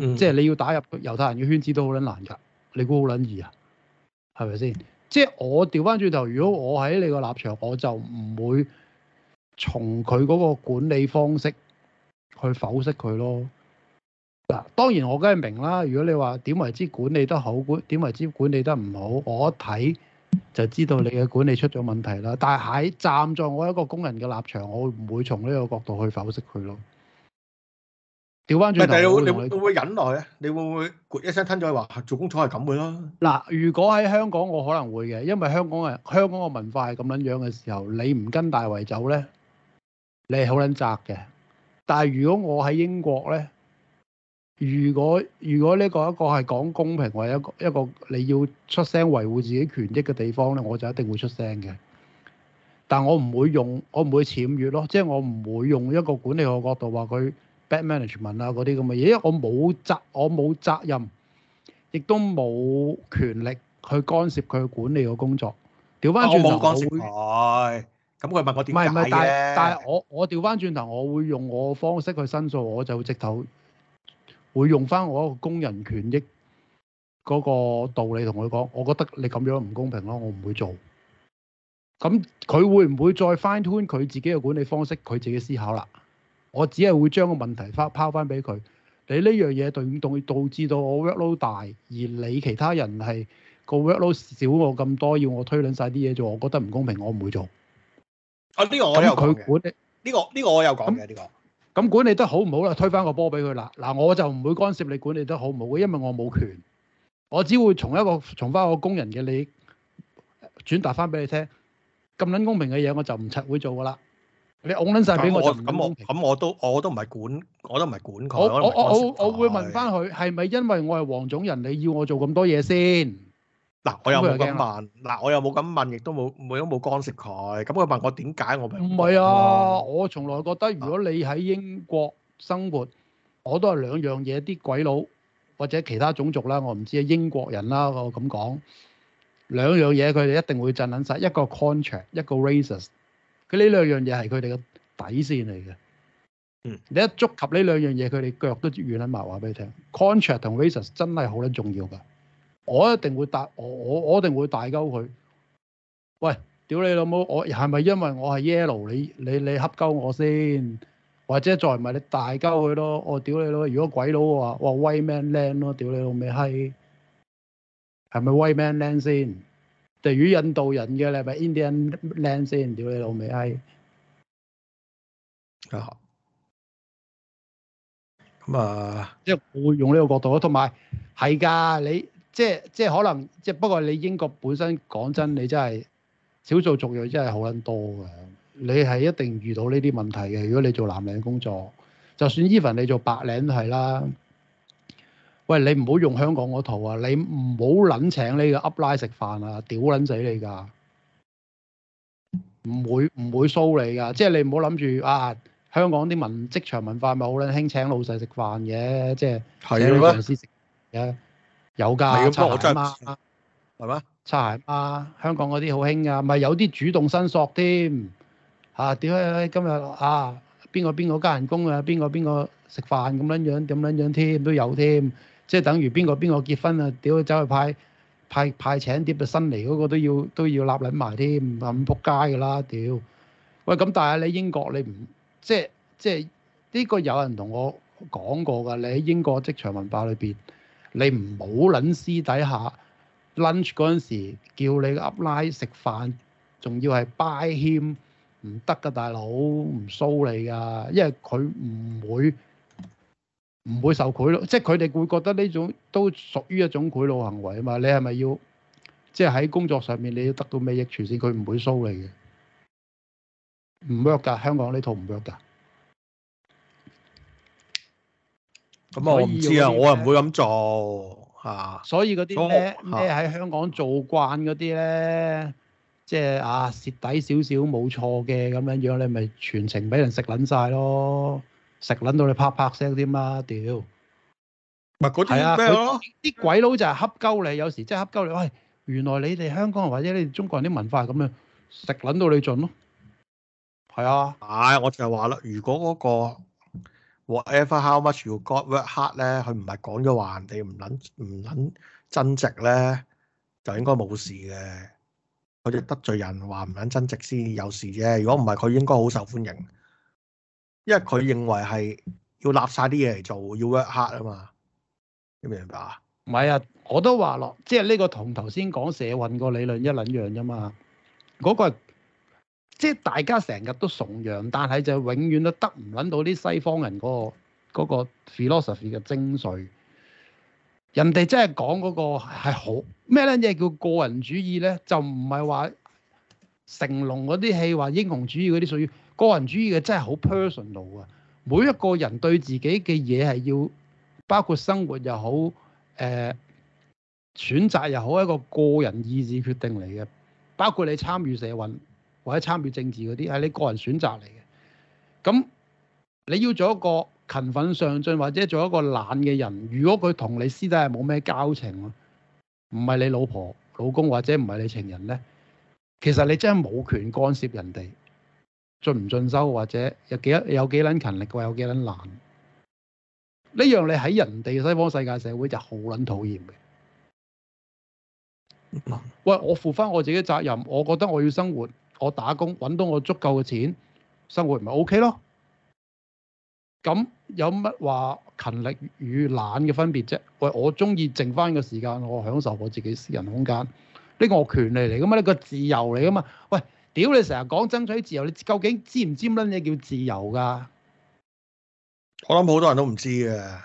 即係你要打入猶太人嘅圈子都好撚難㗎，你估好撚易啊？係咪先？即係我調翻轉頭，如果我喺你個立場，我就唔會從佢嗰個管理方式去剖析佢咯。嗱，當然我梗係明啦。如果你話點為之管理得好，管點為之管理得唔好，我一睇就知道你嘅管理出咗問題啦。但係喺站在我一個工人嘅立場，我唔會從呢個角度去剖析佢咯。調翻轉頭，你會會唔會忍落去啊？你會唔會咕一聲吞咗去話做工廠係咁嘅咯？嗱，如果喺香港，我可能會嘅，因為香港啊，香港個文化係咁撚樣嘅時候，你唔跟大圍走咧，你係好撚窄嘅。但係如果我喺英國咧，如果如果呢個一個係講公平或者一個一個你要出聲維護自己權益嘅地方咧，我就一定會出聲嘅。但我唔會用，我唔會僭越咯，即係我唔會用一個管理學角度話佢。bad management 啊，嗰啲咁嘅嘢，因為我冇責，我冇責任，亦都冇權力去干涉佢管理嘅工作。調翻轉就冇干涉佢，啊。咁佢問我點解唔係，但係但係我我調翻轉頭，我會用我方式去申訴，我就會直頭會用翻我一個工人權益嗰個道理同佢講。我覺得你咁樣唔公平咯，我唔會做。咁佢會唔會再 fine tune 佢自己嘅管理方式？佢自己思考啦。我只係會將個問題翻拋翻俾佢。你呢樣嘢對唔對？會導致到我 workload 大，而你其他人係個 workload 少我咁多，要我推撚晒啲嘢做，我覺得唔公平，我唔會做。啊，呢、呢個我呢、呢個。咁佢管呢個呢個我有講嘅呢個。咁、呢個、管理得好唔好啦？推翻個波俾佢啦。嗱，我就唔會干涉你管理得好唔好，因為我冇權。我只會從一個從翻個工人嘅利益轉達翻俾你聽，咁撚公平嘅嘢我就唔會做噶啦。你㧬撚晒俾我做，咁我咁我，我都我都唔係管，我都唔係管佢。我我我我，我，我會問翻佢，係咪因為我係黃種人，你要我做咁多嘢先？嗱，我又冇咁問，嗱我又冇咁問，亦都冇冇都冇干涉佢。咁佢問我點解我唔？唔係啊，我從來覺得如果你喺英國生活，啊、我都係兩樣嘢，啲鬼佬或者其他種族啦，我唔知啊，英國人啦，我咁講兩樣嘢，佢哋一定會震撚晒：一個 contract，一個 racist。佢呢兩樣嘢係佢哋嘅底線嚟嘅，嗯，你一觸及呢兩樣嘢，佢哋腳都軟撚埋。話俾你聽，contract 同 racism 真係好撚重要㗎。我一定會大，我我我一定會大鳩佢。喂，屌你老母！我係咪因為我係 yellow？你你你恰鳩我先，或者再唔係你大鳩佢咯？我屌你老，如果鬼佬嘅話，我威 man 靚咯，屌你老味閪，係咪威 man 靚先？對於印度人嘅，你咪 Indian l 先，屌你老味。係啊，咁啊，即係我會用呢個角度咯，同埋係㗎，你即係即係可能即係不過你英國本身講真，你真係少數族裔，真係好撚多嘅。你係一定遇到呢啲問題嘅，如果你做藍領工作，就算 Even 你做白領都係啦。喂，你唔好用香港嗰套啊！你唔好撚請呢個 upline 食飯啊，屌撚死你㗎！唔會唔會 show 你㗎，即係你唔好諗住啊！香港啲文職場文化咪好撚興請老細食飯嘅，即係請上司食。有㗎，擦鞋嘛，係嘛？擦鞋嘛，香港嗰啲好興㗎，咪有啲主動申索添嚇？屌今日啊？邊、啊、個邊個加人工啊？邊個邊個食飯咁撚樣？咁撚樣添都有添。即係等於邊個邊個結婚啊？屌，走去派派派請帖，新嚟嗰個都要都要立撚埋添，咁撲街㗎啦！屌，喂，咁但係你英國你唔即係即係呢個有人同我講過㗎，你喺英國職場文化裏邊，你唔好撚私底下 lunch 嗰陣時叫你 up line 食飯，仲要係 buy him，唔得㗎，大佬唔 show 你㗎，因為佢唔會。唔會受賄咯，即係佢哋會覺得呢種都屬於一種賄賂行為啊嘛。你係咪要即係喺工作上面你要得到咩益處，先佢唔會收你嘅，唔 work 㗎。香港呢套唔 work 㗎。咁我唔知啊，我又唔會咁做嚇。所以嗰啲咩咩喺香港做慣嗰啲咧，即係啊蝕、就是啊、底少少冇錯嘅咁樣樣，你咪全程俾人食撚晒咯。食撚到你啪啪聲添啦，屌！咪嗰啲咩咯？啲鬼佬就係恰鳩你，有時真係恰鳩你。喂，原來你哋香港人或者你哋中國人啲文化咁啊，食撚到你盡咯。係啊，唉，我就係話啦，如果嗰個話，whatever how much you got work hard 咧，佢唔係講咗話人哋唔撚唔撚增值咧，就應該冇事嘅。佢哋得罪人話唔撚增值先有事啫。如果唔係，佢應該好受歡迎。因為佢認為係要立晒啲嘢嚟做，要 work hard 啊嘛，你明唔明白啊？唔係啊，我都話咯，即係呢個同頭先講社運個理論一撚樣啫嘛。嗰、那個即係、就是、大家成日都崇洋，但係就永遠都得唔揾到啲西方人嗰、那個、那個 philosophy 嘅精髓。人哋真係講嗰個係好咩咧？即係叫個人主義咧，就唔係話成龍嗰啲戲話英雄主義嗰啲屬於。個人主義嘅真係好 personal 啊！每一個人對自己嘅嘢係要包括生活又好，誒、呃、選擇又好，一個個人意志決定嚟嘅。包括你參與社運或者參與政治嗰啲，係你個人選擇嚟嘅。咁你要做一個勤奮上進或者做一個懶嘅人，如果佢同你私底下冇咩交情，唔係你老婆、老公或者唔係你情人呢，其實你真係冇權干涉人哋。進唔進修或者有幾多有幾撚勤力，或有幾撚懶？呢樣你喺人哋西方世界社會就好撚討厭嘅。喂，我負翻我自己責任，我覺得我要生活，我打工揾到我足夠嘅錢，生活唔係 OK 咯。咁有乜話勤力與懶嘅分別啫？喂，我中意剩翻個時間，我享受我自己私人空間，呢個我權利嚟噶嘛？呢個自由嚟噶嘛？喂！屌你！成日講爭取自由，你究竟知唔知乜嘢叫自由噶？我諗好多人都唔知嘅。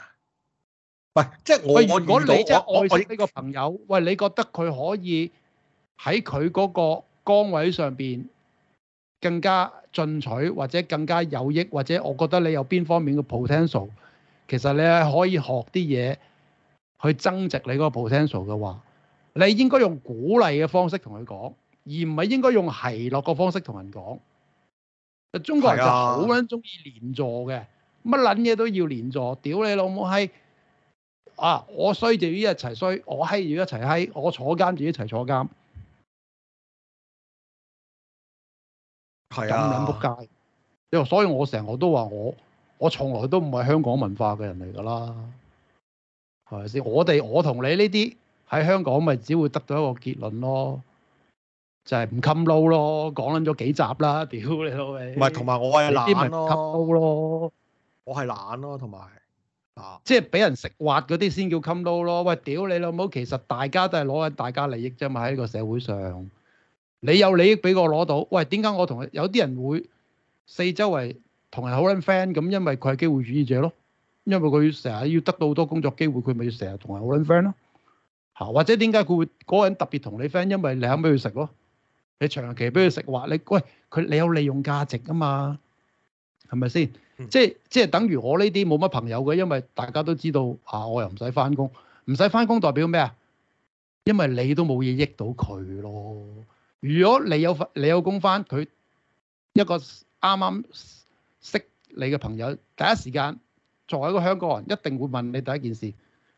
喂，即係我我如果你即係愛惜呢個朋友，喂，你覺得佢可以喺佢嗰個崗位上邊更加進取，或者更加有益，或者我覺得你有邊方面嘅 potential，其實你係可以學啲嘢去增值你嗰個 potential 嘅話，你應該用鼓勵嘅方式同佢講。而唔係應該用奚落個方式同人講，中國人就好撚中意連坐嘅，乜撚嘢都要連坐，屌你老母閪！啊，啊，啊我，我衰就要一齊衰，我閪要一齊閪，我坐監就要一齊坐監。係啊，撲街！又所以，我成日都話我，我從來都唔係香港文化嘅人嚟㗎啦，係咪先？我哋我同你呢啲喺香港咪只會得到一個結論咯。就係唔襟撈咯，講撚咗幾集啦！屌你老味，唔係同埋我係懶我咯，我係懶咯，同埋啊，即係俾人食滑嗰啲先叫襟撈咯。喂，屌你老母，其實大家都係攞緊大家利益啫嘛。喺呢個社會上，你有利益俾我攞到，喂，點解我同有啲人會四周圍同人好撚 friend 咁？因為佢係機會主義者咯，因為佢成日要得到好多工作機會，佢咪要成日同人好撚 friend 咯嚇？或者點解佢會嗰、嗰個人特別同你 friend？因為你肯俾佢食咯。你長期俾佢食話，你喂佢你有利用價值啊嘛？係咪先？即係即係等於我呢啲冇乜朋友嘅，因為大家都知道啊，我又唔使翻工，唔使翻工代表咩啊？因為你都冇嘢益到佢咯。如果你有你有工翻，佢一個啱啱識你嘅朋友，第一時間作為一個香港人，一定會問你第一件事：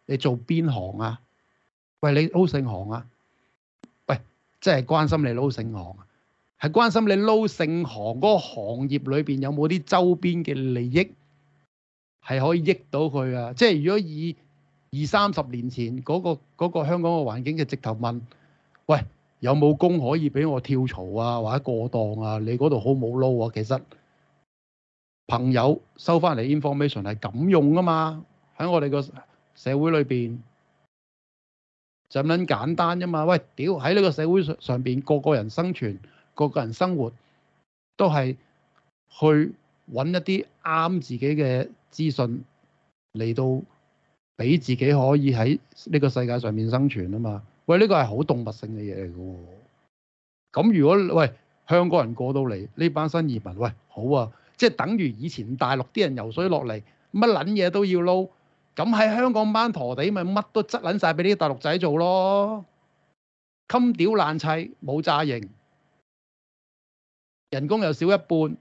你做邊行啊？喂，你歐姓行啊？即係關心你撈成行啊，係關心你撈成行嗰個行業裏邊有冇啲周邊嘅利益係可以益到佢啊！即係如果以二三十年前嗰個嗰個香港嘅環境嘅直頭問，喂，有冇工可以俾我跳槽啊，或者過檔啊？你嗰度好冇撈啊？其實朋友收翻嚟 information 係咁用噶嘛，喺我哋個社會裏邊。就咁撚簡單啫嘛！喂，屌喺呢個社會上上邊，個個人生存、個個人生活都係去揾一啲啱自己嘅資訊嚟到俾自己可以喺呢個世界上面生存啊嘛！喂，呢個係好動物性嘅嘢嚟嘅喎。咁如果喂香港人過到嚟呢班新移民，喂好啊，即係等於以前大陸啲人游水落嚟，乜撚嘢都要撈。咁喺香港班陀地，咪乜都執撚晒俾啲大陸仔做咯，襟屌爛砌，冇揸型，人工又少一半，咁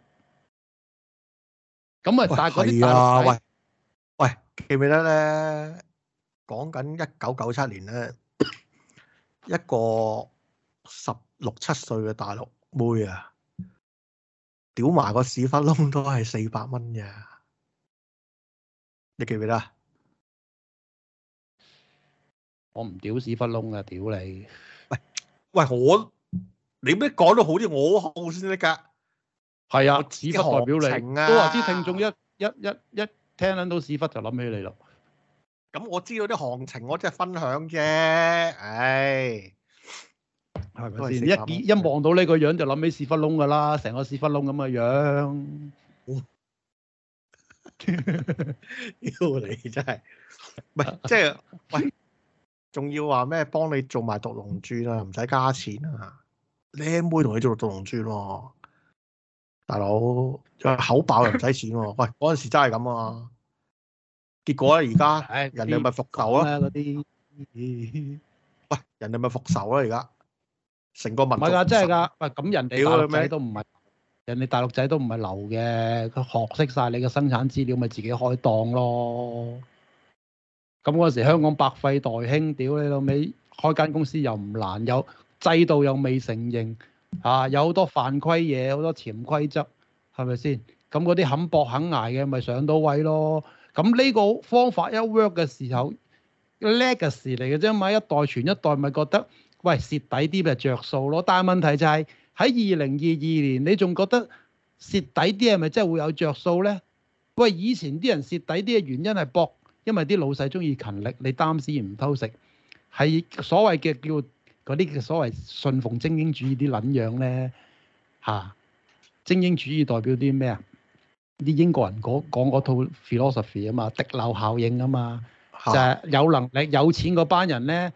啊，大陸仔喂、啊，喂，喂記唔記得咧？講緊一九九七年咧，一個十六七歲嘅大陸妹啊，屌埋個屎忽窿都係四百蚊嘅，你記唔記得啊？我唔屌屎忽窿噶，屌你！喂喂，我你咩講得好啲，我好先得噶。係啊，屎忽代表你都話啲聽眾一一一一聽撚到屎忽就諗起你咯。咁我知道啲行情，我真係分享啫，唉，係咪先？你一見一望到呢個樣就諗起屎忽窿噶啦，成個屎忽窿咁嘅樣。屌你真係，喂即係喂。仲要話咩？幫你做埋、啊《毒龍珠》啦，唔使加錢啊！靚妹同你做《毒龍珠》咯，大佬，口爆又唔使錢喎、啊。喂，嗰陣時真係咁啊！結果咧、啊，而家人哋咪復仇啦、啊。嗰啲喂，人哋咪復仇啦、啊！而家成個民族唔係噶，真係噶。喂、就是，咁人哋大陸仔都唔係人哋大陸仔都唔係留嘅，佢學識晒你嘅生產資料，咪自己開檔咯。咁嗰陣時，香港百廢待興，屌你老尾，開間公司又唔難，又制度又未成形，嚇、啊、有好多犯規嘢，好多潛規則，係咪先？咁嗰啲肯搏肯捱嘅，咪上到位咯。咁呢個方法一 work 嘅時候，legacy 嚟嘅啫嘛，一代傳一代，咪覺得喂蝕底啲咪着數咯。但係問題就係喺二零二二年，你仲覺得蝕底啲係咪真係會有着數咧？喂，以前啲人蝕底啲嘅原因係搏。因為啲老細中意勤力，你擔屎唔偷食，係所謂嘅叫嗰啲所謂信奉精英主義啲撚樣咧嚇、啊。精英主義代表啲咩啊？啲英國人講嗰套 philosophy 啊嘛，滴漏效應啊嘛，啊就係、是、有能力有錢嗰班人咧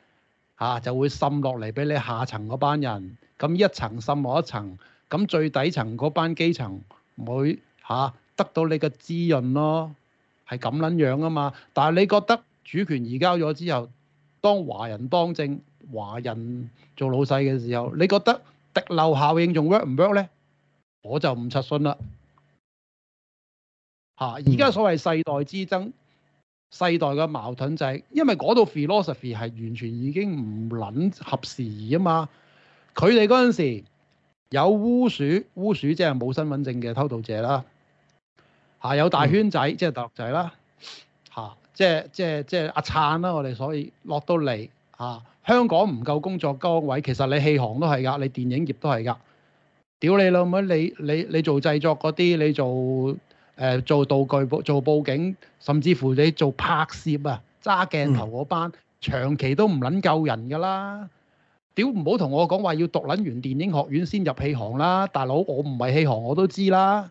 嚇、啊、就會滲落嚟俾你下層嗰班人，咁一層滲落一層，咁最底層嗰班基層咪會、啊、得到你嘅滋潤咯。係咁撚樣啊嘛，但係你覺得主權移交咗之後，當華人當政、華人做老細嘅時候，你覺得滴漏效應仲 work 唔 work 呢？我就唔出信啦嚇！而、啊、家所謂世代之爭、世代嘅矛盾就係、是、因為嗰度 philosophy 係完全已經唔撚合時宜啊嘛，佢哋嗰陣時候有烏鼠，烏鼠即係冇身份證嘅偷渡者啦。嚇有大圈仔，即係大陸仔啦，嚇！即係即係即係阿燦啦、啊，我哋所以落到嚟嚇。香港唔夠工作崗位，其實你戲行都係㗎，你電影業都係㗎。屌你老母！你你你做製作嗰啲，你做誒、呃、做道具，做佈景，甚至乎你做拍攝啊，揸鏡頭嗰班、嗯，長期都唔撚夠人㗎啦！屌，唔好同我講話要讀撚完電影學院先入戲行啦，大佬我唔係戲行我都知啦。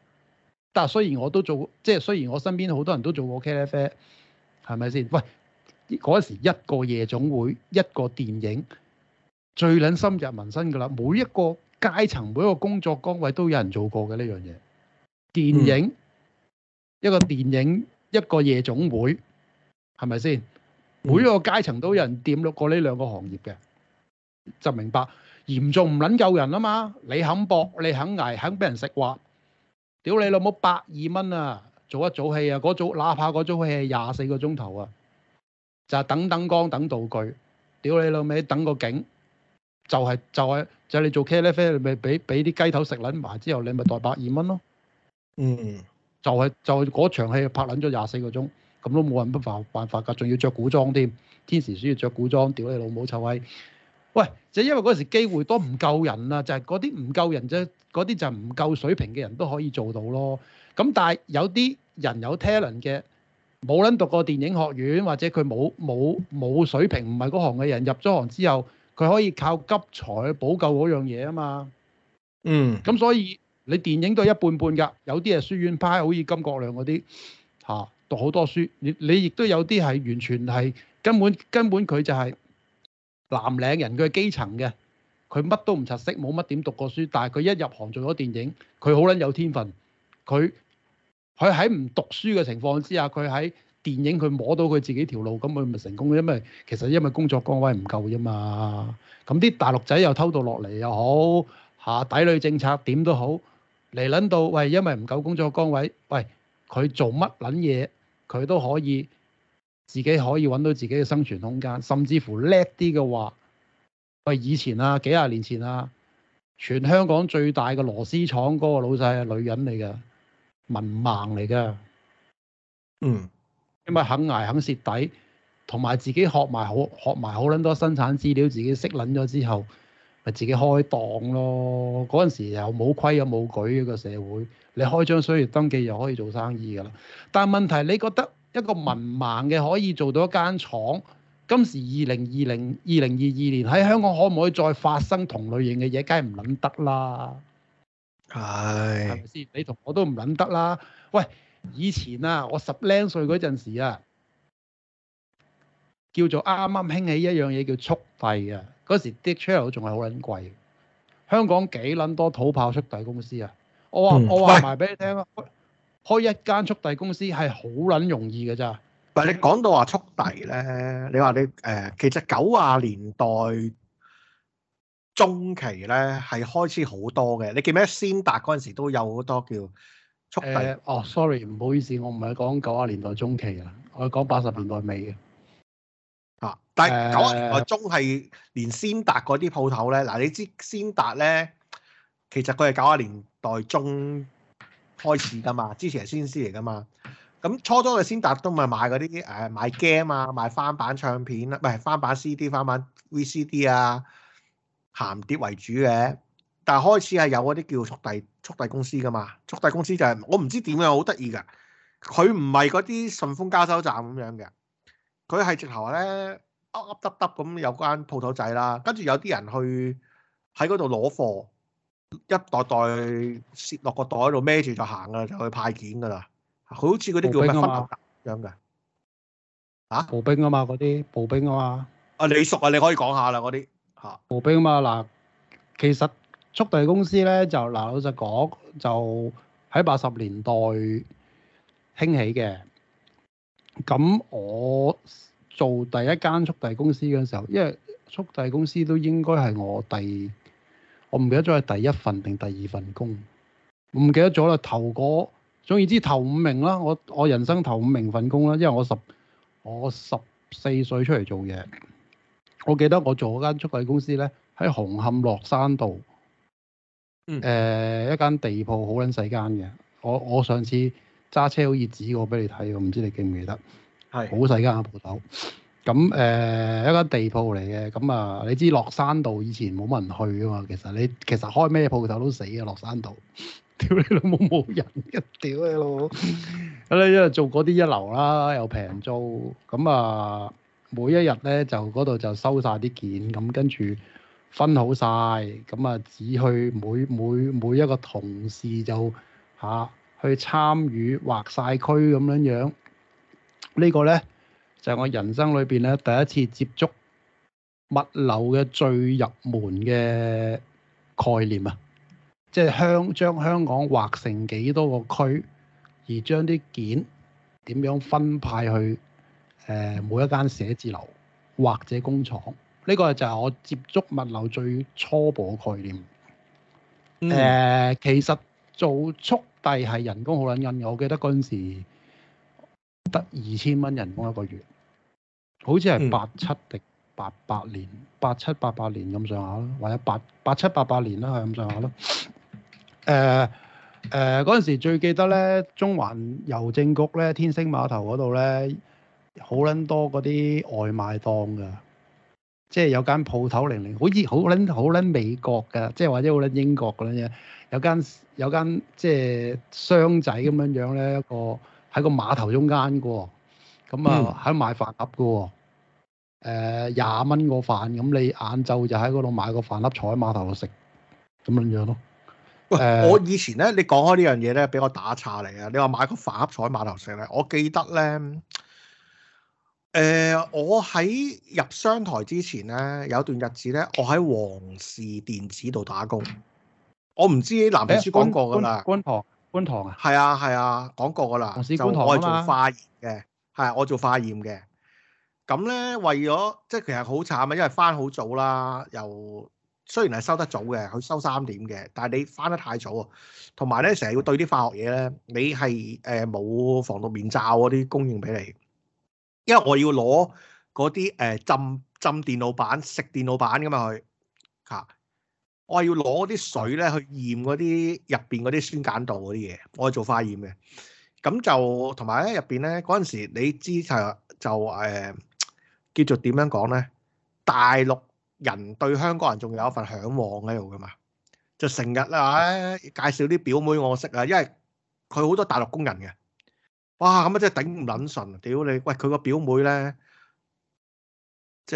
但係雖然我都做，即係雖然我身邊好多人都做過 KTV 係咪先？喂，嗰時一個夜總會，一個電影，最撚深入民生㗎啦。每一個階層，每一個工作崗位都有人做過嘅呢樣嘢。電影、嗯、一個電影，一個夜總會，係咪先？每一個階層都有人掂落過呢兩個行業嘅，就明白嚴重唔撚救人啊嘛！你肯搏，你肯捱，肯俾人食話。屌你老母百二蚊啊！做一早戲啊，嗰組哪怕嗰組戲廿四個鐘頭啊，就係等燈光、等道具。屌你老味，等個景就係就係就係你做茄喱啡，你咪俾俾啲雞頭食捻埋之後，你咪代百二蚊咯。嗯，就係就係嗰場戲拍捻咗廿四個鐘，咁都冇人不法辦法噶，仲要着古裝添，天時需要着古裝，屌你老母臭閪！喂，就因為嗰時機會多唔夠人啊，就係嗰啲唔夠人啫，嗰啲就唔夠水平嘅人都可以做到咯。咁但係有啲人有 talent 嘅，冇撚讀過電影學院或者佢冇冇冇水平，唔係嗰行嘅人入咗行之後，佢可以靠急才補救嗰樣嘢啊嘛。嗯，咁所以你電影都係一半半㗎，有啲係書院派，好似金國亮嗰啲嚇讀好多書，你你亦都有啲係完全係根本根本佢就係、是。藍領人佢係基層嘅，佢乜都唔識，冇乜點讀過書，但係佢一入行做咗電影，佢好撚有天分。佢佢喺唔讀書嘅情況之下，佢喺電影，佢摸到佢自己條路，咁佢咪成功？因為其實因為工作崗位唔夠啫嘛，咁啲大陸仔又偷渡落嚟又好，吓底層政策點都好，嚟撚到喂，因為唔夠工作崗位，喂佢做乜撚嘢，佢都可以。自己可以揾到自己嘅生存空間，甚至乎叻啲嘅話，喂，以前啊，幾廿年前啊，全香港最大嘅螺絲廠嗰個老細係女人嚟嘅，文盲嚟嘅，嗯，因為肯挨肯蝕底，同埋自己學埋好學埋好捻多生產資料，自己識捻咗之後咪自己開檔咯。嗰陣時又冇規又冇矩，呢個社會，你開張商業登記又可以做生意噶啦。但問題你覺得？一個文盲嘅可以做到一間廠，今時二零二零二零二二年喺香港可唔可以再發生同類型嘅嘢？梗係唔撚得啦，係咪先？你同我都唔撚得啦。喂，以前啊，我十零歲嗰陣時啊，叫做啱啱興起一樣嘢叫速遞啊，嗰時 digital 仲係好撚貴，香港幾撚多土炮速遞公司啊？我話、嗯、我話埋俾你聽啊。開一間速遞公司係好撚容易嘅咋，唔你講到話速遞咧，你話你誒、呃，其實九啊年代中期咧係開始好多嘅。你記唔記得先達嗰陣時都有好多叫速遞、呃？哦，sorry，唔好意思，我唔係講九啊年代中期啊，我講八十年代尾嘅。啊，但係九啊年代中係連先達嗰啲鋪頭咧，嗱、呃、你知先達咧，其實佢係九啊年代中。開始噶嘛，之前係先師嚟噶嘛，咁初初嘅先達都係買嗰啲誒買 game 啊，買翻版唱片啦，唔係翻版 CD、翻版 VCD 啊、鹹碟為主嘅。但係開始係有嗰啲叫速遞，速遞公司噶嘛，速遞公司就係我唔知點樣好得意㗎，佢唔係嗰啲順豐交收站咁樣嘅，佢係直頭咧凹凹凸凸咁有一間鋪頭仔啦，跟住有啲人去喺嗰度攞貨。一袋袋摺落個袋度孭住就行啦，就去派件噶啦。佢好似嗰啲叫兵分揀咁樣嘅，啊？步兵啊嘛，嗰啲步兵啊嘛。啊，你熟啊，你可以講下啦，嗰啲吓步兵啊嘛。嗱，其實速遞公司咧就嗱老實講，就喺八十年代興起嘅。咁我做第一間速遞公司嘅時候，因為速遞公司都應該係我第二。我唔記得咗係第一份定第二份工，唔記得咗啦。頭嗰總言之頭五名啦，我我人生頭五名份工啦。因為我十我十四歲出嚟做嘢，我記得我做嗰間速遞公司咧喺紅磡落山道，誒、嗯呃、一間地鋪好撚細間嘅。我我上次揸車好似指過俾你睇，我唔知你記唔記得，係好細間嘅鋪頭。咁誒、呃，一間地鋪嚟嘅，咁啊，你知落山道以前冇乜人去啊嘛，其實你其實開咩鋪頭都死啊，落山道，屌你老母冇人一屌你老母，咁咧因為做嗰啲一流啦，又平租，咁啊，每一日咧就嗰度就收晒啲件，咁、嗯、跟住分好晒。咁啊，只去每每每一個同事就嚇、啊、去參與劃晒區咁樣樣，呢個、呢個咧。就係、我人生裏邊咧，第一次接觸物流嘅最入門嘅概念啊！即係香將香港劃成幾多個區，而將啲件點樣分派去誒每一間寫字樓或者工廠。呢個就係我接觸物流最初步嘅概念、嗯。誒、呃，其實做速遞係人工好撚奀嘅，我記得嗰陣時得二千蚊人工一個月。好似係八七定八八年，八七八八年咁上下咯，或者八八七八八年啦，係咁上下咯。誒、呃、誒，嗰陣時最記得咧，中環郵政局咧，天星碼頭嗰度咧，好撚多嗰啲外賣檔噶，即係有間鋪頭零零，好似好撚好撚美國噶，即係或者好撚英國咁樣樣，有間有間即係箱仔咁樣樣咧，一個喺個碼頭中間噶咁、嗯、啊，喺買飯盒噶喎，廿蚊個飯，咁你晏晝就喺嗰度買個飯盒坐喺碼頭度食，咁樣樣咯。喂，我以前咧，你講開呢樣嘢咧，俾我打岔嚟啊！你話買個飯盒坐喺碼頭食咧，我記得咧，誒、呃，我喺入商台之前咧，有段日子咧，我喺黃氏電子度打工。我唔知藍皮書講過噶啦，觀、欸、塘，觀塘啊，係啊係啊，講、啊、過噶啦，就我係做化驗嘅。係，我做化驗嘅。咁咧，為咗即係其實好慘啊，因為翻好早啦，又雖然係收得早嘅，佢收三點嘅，但係你翻得太早啊。同埋咧，成日要對啲化學嘢咧，你係誒冇防毒面罩嗰啲供應俾你，因為我要攞嗰啲誒浸浸電腦板、食電腦板噶嘛去。嚇！我係要攞啲水咧去驗嗰啲入邊嗰啲酸鹼度嗰啲嘢，我係做化驗嘅。咁就同埋咧，入邊咧嗰陣時，你知就就誒、呃，叫做點樣講咧？大陸人對香港人仲有一份嚮往喺度噶嘛，就成日啊介紹啲表妹我識啊，因為佢好多大陸工人嘅，哇！咁啊真係頂唔撚順，屌你！喂，佢個表妹咧，即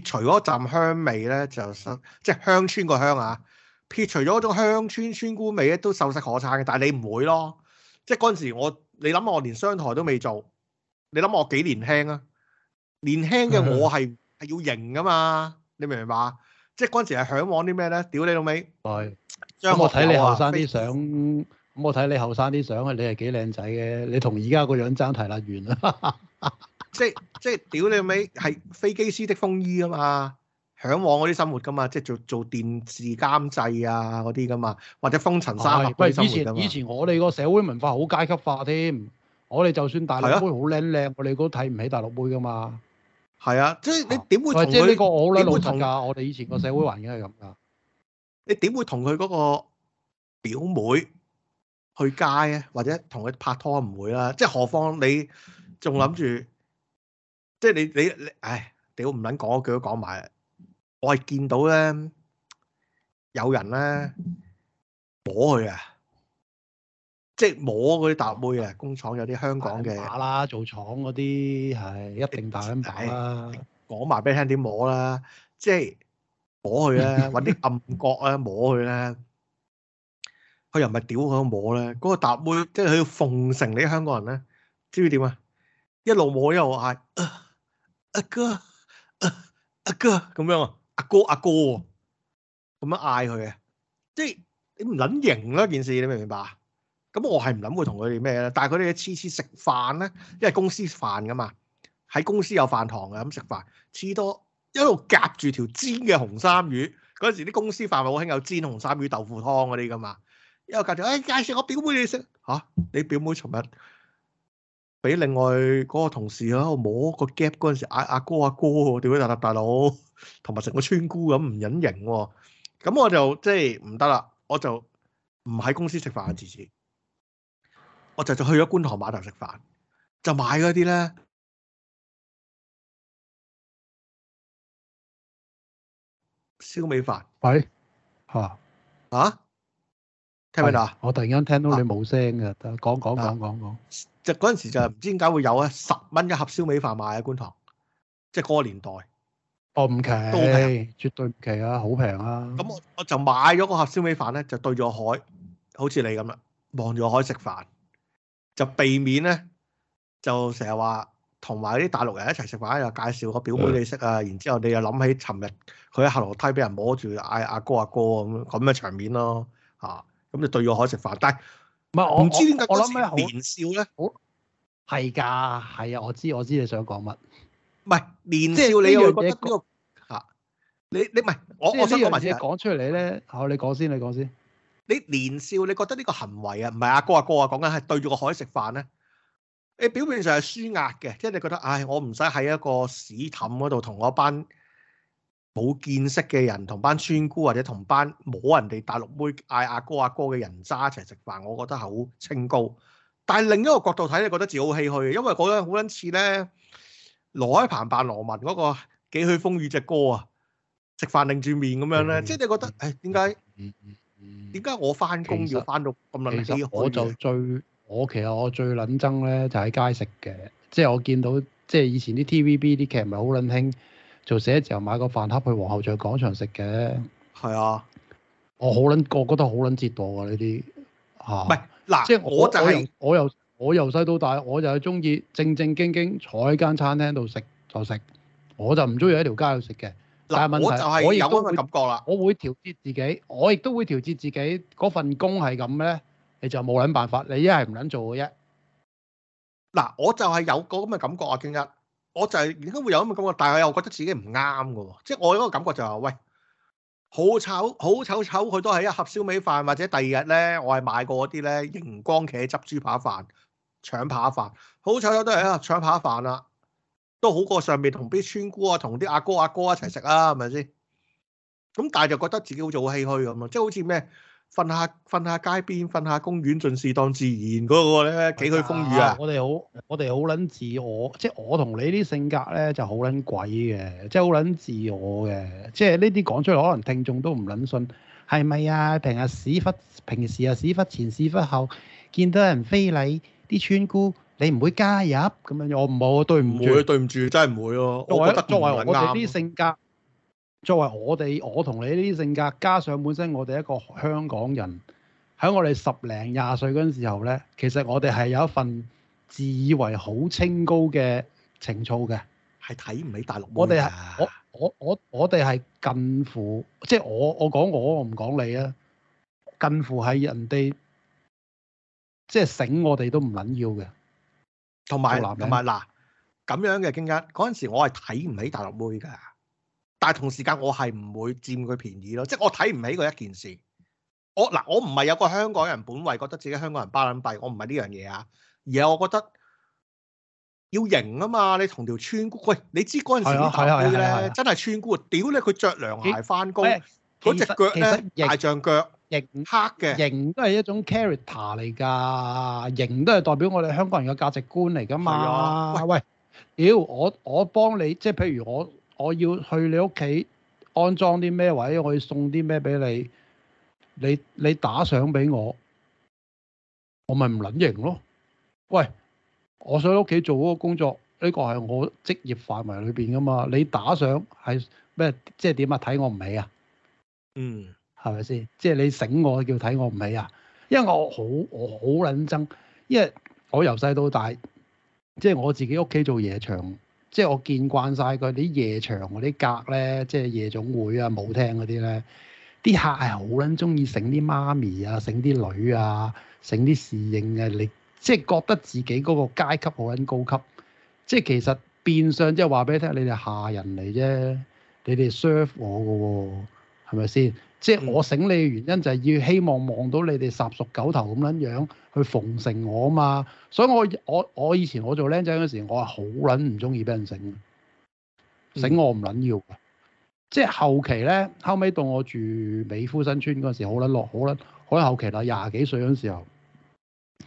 係除嗰陣香味咧，就即係鄉村個鄉啊～撇除咗嗰種鄉村村姑味咧，都秀色可餐嘅。但係你唔會咯，即係嗰陣時我，你諗我連商台都未做，你諗我幾年輕啊？年輕嘅我係係要型噶嘛，你明唔明白嗎？即係嗰陣時係嚮往啲咩咧？屌你老味！張我睇你後生啲相，我睇你後生啲相啊，你係幾靚仔嘅？你同而家個樣爭提啦完啦！即係即係屌你老味，係飛機師的風衣啊嘛！向往嗰啲生活噶嘛，即係做做電視監製啊嗰啲噶嘛，或者封塵沙發嗰啲生活噶嘛。以前以前我哋個社會文化好階級化添，我哋就算大陸妹好靚靚，我哋都睇唔起大陸妹噶嘛。係啊，即係你點會同佢？即係呢個我好撚老實噶，我哋以前個社會環境係咁噶。你點會同佢嗰個表妹去街啊？或者同佢拍拖唔會啦。即係何況你仲諗住，即係你你你，唉屌唔撚講一句都講埋。我係見到咧，有人咧摸佢啊，即係摸嗰啲搭妹啊，工廠有啲香港嘅啦，做廠嗰啲係一定大品牌啦。講埋俾你聽點摸啦，即係摸佢咧，揾啲暗角咧摸佢咧，佢又唔係屌佢摸咧，嗰個搭妹即係佢要奉承你香港人咧，知唔知點啊？一路摸一路嗌阿哥阿哥咁樣啊！阿哥阿哥咁樣嗌佢啊！即係你唔捻認嗰件事，你明唔明白？咁我係唔捻會同佢哋咩咧？但係佢哋次次食飯咧，因為公司飯噶嘛，喺公司有飯堂嘅咁食飯，次多一路夾住條煎嘅紅衫魚。嗰陣時啲公司飯咪好興有煎紅衫魚豆腐湯嗰啲噶嘛，一路夾住，誒、哎、介紹我表妹你食嚇、啊，你表妹尋日。俾另外嗰個同事喺度摸、個 gap 嗰陣時，嗌阿哥阿哥，屌、啊、你、啊、大大佬，同埋成個村姑咁唔隱形喎、哦。咁我就即係唔得啦，我就唔喺公司食飯，自、嗯、此我就就去咗觀塘碼頭食飯，就買嗰啲咧燒味飯。喂，嚇啊，啊？聽唔聽到？我突然間聽到你冇聲嘅，講講講講講。就嗰時就唔知點解會有啊十蚊一盒燒味飯賣喺觀塘，即係嗰個年代。哦唔奇，都奇，絕對唔奇啊，好平啊。咁我我就買咗個盒燒味飯咧，就對住海，好似你咁啦，望住海食飯，就避免咧就成日話同埋啲大陸人一齊食飯又介紹個表妹你識啊、嗯，然之後你又諗起尋日佢喺後樓梯俾人摸住嗌阿哥阿、啊、哥咁咁嘅場面咯嚇，咁、啊、就對住海食飯，但係。唔係，我唔知點解我諗咩年少咧，好係噶，係啊，我知我知你想講乜，唔係年少你又覺得呢、這個吓、啊、你你唔係我我想講埋、啊、先講出嚟咧，好你講先你講先，你年少你覺得呢個行為啊，唔係阿哥阿哥啊，講緊係對住個海食飯咧，你表面上係舒壓嘅，即、就、係、是、你覺得唉，我唔使喺一個屎氹嗰度同我班。冇見識嘅人同班村姑或者同班冇人哋大陸妹嗌阿哥阿哥嘅人渣一齊食飯，我覺得好清高。但係另一個角度睇，你覺得自己好唏噓，因為嗰陣好捻似咧羅海鵬扮羅文嗰、嗰個幾許風雨隻歌啊，食飯擰住面咁樣咧、嗯，即係你覺得誒點解？點、嗯、解、哎嗯嗯嗯、我翻工要翻到咁難睇？我就最我其實我最捻憎咧就喺街食嘅，即、就、係、是、我見到即係、就是、以前啲 TVB 啲劇咪好捻興。做寫字樓嘅時候買個飯盒去皇后像廣場食嘅。係啊，我好撚個個都好撚折墮啊，呢啲嚇，唔係嗱，即係我，我就我、係、又我由細到大我就係中意正正經經坐喺間餐廳度食就食，我就唔中意喺條街度食嘅。但嗱，我就係有嗰個感覺啦，我會調節自己，我亦都會調節自己。嗰份工係咁咧，你就冇撚辦法，你一係唔撚做嘅啫。嗱，我就係有個咁嘅感覺啊，堅一。我就係而家會有咁嘅感覺，但係我又覺得自己唔啱嘅喎，即係我嗰個感覺就係喂，好醜好醜醜，佢都係一盒燒味飯，或者第二日咧，我係買過嗰啲咧，熒光茄汁豬扒飯、腸扒飯，好醜醜都係啊，腸扒飯啦，都好過上面同啲村姑啊，同啲阿哥阿哥一齊食啊，係咪先？咁但係就覺得自己好似好唏噓咁啊，即係好似咩？瞓下瞓下街邊，瞓下公園，盡是當自然嗰、那個咧幾許風雨啊，啊！我哋好，我哋好撚自我，即係我同你啲性格咧就好撚鬼嘅，即係好撚自我嘅，即係呢啲講出嚟可能聽眾都唔撚信，係咪啊？平日屎忽平時啊屎忽前屎忽後，見到人非禮啲村姑，你唔會加入咁樣，我唔會對唔住，唔會對唔住，真係唔會咯、啊。作為作為我哋呢啲性格。作為我哋，我同你呢啲性格，加上本身我哋一個香港人，喺我哋十零廿歲嗰陣時候呢，其實我哋係有一份自以為好清高嘅情操嘅，係睇唔起大陸妹。我哋係近乎，即係我我講我，我唔講你啊。近乎係人哋即係醒我哋都唔撚要嘅，同埋同埋嗱咁樣嘅傾偈嗰陣時，我係睇唔起大陸妹㗎。但係同時間，我係唔會佔佢便宜咯，即係我睇唔起佢一件事。我嗱，我唔係有個香港人本位，覺得自己香港人巴撚閉，我唔係呢樣嘢啊。而係我覺得要型啊嘛，你同條村姑，喂、哎，你知嗰陣時啲頭盔咧，真係村姑，屌你，佢着涼鞋翻工，嗰、哎、隻、哎、腳咧大象腳，黑的型，黑嘅型都係一種 character 嚟㗎，型都係代表我哋香港人嘅價值觀嚟㗎嘛。喂、啊、喂，屌、哎、我我幫你，即係譬如我。我要去你屋企安裝啲咩位，我要送啲咩俾你，你你打賞俾我，我咪唔撚型咯。喂，我想喺屋企做嗰個工作，呢、這個係我職業範圍裏邊噶嘛。你打賞係咩？即係點啊？睇我唔起啊？嗯，係咪先？即係你醒我叫睇我唔起啊？因為我好我好撚憎，因為我由細到大，即係我自己屋企做夜場。即係我見慣晒嗰啲夜場嗰啲格咧，即係夜總會啊、舞廳嗰啲咧，啲客係好撚中意醒啲媽咪啊、醒啲女啊、醒啲侍應啊，你即係覺得自己嗰個階級好撚高級。即係其實變相即係話俾你聽，你哋下人嚟啫，你哋 serve 我嘅喎、啊，係咪先？即係我醒你嘅原因，就係要希望望到你哋十足狗頭咁樣樣去奉承我嘛。所以我我我以前我做僆仔嗰時，我係好撚唔中意俾人醒，醒我唔撚要、嗯、即係後期咧，後尾到我住美孚新村嗰陣時，好撚落，好撚好撚後期啦，廿幾歲嗰陣時候，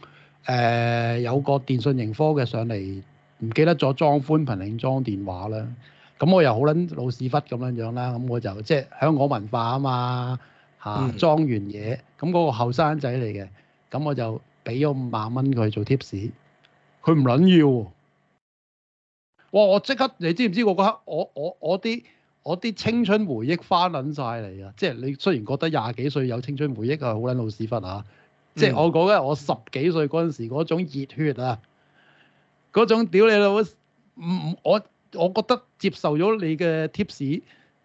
誒、呃、有個電訊盈科嘅上嚟，唔記得咗裝寬頻定裝電話啦。咁我又好撚老屎忽咁樣樣啦，咁我就即係香港文化嘛啊嘛嚇，裝完嘢，咁嗰個後生仔嚟嘅，咁我就俾咗五萬蚊佢做 tips，佢唔撚要、啊，哇！我即刻，你知唔知？我嗰刻，我我我啲我啲青春回憶翻撚晒嚟啊！即係你雖然覺得廿幾歲有青春回憶係好撚老屎忽嚇、啊，即係我講緊我十幾歲嗰陣時嗰種熱血啊，嗰種屌你老，唔唔我。我我覺得接受咗你嘅 tips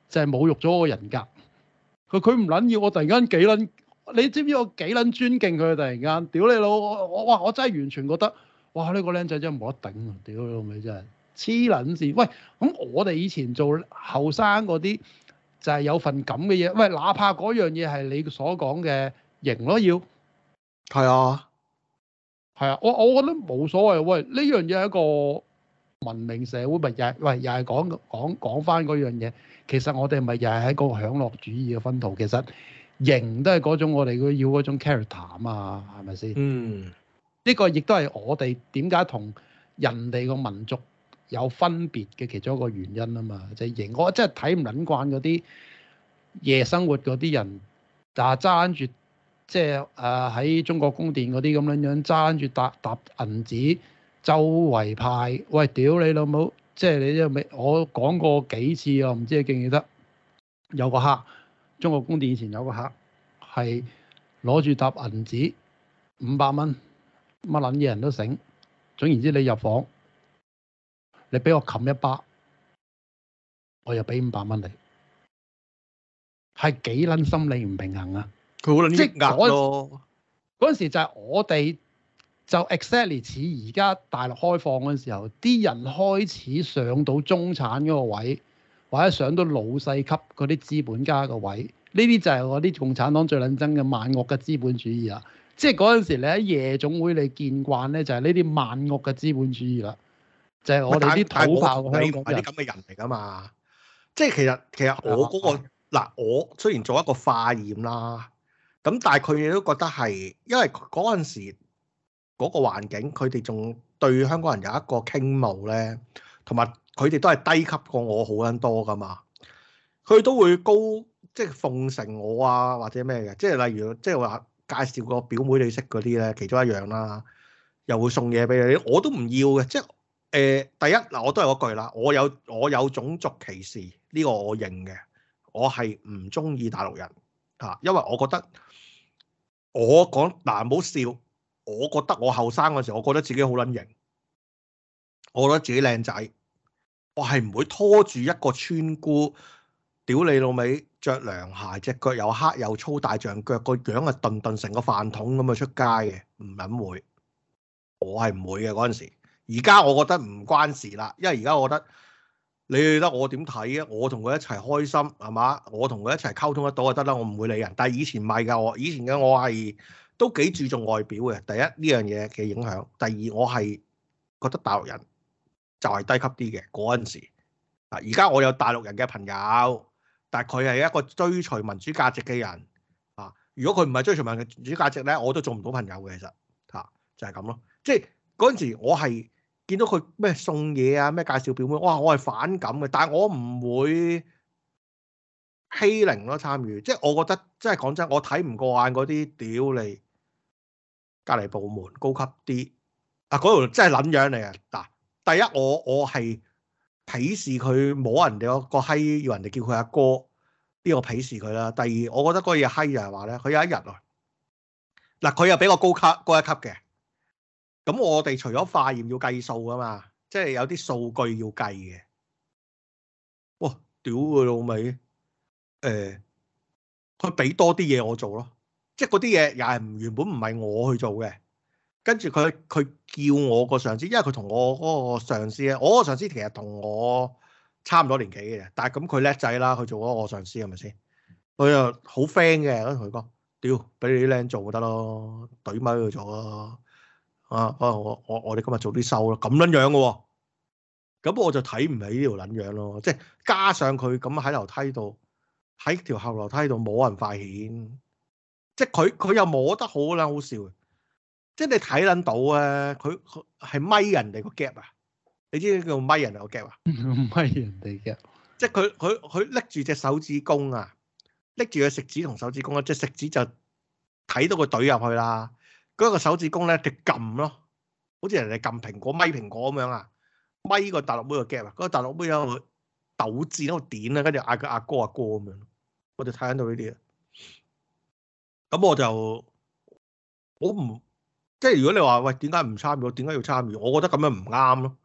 就係、是、侮辱咗我人格。佢佢唔撚要我突然間幾撚？你知唔知我幾撚尊敬佢？突然間屌你老！我哇！我真係完全覺得哇！呢個靚仔真係冇得頂啊！屌你老味真係黐撚線！喂，咁我哋以前做後生嗰啲就係、是、有份咁嘅嘢。喂，哪怕嗰樣嘢係你所講嘅型咯，要係啊，係啊。我我覺得冇所謂。喂，呢樣嘢係一個。文明社會咪又係，喂又係講講講翻嗰樣嘢。其實我哋咪又係喺嗰個享樂主義嘅薰陶。其實型都係嗰種我哋要嗰種 character 啊嘛，係咪先？嗯，呢個亦都係我哋點解同人哋個民族有分別嘅其中一個原因啊嘛，就係型。我真係睇唔撚慣嗰啲夜生活嗰啲人，就係爭住即係誒喺中國宮殿嗰啲咁樣樣爭住搭搭銀紙。周圍派，喂，屌你老母！即係你都未，我講過幾次啊，唔知你記唔記得？有個客，中國宮殿以前有個客係攞住揼銀紙五百蚊，乜撚嘢人都醒。總言之，你入房，你俾我冚一巴，我又俾五百蚊你，係幾撚心理唔平衡啊？佢好撚積壓咯。嗰陣時，嗰陣時就係我哋。就 exactly 似而家大陸開放嘅時候，啲人開始上到中產嗰個位，或者上到老細級嗰啲資本家個位，呢啲就係我啲共產黨最撚憎嘅萬惡嘅資本主義啦。即係嗰陣時，你喺夜總會你見慣咧，就係呢啲萬惡嘅資本主義啦。就係、係、我哋啲土炮，你係啲咁嘅人嚟㗎嘛？即係其實其實我嗰、嗰個嗱，我雖然做一個化驗啦，咁但係佢哋都覺得係因為嗰陣時。嗰、那個環境，佢哋仲對香港人有一個傾慕呢。同埋佢哋都係低級過我好撚多噶嘛，佢都會高即係奉承我啊，或者咩嘅，即係例如即係話介紹個表妹你識嗰啲呢，其中一樣啦、啊，又會送嘢俾你，我都唔要嘅，即係、呃、第一嗱，我都係嗰句啦，我有我有種族歧視呢、這個我認嘅，我係唔中意大陸人啊，因為我覺得我講嗱，唔好笑。我覺得我後生嘅時候，我覺得自己好撚型，我覺得自己靚仔，我係唔會拖住一個村姑，屌你老味，着涼鞋，隻腳又黑又粗大腳頓頓，像腳個樣啊，頓頓成個飯桶咁啊出街嘅，唔撚會，我係唔會嘅嗰陣時。而家我覺得唔關事啦，因為而家我覺得你去得我點睇呀，我同佢一齊開心係嘛，我同佢一齊溝通得到就得啦，我唔會理人。但係以前唔係噶，我以前嘅我係。都幾注重外表嘅，第一呢樣嘢嘅影響，第二我係覺得大陸人就係低級啲嘅嗰陣時啊，而家我有大陸人嘅朋友，但係佢係一個追隨民主價值嘅人啊。如果佢唔係追隨民主價值咧，我都做唔到朋友嘅，其實嚇就係、是、咁咯。即係嗰陣時我係見到佢咩送嘢啊，咩介紹表妹，哇，我係反感嘅，但係我唔會。欺凌咯，參與即係我覺得，即係講真，我睇唔過眼嗰啲，屌你隔離部門高級啲啊！嗰度，真係諗樣嚟啊！嗱，第一我我係鄙視佢摸人哋個個閪，要人哋叫佢阿哥，邊個鄙視佢啦？第二，我覺得嗰嘢閪就係話咧，佢有一日啊，嗱，佢又比我高級高一級嘅，咁我哋除咗化驗要計數啊嘛，即係有啲數據要計嘅，哇！屌佢老味。誒、欸，佢俾多啲嘢我做咯，即係嗰啲嘢又係唔原本唔係我去做嘅，跟住佢佢叫我個上司，因為佢同我嗰個上司咧，我個上司其實同我差唔多年紀嘅，但係咁佢叻仔啦，佢做嗰個上司係咪先？佢又好 friend 嘅，咁同佢講，屌，俾你啲靚做就得咯，懟咪去做咯，啊，我我我哋今日做啲收啦，咁卵樣嘅，咁我就睇唔起呢條撚樣咯，即係加上佢咁喺樓梯度。喺條後樓梯度摸人塊蜆，即係佢佢又摸得好啦，好笑嘅。即係你睇捻到啊，佢佢係咪人哋個 gap 啊？你知唔知叫咪人哋個 gap 啊？咪人哋 gap，即係佢佢佢搦住隻手指公啊，搦住隻食指同手指公啦，即係食指就睇到個隊入去啦，嗰個手指公咧就撳咯，好似人哋撳蘋果咪蘋果咁樣啊，咪個大陸妹個 gap 啊，嗰個大陸妹有。手賤喺度點啊，跟住嗌佢阿哥阿哥咁樣，我哋睇緊到呢啲啊。咁我就我唔即係如果你話喂，點解唔參與？點解要參與？我覺得咁樣唔啱咯。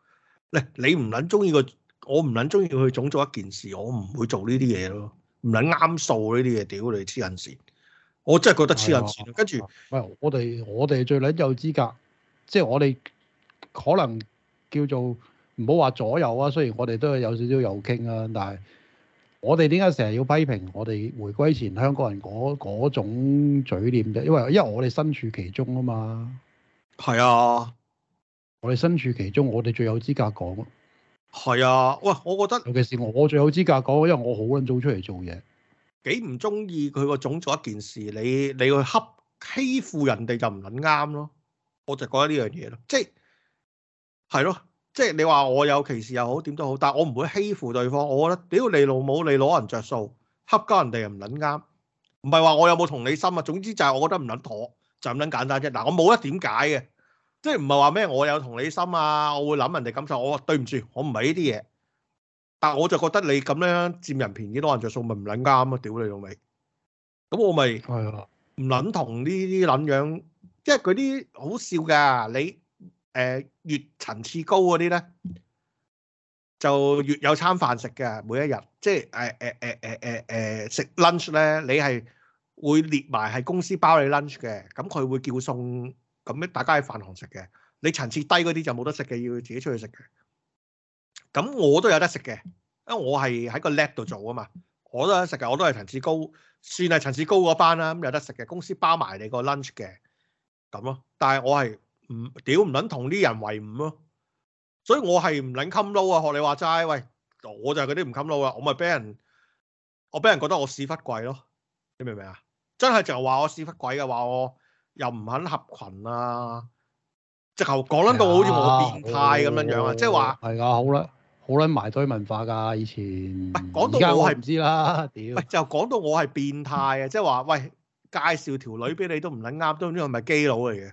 嗱，你唔捻中意個，我唔捻中意去種族一件事，我唔會做呢啲嘢咯。唔捻啱數呢啲嘢，屌你黐人線！我真係覺得黐人線。跟住，喂、啊啊，我哋，我哋最捻有資格，即係我哋可能叫做。唔好話左右啊，雖然我哋都係有少少有傾啊，但係我哋點解成日要批評我哋回歸前香港人嗰種嘴臉啫？因為因為我哋身處其中啊嘛。係啊，我哋身處其中，我哋最有資格講。係啊，喂，我覺得尤其是我最有資格講，因為我好撚早出嚟做嘢。幾唔中意佢個種做一件事，你你去恰欺負人哋就唔撚啱咯。我就覺得呢樣嘢咯，即係係咯。即係你話我有歧視又好點都好，但我唔會欺負對方。我覺得屌你老母，你攞人着數，恰鳩人哋又唔撚啱，唔係話我有冇同理心啊？總之就係我覺得唔撚妥，妥，就咁撚簡單啫。嗱，我冇一點解嘅，即係唔係話咩我有同理心啊？我會諗人哋感受。我話對唔住，我唔係呢啲嘢，但我就覺得你咁樣佔人便宜、攞人着數咪唔撚啱啊！屌你老味，咁我咪唔撚同呢啲撚樣，即係嗰啲好笑㗎你。誒、呃、越層次高嗰啲咧，就越有餐飯食嘅，每一日，即係誒誒誒誒誒誒食 lunch 咧，你係會列埋係公司包你 lunch 嘅，咁佢會叫餸，咁樣大家喺飯堂食嘅。你層次低嗰啲就冇得食嘅，要自己出去食嘅。咁我都有得食嘅，因為我係喺個 lab 度做啊嘛，我都有得食嘅，我都係層次高，算係層次高嗰班啦，咁有得食嘅，公司包埋你個 lunch 嘅，咁咯、啊。但係我係。唔屌唔捻同啲人為伍咯，所以我係唔捻襟撈啊！學你話齋，喂，我就係嗰啲唔襟撈啊！我咪俾人，我俾人覺得我屎忽鬼咯，你明唔明啊？真係就話我屎忽鬼嘅話，我又唔肯合群啊！直頭講撚到好似我變態咁樣樣啊、哎哦！即係話係啊，好撚好撚埋堆文化㗎，以前而家我係唔知啦，屌！就講到我係變態啊、嗯！即係話，喂，介紹條女俾你都唔撚啱，都唔知係咪基佬嚟嘅。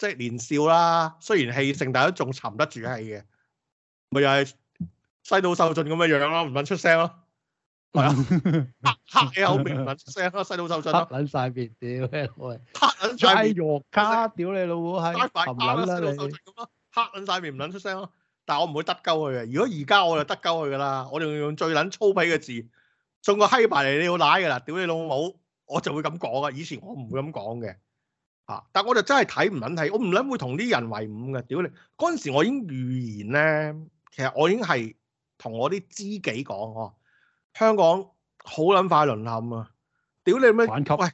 即係年少啦，雖然氣盛，但係都仲沉得住氣嘅。咪又係細到受盡咁嘅樣咯，唔撚出聲咯。係呀，黑黑嘢後面唔撚出聲咯，細到受盡。黑撚曬面，屌你老！黑撚曬面，屌你老母閪。黑撚曬面，細到受盡咁咯。黑撚曬面唔撚出聲咯。但係我唔會得鳩佢嘅。如果而家我就得鳩佢㗎啦。我哋用最撚粗鄙嘅字，送個閪牌嚟你要奶㗎啦。屌你老母，我就會咁講嘅。以前我唔會咁講嘅。但我就真係睇唔撚睇，我唔撚會同啲人為伍嘅。屌你！嗰陣時我已經預言咧，其實我已經係同我啲知己講哦，香港好撚快淪陷啊！屌你咩？喂，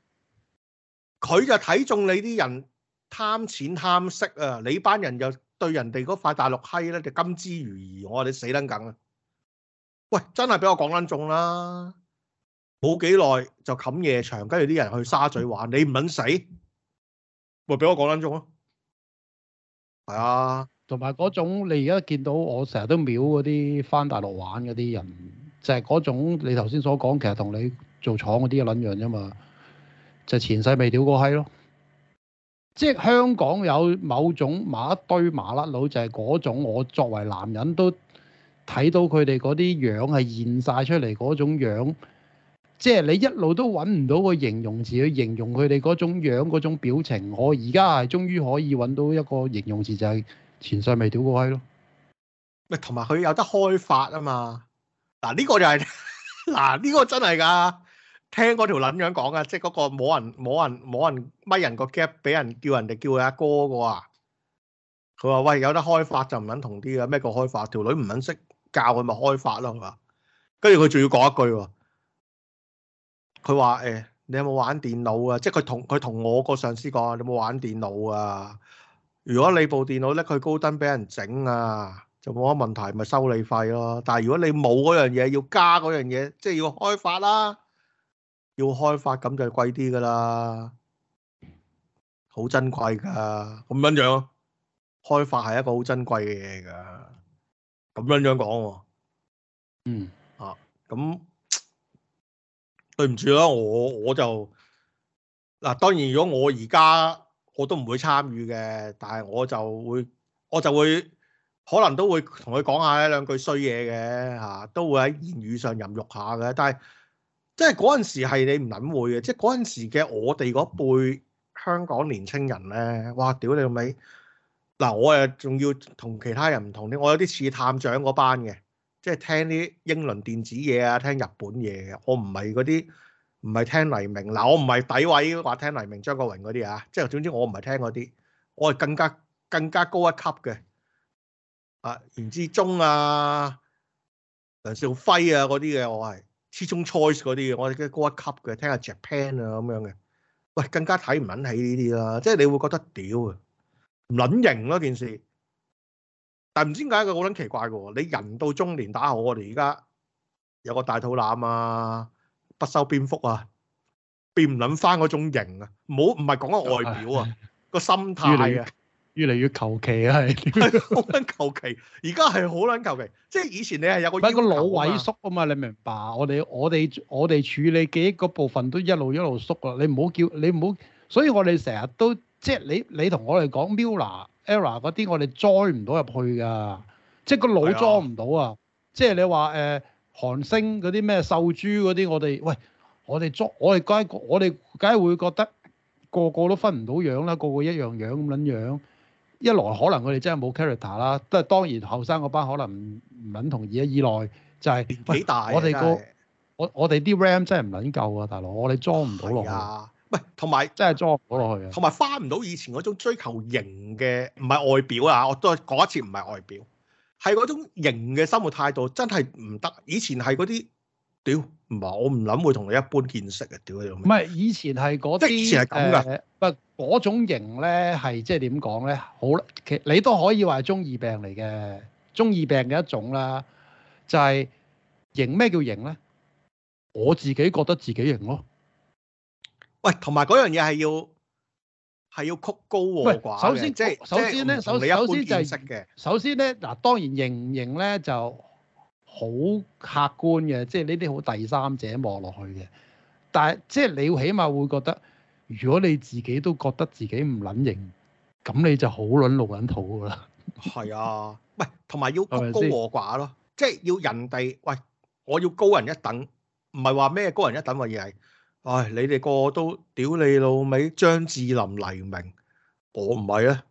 佢就睇中你啲人貪錢貪色啊！你班人又對人哋嗰塊大陸閪咧就甘之如飴，我話你死撚梗啊！喂，真係俾我講撚中啦！冇幾耐就冚夜場，跟住啲人去沙咀玩，你唔撚死？咪俾我講撚鐘啊！係啊，同埋嗰種你而家見到我成日都秒嗰啲返大陸玩嗰啲人，就係、係、嗰種你頭先所講，其實同你做廠嗰啲嘅撚樣啫嘛，就係、前世未屌過閪咯。即係香港有某種某一堆麻甩佬，就係嗰種我作為男人都睇到佢哋嗰啲樣係現晒出嚟嗰種樣。即係你一路都揾唔到個形容詞去形容佢哋嗰種樣嗰種表情，我而家係終於可以揾到一個形容詞，就係、是、前世未屌過威咯。喂，同埋佢有得開發啊嘛！嗱、啊、呢、這個就係嗱呢個真係噶，聽嗰條撚樣講啊！即係嗰個冇人冇人冇人咪人個 gap，俾人叫人哋叫佢阿哥嘅話，佢話喂有得開發就唔撚同啲嘅，咩叫開發，條女唔撚識教佢咪開發咯佢話，跟住佢仲要講一句喎。佢話誒，你有冇玩電腦啊？即係佢同佢同我個上司講，你冇玩電腦啊？如果你部電腦咧，拎去高登俾人整啊，就冇乜問題，咪收你費咯。但係如果你冇嗰樣嘢，要加嗰樣嘢，即係要開發啦、啊，要開發咁就係貴啲噶啦，好珍貴噶。咁樣樣、啊、開發係一個好珍貴嘅嘢㗎，咁樣樣講喎。嗯啊，咁、啊。對唔住啦，我我就嗱當然，如果我而家我都唔會參與嘅，但係我就會我就會可能都會同佢講下一兩句衰嘢嘅嚇，都會喺言語上淫辱下嘅。但係即係嗰陣時係你唔諗會嘅，即係嗰陣時嘅我哋嗰輩香港年輕人咧，哇屌你咪嗱，我啊仲要同其他人唔同啲，我有啲似探長嗰班嘅。即係聽啲英倫電子嘢啊，聽日本嘢嘅。我唔係嗰啲，唔係聽黎明。嗱，我唔係底位話聽黎明、張國榮嗰啲啊。即係總之我，我唔係聽嗰啲，我係更加更加高一級嘅。啊，言之鐘啊，梁少輝啊嗰啲嘅，我係始終 choice 嗰啲嘅，我係高一級嘅，聽下 Japan 啊咁樣嘅。喂，更加睇唔撚起呢啲啦，即係你會覺得屌啊，撚型咯件事。但唔知點解佢好撚奇怪嘅喎，你人到中年打後，我哋而家有個大肚腩啊，不修邊幅啊，變唔撚翻嗰種型啊，唔好唔係講個外表啊、哎，個心態啊，越嚟越求其啊，係好撚求其，而家係好撚求其。即係以前你係有個。個腦萎縮啊嘛，你明白？我哋我哋我哋處理記憶嗰部分都一路一路縮啊。你唔好叫你唔好，所以我哋成日都即係你你同我哋講 Mula。era 嗰啲我哋裝唔到入去㗎，即係個腦裝唔到啊！即係你話誒、呃、韓星嗰啲咩秀珠嗰啲，我哋喂，我哋裝我哋梗我哋梗係會覺得個個都分唔到樣啦，個個一樣樣咁撚樣。一來可能佢哋真係冇 character 啦，都係當然後生嗰班可能唔撚同意以、就是、啊。二來就係，幾大，我哋個我我哋啲 ram 真係唔撚夠、哦、啊，大佬，我哋裝唔到落去。喂、哎，同埋真係裝好落去啊！同埋翻唔到以前嗰種追求型嘅，唔係外表啊！我都講一次，唔係外表，係嗰種型嘅生活態度，真係唔得。以前係嗰啲屌唔係，我唔諗會同你一般見識啊！屌唔係以前係嗰啲，即係以前係咁㗎。不過嗰種型咧，係即係點講咧？好，其你都可以話係中二病嚟嘅，中二病嘅一種啦。就係、是、型咩叫型咧？我自己覺得自己型咯。喂，同埋嗰樣嘢係要係要曲高和寡嘅。喂，首先即係首先咧，首先就係首先咧、就、嗱、是，當然認唔認咧就好客觀嘅，即係呢啲好第三者望落去嘅。但係即係你起碼會覺得，如果你自己都覺得自己唔撚認，咁你就好撚路撚肚噶啦。係啊，喂，同埋要曲高和寡咯，即係、就是、要人哋喂，我要高人一等，唔係話咩高人一等喎，而係。唉，你哋個個都屌你老味。張智霖、黎明，我唔係啊。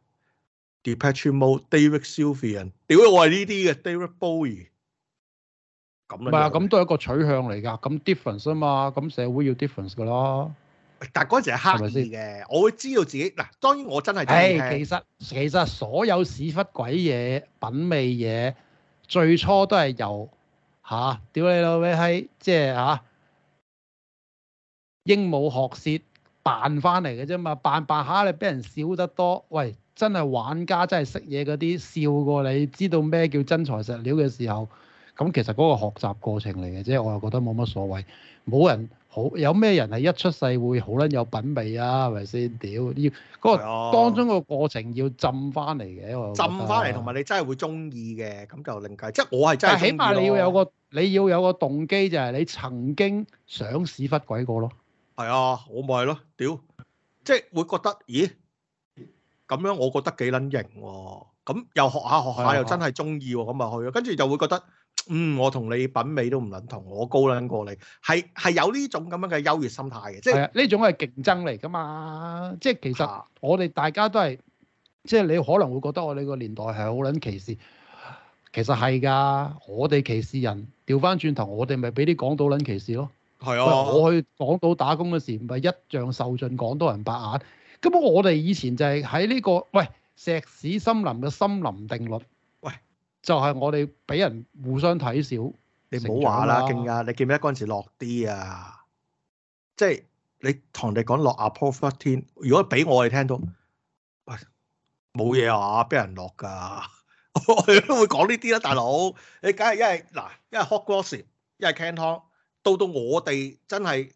Depeche Mode，David Sylvian，屌我係呢啲嘅 David Bowie。咁咪啊，咁都係一個取向嚟噶，咁 difference 啊嘛，咁社會要 difference 噶咯。但嗰陣時係刻意嘅，我會知道自己嗱。當然我真係，唉，其實其實所有屎忽鬼嘢、品味嘢，最初都係由吓，屌你老味，喺即係吓。鸚鵡學舌扮翻嚟嘅啫嘛，扮扮下你俾人笑得多。喂，真係玩家真係識嘢嗰啲笑過你，知道咩叫真材實料嘅時候，咁其實嗰個學習過程嚟嘅啫。我又覺得冇乜所謂，冇人好有咩人係一出世會好捻有品味啊？係咪先？屌要嗰個當中個過程要浸翻嚟嘅，浸翻嚟同埋你真係會中意嘅，咁就另計。即係我係真係起碼你要有個你要有個動機，就係你曾經想屎忽鬼過咯。係啊，我咪係咯，屌，即係會覺得，咦，咁樣我覺得幾撚型喎，咁又學下學下、啊、又真係中意喎，咁咪去咯，跟住就會覺得，嗯，我同你品味都唔撚同，我高撚過你，係係有呢種咁樣嘅優越心態嘅，即係呢、啊、種係競爭嚟㗎嘛，即其實我哋大家都係，即你可能會覺得我哋個年代係好撚歧視，其實係㗎，我哋歧視人，調翻轉頭我哋咪俾啲港島撚歧視咯。係啊！我去港島打工嘅時，唔係一仗受盡港島人白眼。咁樣我哋以前就係喺呢個喂石屎森林嘅森林定律。喂，就係、是、我哋俾人互相睇小。你唔好話啦，勁啊，啊！你記唔記得嗰陣時落啲啊？即係你同人哋講落阿 f 亞鋪十天，如果俾我哋聽到，喂，冇嘢 啊，俾人落㗎。我哋都會講呢啲啦，大佬。你梗係一係嗱，一係 Hong Kong，一係 Canton。到到我哋真係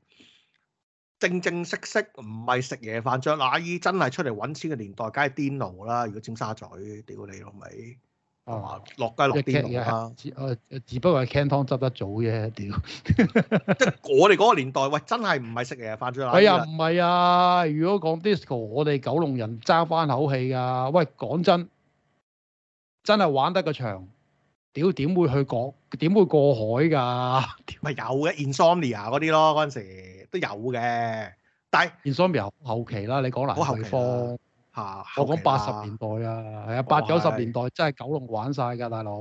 正正式式唔係食夜飯着那衣真係出嚟揾錢嘅年代，梗係癲奴啦！如果尖沙咀屌你老味，係落街落癲奴啊！只不過係 Canton 執得早啫，屌！ 即係我哋嗰個年代，喂，真係唔係食夜飯着那衣。哎呀，唔係啊！如果講 disco，我哋九龍人爭翻口氣㗎。喂，講真，真係玩得個長。屌，點會去過，點會過海噶？咪有嘅 insomnia 嗰啲咯，嗰陣時都有嘅。但係 insomnia 後期啦，你講難對方吓，我講八十年代啊，係啊，八九十年代真係九龍玩晒噶，大佬。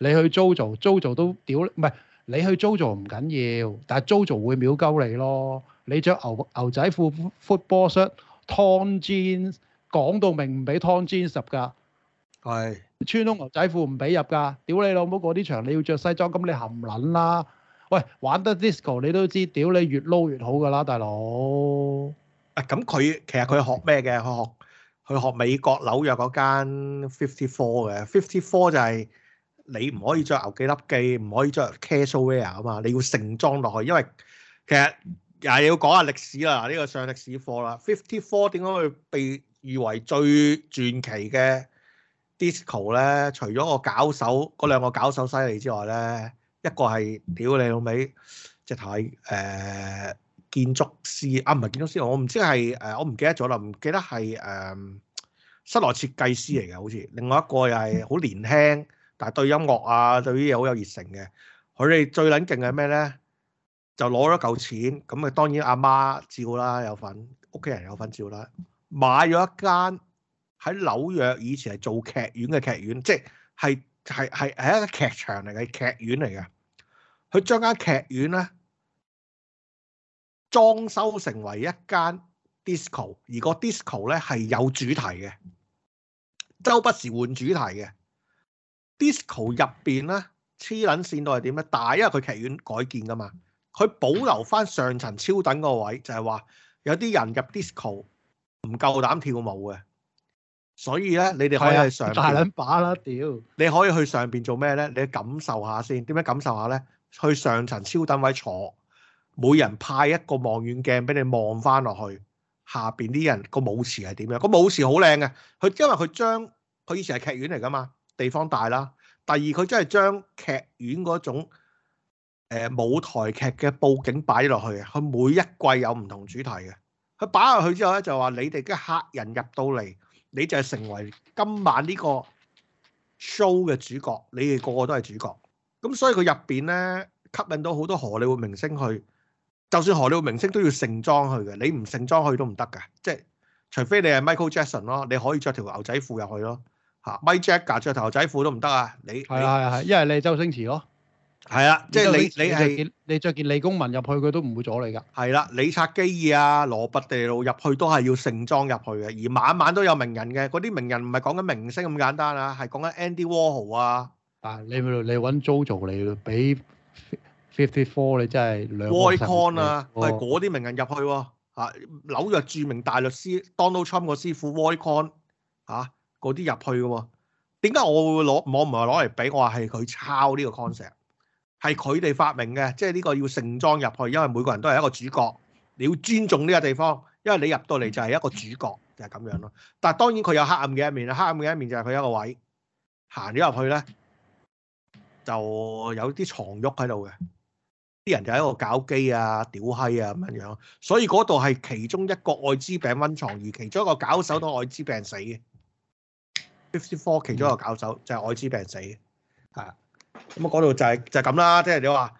你去 Zozo，Zozo 都屌，唔係你去 Zozo 唔緊要，但係 Zozo 會秒鳩你咯。你着牛牛仔褲、football shirt、湯 Jeans，講到明唔俾湯 Jeans 入噶。係穿窿牛仔褲唔俾入噶，屌你老母嗰啲場，你要着西裝，咁你含撚啦。喂，玩得 disco 你都知，屌你越撈越好噶啦，大佬。咁佢其實佢學咩嘅？佢學佢學美國紐約嗰間 Fifty Four 嘅 Fifty Four 就係你唔可以着牛記笠記，唔可以着 casual wear 啊嘛，你要盛裝落去。因為其實又係要講下歷史啦，呢、這個上歷史課啦。Fifty Four 點解會被譽為最傳奇嘅？Disco 咧，除咗個搞手嗰兩個搞手犀利之外咧，一個係屌你老味，直頭係誒建築師啊，唔係建築師，我唔知係誒、呃、我唔記得咗啦，唔記得係誒、呃、室內設計師嚟嘅好似，另外一個又係好年輕，但係對音樂啊對依啲嘢好有熱誠嘅。佢哋最撚勁係咩咧？就攞咗嚿錢，咁啊當然阿媽、媽照啦有份，屋企人有份照啦，買咗一間。喺紐約以前係做劇院嘅劇院，即係係係係一個劇場嚟嘅劇院嚟嘅。佢將間劇院咧裝修成為一間 disco，而個 disco 咧係有主題嘅，周不時換主題嘅。disco 入邊咧，黐撚線到係點咧？但係因為佢劇院改建噶嘛，佢保留翻上層超等嗰個位，就係話有啲人入 disco 唔夠膽跳舞嘅。所以咧，你哋可以去上大兩把啦，屌！你可以去上邊做咩咧？你感受下先。點樣感受下咧？去上層超等位坐，每人派一個望遠鏡俾你望翻落去下邊啲人個舞池係點樣？個舞池好靚嘅。佢因為佢將佢以前係劇院嚟噶嘛，地方大啦。第二佢真係將劇院嗰種誒舞台劇嘅布景擺落去嘅。佢每一季有唔同主題嘅。佢擺落去之後咧，就話你哋嘅客人入到嚟。你就係成為今晚呢個 show 嘅主角，你哋個個都係主角。咁所以佢入邊呢，吸引到好多荷里活明星去。就算荷里活明星都要盛裝去嘅，你唔盛裝去都唔得㗎。即係除非你係 Michael Jackson 咯，你可以著條牛仔褲入去咯。嚇，Michael Jackson 著牛仔褲都唔得啊！你係啊係啊係，因為你係周星馳咯。係啦，即係你你係你著件李公文入去，佢都唔會阻你㗎。係啦，李察基爾啊、羅拔地路入去都係要盛裝入去嘅。而晚晚都有名人嘅，嗰啲名人唔係講緊明星咁簡單啊，係講緊 Andy Warhol 啊。啊，你你揾 JoJo 嚟俾 Fifty Four，你真係兩位神。Roy Cohn 啊，係嗰啲名人入去喎。嚇，紐約著名大律師 Donald Trump 個師傅 Roy Cohn，嚇嗰啲入去㗎喎。點解我會攞？我唔係攞嚟俾，我係佢抄呢個 concept。係佢哋發明嘅，即係呢個要盛裝入去，因為每個人都係一個主角，你要尊重呢個地方，因為你入到嚟就係一個主角，就係、是、咁樣咯。但係當然佢有黑暗嘅一面，黑暗嘅一面就係佢一個位行咗入去咧，就有啲床褥喺度嘅，啲人就喺度搞基啊、屌閪啊咁樣樣。所以嗰度係其中一個愛滋病溫床，而其中一個搞手都愛滋病死嘅。Fifty four 其中一個搞手就係愛滋病死嘅，啊。咁啊、就是，講到就係就係咁啦，即、就、係、是、你話，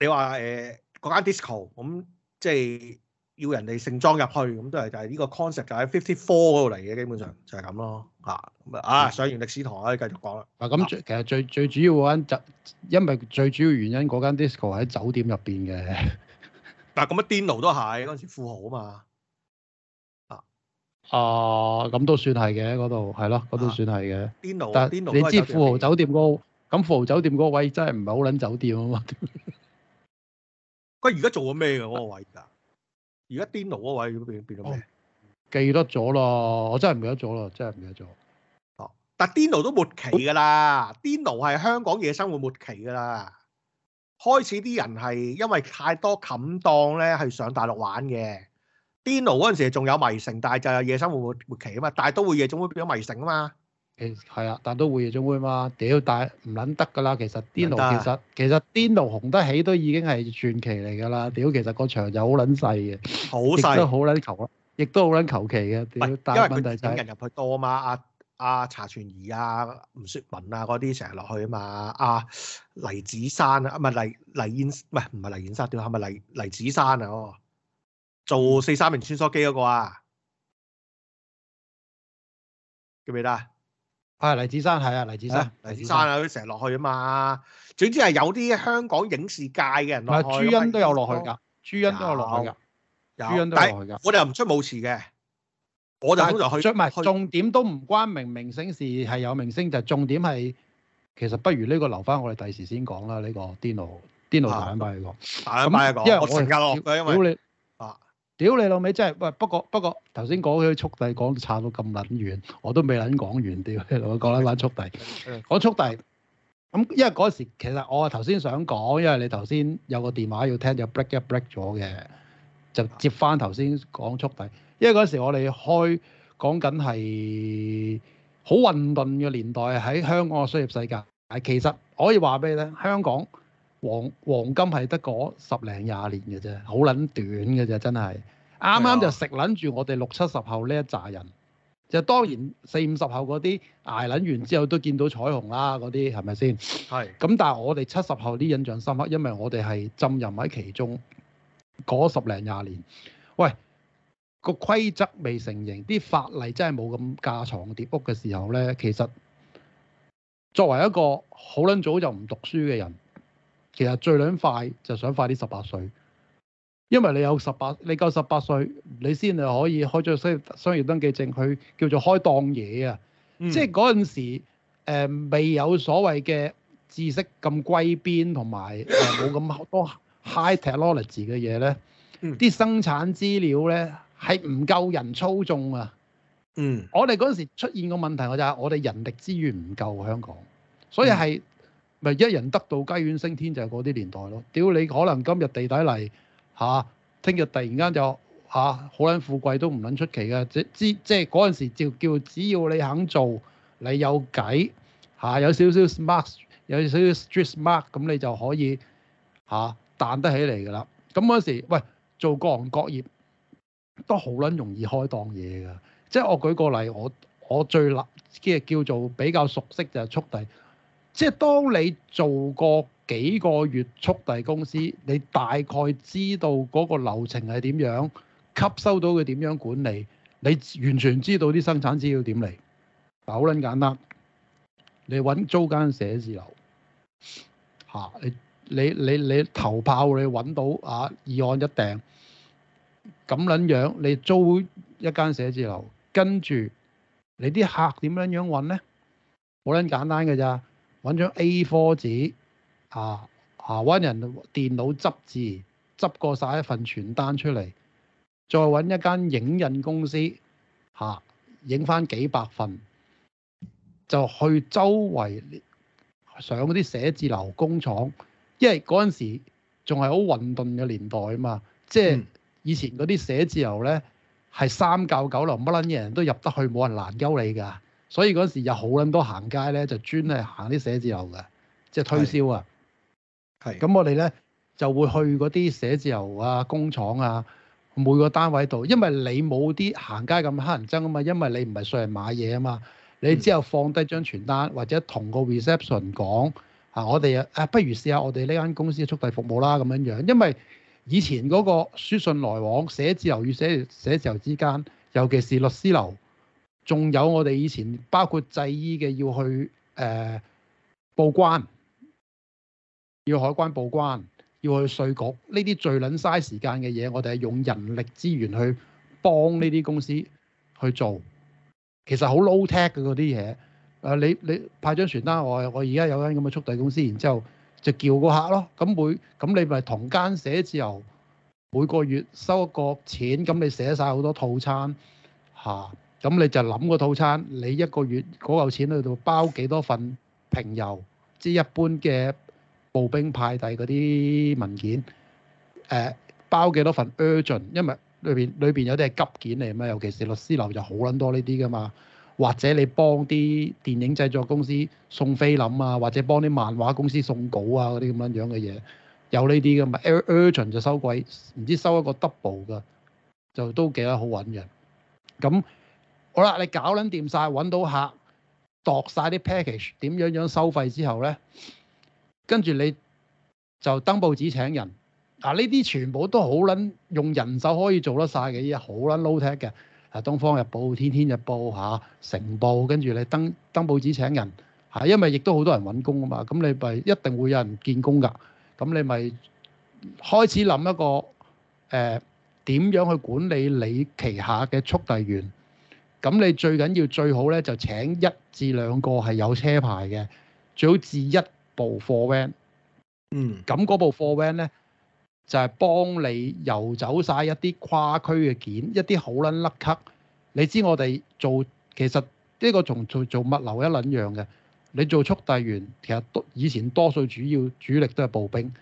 你話誒嗰間 disco，咁即係要人哋盛裝入去，咁都係就係呢個 concept 就喺 fifty four 嗰度嚟嘅，基本上就係咁咯，吓咁啊，上完歷史堂可以繼續講啦。嗱，咁其實最最主要嗰間就因為最主要原因嗰間 disco 係喺酒店入邊嘅。 但係咁啊，癲佬都係嗰陣時富豪啊嘛。啊，咁都算係嘅嗰度，係咯，嗰度算係嘅、啊。但 Dino 你知富豪酒店嗰，咁富豪酒店嗰位真係唔係好撚酒店啊嘛？佢而家做過咩嘅嗰個位㗎？而家 Dino 嗰位變咗咩、哦？記得咗啦，我真係唔記得咗啦，真係唔記得咗。哦，但 Dino 都末期㗎啦，Dino 係香港夜生活末期㗎啦。開始啲人係因為太多冚檔咧，係上大陸玩嘅。Dino 嗰陣時仲有迷城，但係就係夜生活活期啊嘛，大都會夜總會變咗迷城啊嘛。係係啊，大都會夜總會嘛。屌，但係唔撚得噶啦。其實 Dino 其實其實，其實 Dino 紅得起都已經係傳奇嚟㗎啦。屌，其實個場就好撚細嘅，亦都好撚求，亦都好撚求其嘅。唔係，因為等人入去多啊嘛。阿阿查全怡啊，吳雪文啊嗰啲成日落去啊嘛。阿、啊、黎子珊啊，唔係黎黎燕，唔係唔係黎燕山屌，係咪黎黎，黎子珊啊？做四三零穿梭機嗰個啊，記唔記得啊？係黎子山，係啊黎子山，黎子山啊，佢成日落去啊嘛。總之係有啲香港影視界嘅人落去。朱茵都有落去㗎，朱茵都有落去㗎，朱茵都有落去㗎。我哋又唔出舞池嘅，我就通常去出。唔係重點都唔關明明星事，係有明星就重點係其實，不如呢個留翻我哋第時先講啦。呢個電腦電腦版嘅個版嘅個，因為我成日咯，因為。屌你老味真係喂，不過不過頭先講起速遞講到差到咁撚遠，我都未撚講完屌，我講下玩速遞，講 速遞。咁因為嗰時其實我頭先想講，因為你頭先有個電話要聽，就 break 一 break 咗嘅，就接翻頭先講速遞。因為嗰時我哋開講緊係好混沌嘅年代喺香港嘅商業世界，其實可以話俾你聽，香港。黃黃金係得嗰十零廿年嘅啫，好撚短嘅啫，真係啱啱就食撚住我哋六七十後呢一紮人，就當然四五十後嗰啲捱撚完之後都見到彩虹啦，嗰啲係咪先？係。咁但係我哋七十後啲印象深刻，因為我哋係浸淫喺其中嗰十零廿年。喂，個規則未成型，啲法例真係冇咁架床疊屋嘅時候呢，其實作為一個好撚早就唔讀書嘅人。其實最撚快就想快啲十八歲，因為你有十八，你夠十八歲，你先係可以開張商業商業登記證去叫做開檔嘢啊！嗯、即係嗰陣時候、呃、未有所謂嘅知識咁歸邊，同埋冇咁多 high technology 嘅嘢咧，啲、嗯、生產資料咧係唔夠人操縱啊！嗯，我哋嗰陣時候出現個問題，我就係我哋人力資源唔夠香港，所以係、嗯。咪一人得道，雞犬升天就係嗰啲年代咯。屌你可能今日地底嚟嚇，聽日突然間就嚇好撚富貴都唔撚出奇嘅。即即即係嗰陣時叫只要你肯做，你有計嚇，有少少 smart，有少少 street smart，咁你就可以嚇、啊、彈得起嚟㗎啦。咁嗰陣時喂，做各行各業都好撚容易開檔嘢㗎。即係我舉個例，我我最立即係叫做比較熟悉就係速遞。即係當你做過幾個月速遞公司，你大概知道嗰個流程係點樣，吸收到佢點樣管理，你完全知道啲生產資料點嚟。嗱，好撚簡單，你揾租間寫字樓嚇，你你你你，你頭炮你，你揾到啊議案一定。咁撚樣，你租一間寫字樓，跟住你啲客點撚樣揾呢？好撚簡單㗎咋～揾張 A4 紙，嚇嚇揾人電腦執字，執過晒一份傳單出嚟，再揾一間影印公司，嚇影翻幾百份，就去周圍上嗰啲寫字樓工廠，因為嗰陣時仲係好混沌嘅年代啊嘛，嗯、即係以前嗰啲寫字樓咧係三教九流，乜撚嘢人都入得去，冇人難嬲你㗎。所以嗰時有好撚多行街咧，就專係行啲寫字樓嘅，即、就、係、是、推銷啊。咁我哋咧就會去嗰啲寫字樓啊、工廠啊每個單位度，因為你冇啲行街咁乞人憎啊嘛，因為你唔係上嚟買嘢啊嘛，你只有放低張傳單或者同個 reception 講、嗯、啊，我哋啊，不如試下我哋呢間公司嘅速遞服務啦咁樣樣。因為以前嗰個書信來往寫字樓與寫寫字樓之間，尤其是律師樓。仲有我哋以前包括製衣嘅，要去誒、呃、報關，要海關報關，要去稅局呢啲最捻嘥時間嘅嘢，我哋係用人力資源去幫呢啲公司去做，其實好 low tech 嘅嗰啲嘢。誒、啊，你你派張傳單，我我而家有間咁嘅速遞公司，然之後就叫個客咯。咁每咁你咪同間寫字樓每個月收一個錢，咁你寫晒好多套餐吓。啊咁你就諗個套餐，你一個月嗰嚿錢裏度包幾多份平郵，即一般嘅步兵派遞嗰啲文件，誒包幾多份 urgent，因為裏邊裏邊有啲係急件嚟嘛，尤其是律師樓就好撚多呢啲噶嘛。或者你幫啲電影製作公司送菲林啊，或者幫啲漫畫公司送稿啊嗰啲咁樣樣嘅嘢，有呢啲噶嘛，urgent 就收貴，唔知收一個 double 噶，就都幾得好揾嘅。咁好啦，你搞撚掂晒，揾到客，度晒啲 package，點樣樣收費之後咧，跟住你就登報紙請人嗱。呢、啊、啲全部都好撚用人手可以做得晒嘅嘢，好撚 low tech 嘅。啊，東方日報、天天日報嚇，成、啊、報跟住你登登報紙請人嚇、啊，因為亦都好多人揾工啊嘛。咁你咪一定會有人見工㗎。咁你咪開始諗一個誒點、啊、樣去管理你旗下嘅速遞員。咁你最緊要最好咧，就請一至兩個係有車牌嘅，最好至一部貨 van。嗯，咁嗰部貨 van 呢，就係、是、幫你遊走晒一啲跨區嘅件，一啲好撚甩咳。你知我哋做其實呢個從做做物流一撚樣嘅，你做速遞員其實以前多數主要主力都係步兵，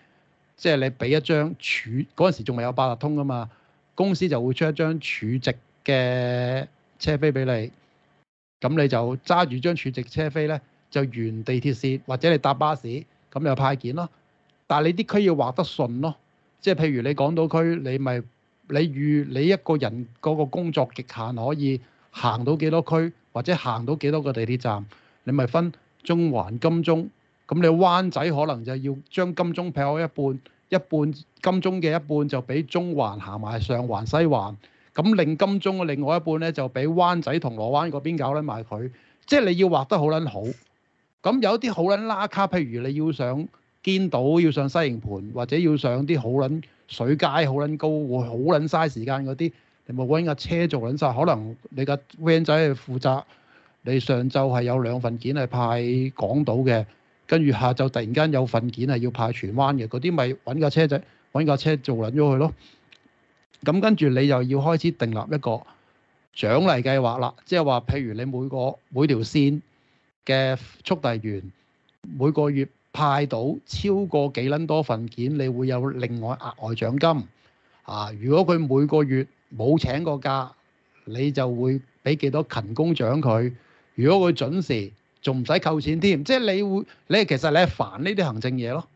即係你俾一張儲嗰陣時仲未有八達通噶嘛，公司就會出一張儲值嘅車飛俾你，咁你就揸住張儲值車飛呢，就沿地鐵線或者你搭巴士，咁又派件咯。但係你啲區要劃得順咯，即係譬如你港島區，你咪你預你一個人嗰個工作極限可以行到幾多區，或者行到幾多個地鐵站，你咪分中環、金鐘。咁你灣仔可能就要將金鐘劈開一半，一半金鐘嘅一半就俾中環行埋上，上環、西環。咁令金鐘嘅另外一半咧，就俾灣仔銅鑼灣嗰邊搞撚埋佢。即係你要畫得好撚好，咁有啲好撚拉卡。譬如你要上堅島，要上西營盤，或者要上啲好撚水街好撚、好撚高，會好撚嘥時間嗰啲，你咪揾架車做撚晒。可能你架 van 仔去負責你上晝係有兩份件係派港島嘅，跟住下晝突然間有份件係要派荃灣嘅，嗰啲咪揾架車仔揾架車做撚咗佢咯。咁跟住你又要開始訂立一個獎勵計劃啦，即係話譬如你每個每條線嘅速遞員每個月派到超過幾撚多份件，你會有另外額外獎金。啊，如果佢每個月冇請過假，你就會俾幾多勤工獎佢。如果佢準時，仲唔使扣錢添，即係你會你其實你係煩呢啲行政嘢咯。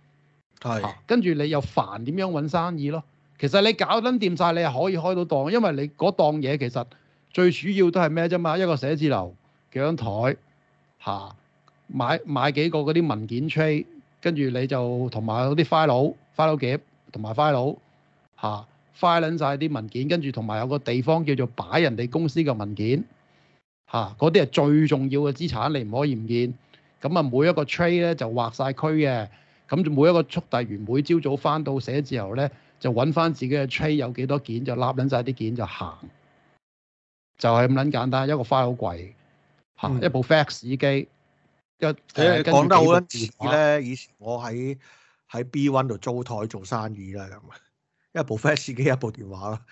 係。啊，跟住你又煩點樣揾生意咯。其實你搞撚掂晒，你係可以開到檔，因為你嗰檔嘢其實最主要都係咩啫嘛？一個寫字樓幾張台嚇、啊，買買幾個嗰啲文件 tray，跟住你就同埋嗰啲 file、file 夾同埋 file 嚇，file 晒啲文件，跟住同埋有，啊、有個地方叫做擺人哋公司嘅文件嚇，嗰啲係最重要嘅資產，你唔可以唔見。咁啊，每一個 tray 咧就劃晒區嘅，咁就每一個速遞員每朝早翻到寫字樓咧。就揾翻自己嘅 tray 有幾多件，就笠撚晒啲件就行，就係咁撚簡單。一個 file 櫃，嚇、嗯，一部 fax 機，講、嗯哎、得好撚直接咧。以前我喺喺 B1 度租台做生意啦，咁啊，一部 fax 機，一部電話啦、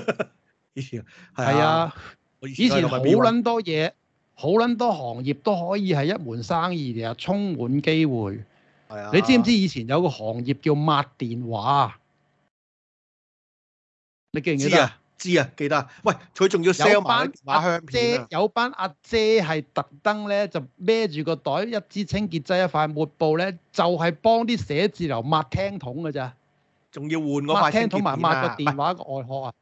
啊啊。以前係啊，以前好撚多嘢，好撚多行業都可以係一門生意嚟啊，充滿機會。係啊，你知唔知以前有個行業叫抹電話？你記唔記得知啊，知啊，記得、啊。喂，佢仲要 sell 埋、啊、阿有班阿姐係特登咧，就孭住個袋，一支清潔劑，一塊抹布咧，就係、是、幫啲寫字樓抹聽筒嘅咋。仲要換塊、啊、聽筒同、啊、埋抹個電話個外殼啊？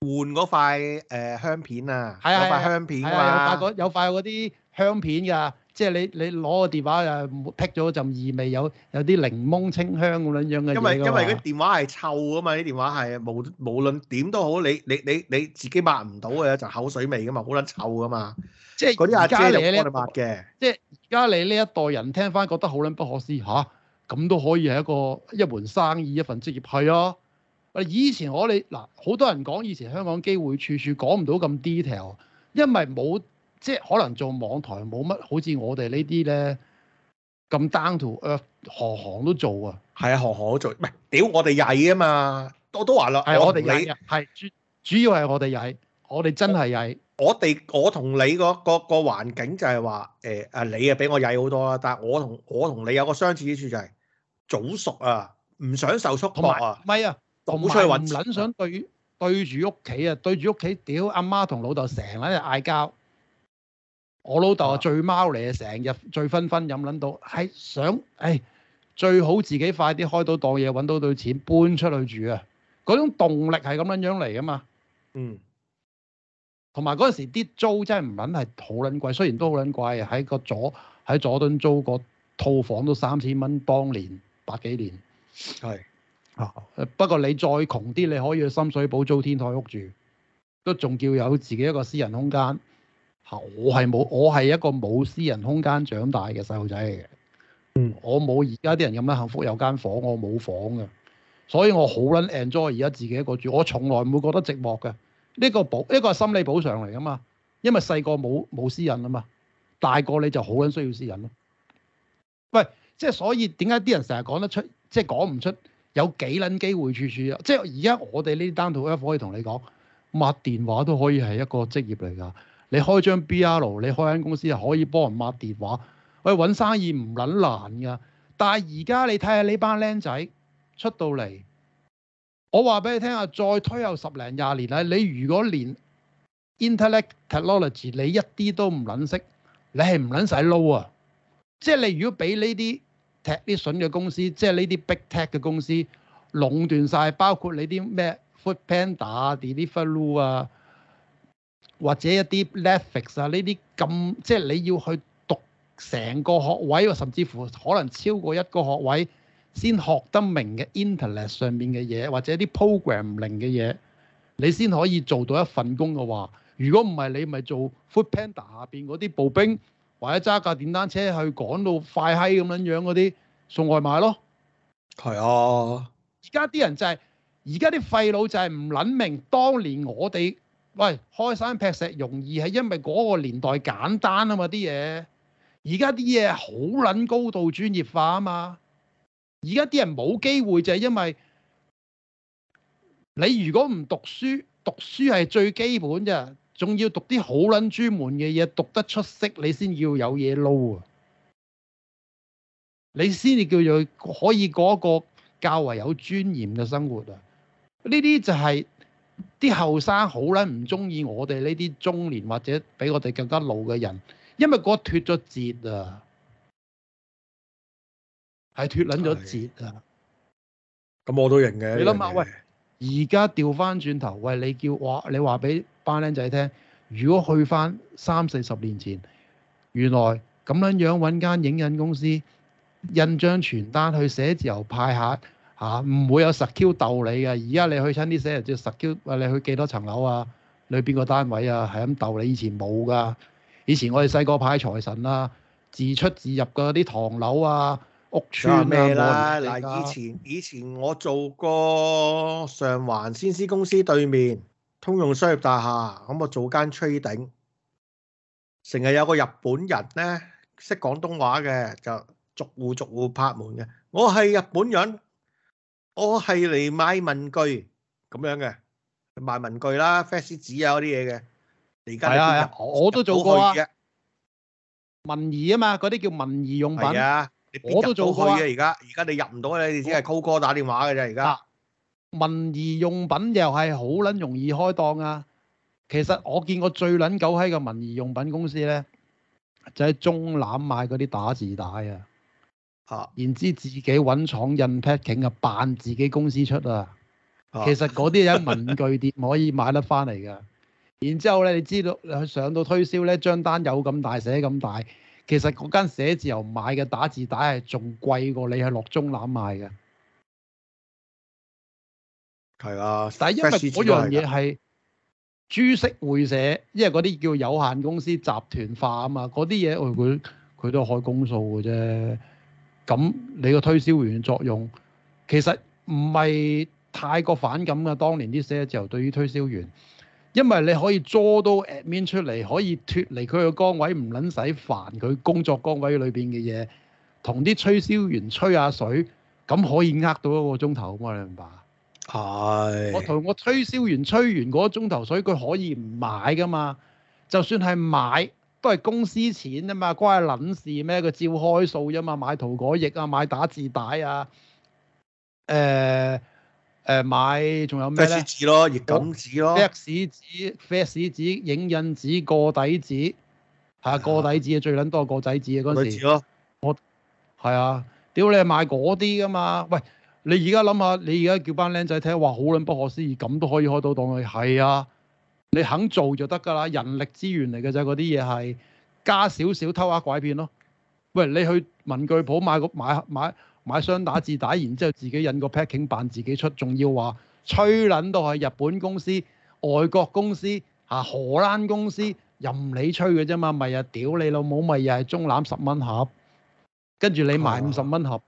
換嗰塊、呃啊啊、塊香片啊？係啊，塊香片啊。有塊有塊嗰啲。香片㗎，即係你你攞個電話又撇咗一陣異味，有有啲檸檬清香咁樣樣嘅嘢㗎嘛。因為因為嗰電話係臭啊嘛，呢電話係無無論點都好，你你你你自己抹唔到嘅一陣口水味㗎嘛，好撚臭㗎嘛。即係嗰啲阿姐入屋就抹嘅。即係而家你呢一代人聽翻，覺得好撚不可思嚇，咁、啊、都可以係一個一門生意一份職業，係啊。我以前我哋，嗱，好多人講以前香港機會處處，講唔到咁 detail，因為冇。即係可能做網台冇乜，好似我哋呢啲咧咁 down to，誒，行行都做啊，係啊，行行都做，唔係，屌我哋曳啊嘛，我都話啦，係、啊、我哋曳，係主主要係我哋曳，我哋真係曳。我哋我同你個個個環境就係話誒啊，你啊比我曳好多啦，但係我同我同你有個相似之處就係、是、早熟啊，唔想受束縛啊，唔係啊，冇出去混，唔想對對住屋企啊，對住屋企屌阿媽同老豆成日喺度嗌交。我老豆啊，醉貓嚟啊，成日醉醺醺飲，捻到係想，誒，最好自己快啲開到檔嘢，搵到對錢，搬出去住啊！嗰種動力係咁樣樣嚟噶嘛？嗯，同埋嗰陣時啲租真係唔捻係好捻貴，雖然都好捻貴，喺個佐喺佐敦租個套房都三千蚊當年，百幾年係啊。不過你再窮啲，你可以去深水埗租天台屋住，都仲叫有自己一個私人空間。我係冇，我係一個冇私人空間長大嘅細路仔嚟嘅。嗯，我冇而家啲人咁樣幸福有間房，我冇房嘅，所以我好撚 enjoy 而家自己一個住。我從來唔會覺得寂寞嘅。呢個補，呢個係心理補償嚟㗎嘛。因為細個冇冇私隱啊嘛，大個你就好撚需要私隱咯。喂，即係所以點解啲人成日講得出，即係講唔出有幾撚機會處處？即係而家我哋呢單套 app 可以同你講，抹電話都可以係一個職業嚟㗎。你開張 BNO，你開間公司啊，可以幫人抹電話。我哋揾生意唔撚難噶，但係而家你睇下呢班僆仔出到嚟，我話俾你聽啊，再推後十零廿年咧，你如果連 Intellect Technology 你一啲都唔撚識，你係唔撚使撈啊！即係你如果俾呢啲踢啲筍嘅公司，即係呢啲 Big Tech 嘅公司壟斷晒包括你啲咩 Foodpanda、Deliveroo 啊。或者一啲 Linux 啊，呢啲咁，即係你要去讀成個學位，啊，甚至乎可能超過一個學位先學得明嘅 Internet 上面嘅嘢，或者啲 Programming 嘅嘢，你先可以做到一份工嘅話，如果唔係你咪做 Foodpanda 下邊嗰啲步兵，或者揸架電單車去趕到快閪咁樣樣嗰啲送外賣咯。係啊，而家啲人就係而家啲廢佬就係唔撚明，當年我哋。喂，開山劈石容易係因為嗰個年代簡單啊嘛，啲嘢而家啲嘢好撚高度專業化啊嘛，而家啲人冇機會就係因為你如果唔讀書，讀書係最基本啫，仲要讀啲好撚專門嘅嘢，讀得出色，你先要有嘢撈啊，你先至叫做可以過一個較為有尊嚴嘅生活啊，呢啲就係。啲後生好撚唔中意我哋呢啲中年或者比我哋更加老嘅人，因為嗰脫咗節啊，係脫撚咗節啊。咁我都認嘅。你諗下喂，而家調翻轉頭喂，你叫我，你話俾班僆仔聽，如果去翻三四十年前，原來咁樣樣揾間影印公司印張傳單去寫字由派下。吓、啊、唔會有十 Q 鬥你嘅。而家你去親啲寫人叫十 Q，你去幾多層樓啊？你邊個單位啊？係咁鬥你以前冇噶。以前我哋細個派財神啊，自出自入嗰啲唐樓啊、屋住咩、啊、啦？嗱、啊，以前以前我做過上環先師公司對面通用商業大廈，咁我做間 trading，成日有個日本人咧識廣東話嘅，就逐戶逐戶拍門嘅。我係日本人。我係嚟買文具咁樣嘅，賣文具啦，fax 紙啊嗰啲嘢嘅。而家係啊，我都做過嘅、啊，文儀啊嘛，嗰啲叫文儀用品。啊，我都做過嘅、啊，而家而家你入唔到咧，你只係高哥打電話嘅啫。而、啊、家文儀用品又係好捻容易開檔啊。其實我見過最捻狗閪嘅文儀用品公司咧，就喺、是、中覽買嗰啲打字帶啊。啊、然之自己搵廠印 packing 啊，扮自己公司出啊。其實嗰啲喺文具店可以買得翻嚟噶。然之後咧，你知道上到推銷咧，張單有咁大寫咁大，其實嗰間寫字又唔買嘅打字帶係仲貴過你喺落中攬賣嘅。係啊，但係因為嗰樣嘢係株式會社，因為嗰啲叫有限公司集團化啊嘛，嗰啲嘢佢佢都開公數嘅啫。咁你個推銷員作用其實唔係太過反感嘅。當年啲寫字對於推銷員，因為你可以捉到 admin 出嚟，可以脫離佢嘅崗位，唔撚使煩佢工作崗位裏邊嘅嘢，同啲推銷員吹下水，咁可以呃到一個鐘頭咁啊！你明白？係我同我推銷員吹完嗰個鐘頭，所以佢可以唔買噶嘛。就算係買，都係公司錢啊嘛，關佢撚事咩？佢照開數啫嘛，買塗改液啊，買打字帶啊，誒、呃、誒、呃、買，仲有咩咧？廢紙咯，熱感紙咯，fax 紙、fax 紙、影印紙、個底紙嚇、啊，個底紙啊，最撚多個仔紙啊，嗰陣時。咯，我係啊，屌你買嗰啲噶嘛？喂，你而家諗下，你而家叫班僆仔聽，哇，好撚不可思議，咁都可以開到檔去。係啊！你肯做就得噶啦，人力資源嚟嘅啫，嗰啲嘢係加少少偷呃拐騙咯。喂，你去文具鋪買個買買買雙打字打，然之後自己印個 packing 辦自己出，仲要話吹撚到係日本公司、外國公司、嚇、啊、荷蘭公司，任你吹嘅啫嘛，咪 呀屌你老母，咪又係中攬十蚊盒，跟住你賣五十蚊盒，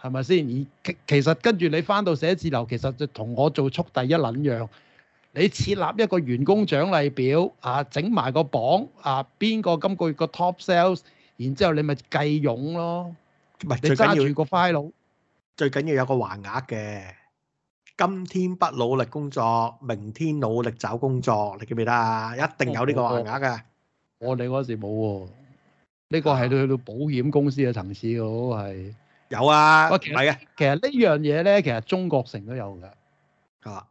係咪先？而其實跟住你翻到寫字樓，其實就同我做速遞一撚樣。你設立一個員工獎勵表啊，整埋個榜啊，邊個今個月個 top sales，然之後你咪計傭咯，唔係你揸住個 file，最緊要有個橫額嘅。今天不努力工作，明天努力找工作，你記唔記得啊？一定有呢個橫額㗎。我哋嗰時冇喎，呢個係去到保險公司嘅層次嘅，嗰個係有啊。唔係嘅，其實呢樣嘢咧，其實中國城都有㗎。啊！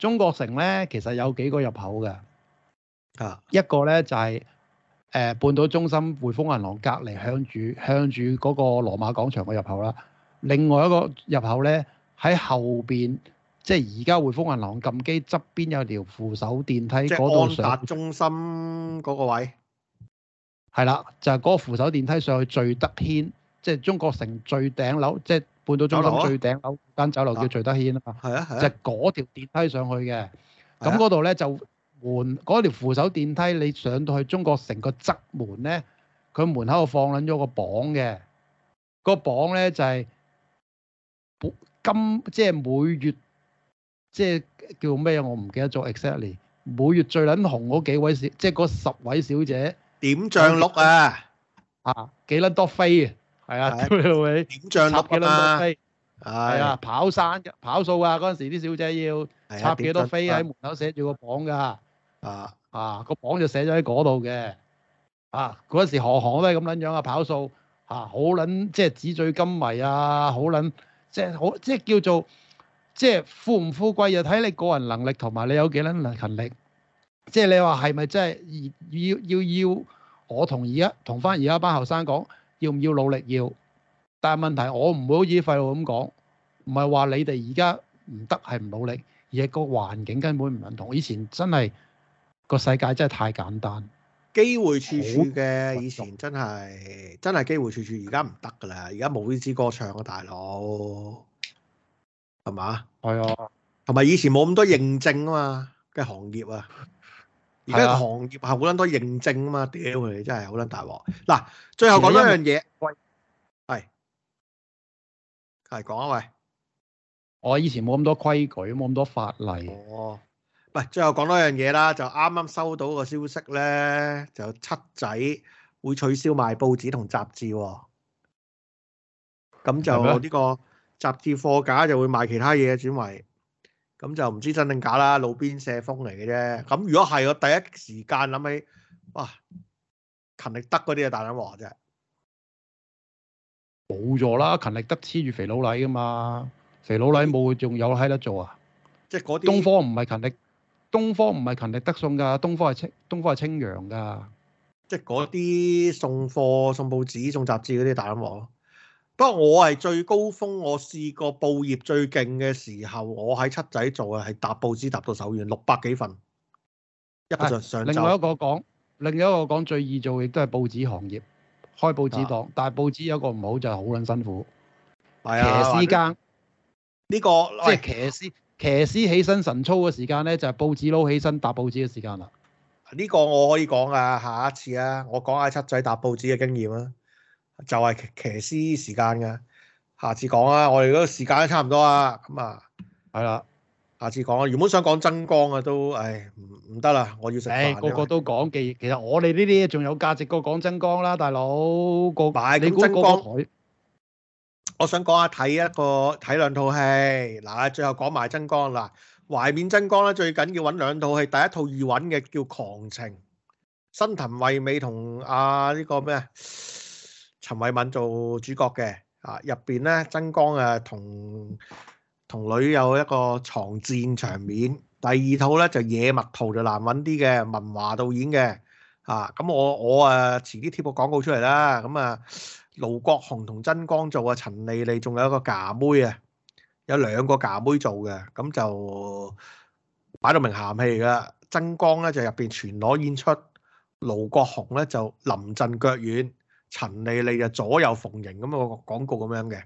中國城咧，其實有幾個入口嘅。啊，一個咧就係、是、誒、呃、半島中心匯豐銀行隔離向住向住嗰個羅馬廣場嘅入口啦。另外一個入口咧喺後邊，即係而家匯豐銀行撳機側邊有條扶手電梯嗰度上。即係安達中心嗰個位。係啦，就係、是、嗰個扶手電梯上去最得軒，即、就、係、是、中國城最頂樓，即係。半島中心最頂樓間酒樓叫徐德軒啊嘛，係啊，係啊，就嗰條電梯上去嘅，咁嗰度咧就換嗰條扶手電梯，你上到去中國城個側門咧，佢門口度放撚咗個榜嘅，個榜咧就係每今即係每月即係叫咩？我唔記得咗。Exactly 每月最撚紅嗰幾位小，即係嗰十位小姐點將錄啊，啊幾撚多飛啊。係啊，叼你、啊！點降落嘅嘛？係啊，啊，跑山跑數啊，嗰陣時啲小姐要插幾多，多飛喺門口寫住個榜嘅。啊啊，個榜就寫咗喺嗰度嘅。啊，嗰、啊、陣、那個啊、時行行都係咁撚樣啊，跑數啊，好撚即係紙醉金迷啊，好撚即係好即係叫做即係富唔富貴又、啊、睇你個人能力同埋你有幾撚勤力。即係你話係咪即係要要要我同而家同返而家班後生講？要唔要努力？要，但係問題我唔會好似廢佬咁講，唔係話你哋而家唔得係唔努力，而係個環境根本唔相同。以前真係個世界真係太簡單，機會處處嘅。以前真係真係機會處處，而家唔得㗎喇。而家冇呢支歌唱啊，大佬，係嘛？係啊，同埋以前冇咁多認證啊嘛嘅行業啊。喺行業係好撚多認證啊嘛，屌你、啊、真係好撚大鑊！嗱，最後講多樣嘢，係係講啊喂，我以前冇咁多規矩，冇咁多法例。哦，唔係，最後講多樣嘢啦，就啱啱收到個消息咧，就七仔會取消賣報紙同雜誌，咁就呢個雜誌貨架就會賣其他嘢，轉為。咁就唔知真定假啦，路邊射風嚟嘅啫。咁如果係我第一時間諗起，哇，勤力得嗰啲啊，大膽話啫，冇咗啦。勤力得黐住肥佬禮噶嘛，肥佬禮冇仲有喺得做啊？即係嗰啲東方唔係勤力，東方唔係勤力得送㗎，東方係清，東方係清揚㗎。即係嗰啲送貨、送報紙、送雜誌嗰啲大膽話。不過我係最高峰，我試過報業最勁嘅時候，我喺七仔做嘅係搭報紙搭到手軟，六百幾份。一上。另外一個講，另外一個講最易做亦都係報紙行業，開報紙檔。啊、但係報紙有一個唔好就係好卵辛苦，騎師間呢個即係騎師，騎師起身晨操嘅時間咧，就係、是、報紙佬起身搭報紙嘅時間啦。呢、這個我可以講啊，下一次啊，我講下七仔搭報紙嘅經驗啊。就係、是、騎師時間嘅，下次講啊！我哋嗰個時間都差唔多啊，咁啊，係啦，下次講啊！原本想講增光啊，都，唉，唔唔得啦，我要食飯，哎。個個都講嘅，其實我哋呢啲仲有價值過講增光啦、啊，大佬、那個、個。唔係，講增光我想講下睇一個睇兩套戲嗱，最後講埋增光啦。懷緬增光咧，最緊要揾兩套戲，第一套易揾嘅叫《狂情》，新藤惠美同阿呢個咩陳惠敏做主角嘅，啊入邊咧，曾江啊同同女友一個床戰場面。第二套咧就《野蜜桃》就難揾啲嘅，文華導演嘅，啊咁我我啊遲啲貼個廣告出嚟啦。咁啊，盧國雄同曾江做啊，陳麗麗仲有一個假妹啊，有兩個假妹做嘅，咁就擺到明鹹戲嚟㗎。曾江咧就入邊全裸演出，盧國雄咧就臨陣腳軟。陳麗麗就左右逢迎咁樣，個廣告咁樣嘅，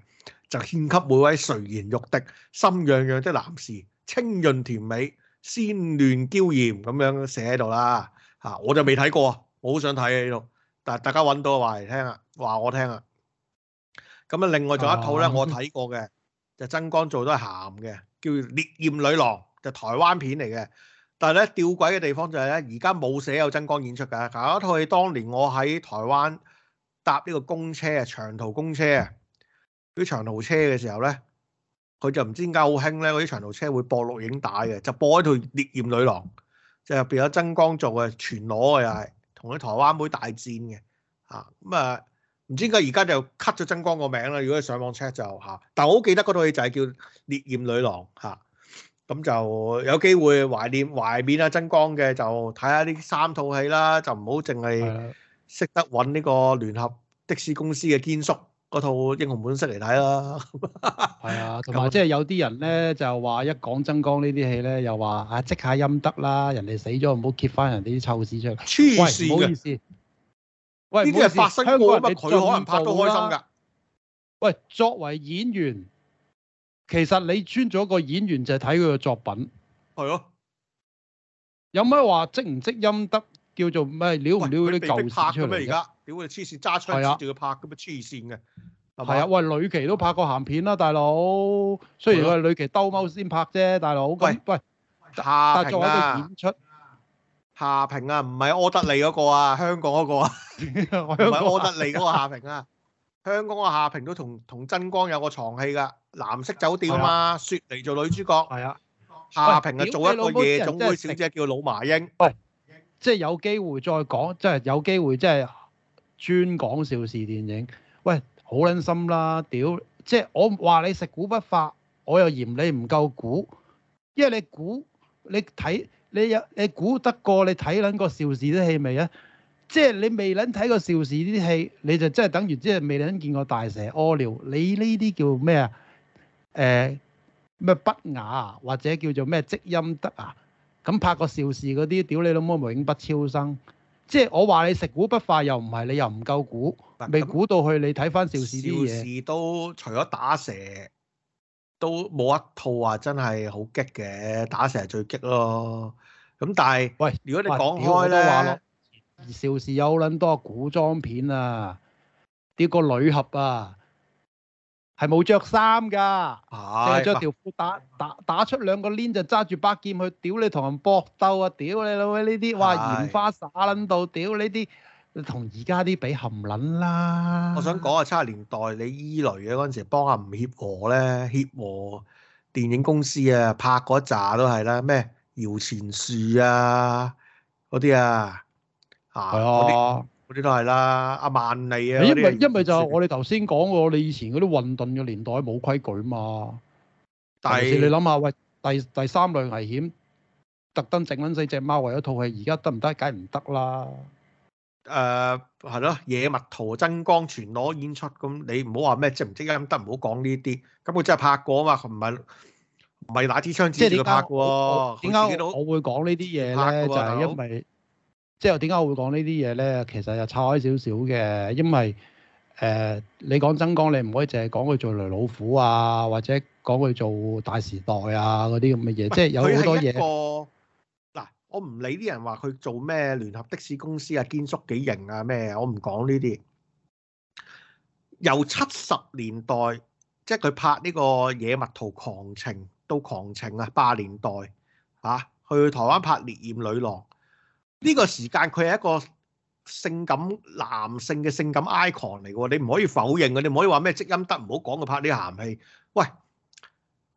就獻給每位垂涎欲滴、心癢癢的男士，清潤甜美、鮮嫩嬌豔咁樣寫喺度啦嚇，我就未睇過，我好想睇呢套，但係大家揾到話嚟聽啊，話我聽啊。咁啊，另外仲有一套咧，我睇過嘅就曾江做都係鹹嘅，叫《烈焰女郎》，就台灣片嚟嘅。但係咧，吊詭嘅地方就係咧，而家冇寫有曾江演出㗎。有一套戲，當年我喺台灣。搭呢個公車啊，長途公車啊，啲長途車嘅時候咧，佢就唔知點解好興咧。嗰啲長途車會播錄影帶嘅，就播一套《烈焰女郎》，就入邊有曾光做嘅，全裸嘅又係同佢台灣妹大戰嘅嚇。咁啊，唔知點解而家就 cut 咗曾光個名啦。如果你上網 check 就嚇，但係我好記得嗰套戲就係叫《烈焰女郎》嚇。咁就有機會懷念懷緬啊曾光嘅，就睇下呢三套戲啦，就唔好淨係。識得揾呢個聯合的士公司嘅堅叔嗰套英雄本色嚟睇啦，係啊，同埋即係有啲人咧就話一講曾江呢啲戲咧，又話啊積下陰德啦，人哋死咗唔好揭翻人哋啲臭屎出嚟。黐線嘅，唔好意思。喂，呢啲係發生佢可能拍到開心㗎。喂，作為演員，其實你專咗個演員就係睇佢嘅作品。係啊，有咩話積唔積陰德？叫做咩？撩唔撩啲舊事出而家屌佢哋黐線，揸槍黐住佢拍嘅咩黐線嘅，係啊！喂，呂、啊啊、奇都拍過鹹片啦、啊，大佬。啊、雖然佢係呂奇兜踎先拍啫，大佬。喂喂，夏平啊！演出夏平啊，唔係柯德利嗰個啊，香港嗰個啊，唔 係柯德利嗰個夏平，啊、 平啊，香港嗰個夏平都同同真光有個床戲㗎，《藍色酒店》啊嘛，雪梨做女主角。係啊，夏平啊，做一個夜總會小姐叫老麻英。喂。即係有機會再講，即係有機會即係專講邵氏電影。喂，好撚心啦，屌！即係我話你食古不化，我又嫌你唔夠古，因為你估你睇你有你估得過你睇撚個邵氏啲戲未啊！即係你未撚睇過邵氏啲戲，你就真係等於即係未撚見過大蛇屙尿。你呢啲叫咩啊？誒咩不雅或者叫做咩積陰德啊？咁拍個邵氏嗰啲，屌你老母永不超生！即係我話你食古不化，又唔係你又唔夠古，未估到去你睇翻邵氏啲嘢。邵氏，都除咗打蛇都冇一套話真係好激嘅，打蛇最激咯。咁但係喂，如果你講開咧話咯，而邵氏有撚多古裝片啊，啲個女俠啊～係冇着衫噶，淨係着條褲打打打出兩個鏈就揸住把劍去屌你同人搏鬥啊！屌你老味呢啲，哇！鹽花灑撚到，屌你啲同而家啲比含撚啦！我想講啊，七十年代你依雷嘅嗰陣時幫阿吳協和咧，協和電影公司啊拍嗰扎都係啦，咩搖錢樹啊嗰啲啊，係啊。呢都係啦，阿萬利啊，因為因為就我哋頭先講過，我哋以前嗰啲混沌嘅年代冇規矩嘛。但係你諗下，喂，第第三類危險，特登整撚死隻貓為咗套戲，而家得唔得？梗係唔得啦。誒，係咯，野物徒增光，全裸演出咁，你唔好話咩，即唔即刻得唔好講呢啲。咁佢真係拍過啊嘛，唔係唔係哪支槍即係你拍過？點解我會講呢啲嘢咧？就係因為。即係點解我會講呢啲嘢呢？其實又差開少少嘅，因為誒，你講曾江，你唔可以淨係講佢做雷老虎啊，或者講佢做大時代啊嗰啲咁嘅嘢。即係有好多嘢。佢係一個嗱，我唔理啲人話佢做咩聯合的士公司啊，堅叔幾型啊咩，我唔講呢啲。由七十年代，即係佢拍呢個《野蜜桃狂情》到《狂情》啊八年代，嚇去台灣拍《烈焰女郎》。呢個時間佢係一個性感男性嘅性感 icon 嚟嘅喎，你唔可以否認嘅，你唔可以話咩積陰德唔好講佢拍啲鹹戲。喂，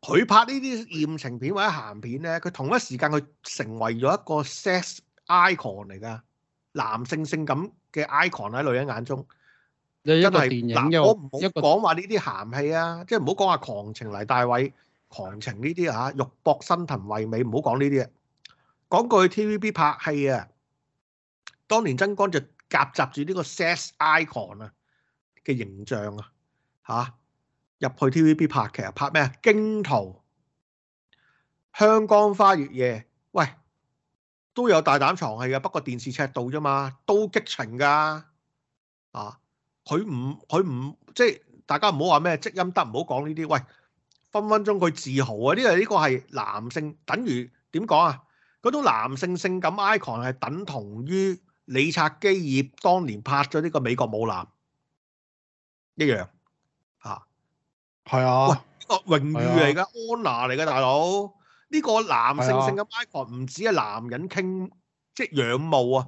佢拍呢啲豔情片或者鹹片咧，佢同一時間佢成為咗一個 sex icon 嚟㗎，男性性感嘅 icon 喺女人眼中。你一個電影嘅，我唔好講話呢啲鹹戲啊，即係唔好講話狂情黎大偉、狂情呢啲嚇，肉搏新藤惠美，唔好講呢啲啊。講過去 TVB 拍戲啊！當年曾江就夾雜住呢個 sex icon 啊嘅形象啊，吓入去 TVB 拍劇啊，拍咩啊《驚濤》《香江花月夜》喂，都有大膽床戲嘅，不過電視尺度啫嘛，都激情噶啊！佢唔佢唔即係大家唔好話咩積陰德，唔好講呢啲。喂，分分鐘佢自豪啊！呢個呢個係男性，等於點講啊？嗰種男性性感 icon 係等同於。李察基爾當年拍咗呢個美國舞男一樣嚇，係啊！呢個榮譽嚟㗎，honour 嚟㗎，大佬，呢個男性性嘅 Michael 唔止係男人傾，即係仰慕啊！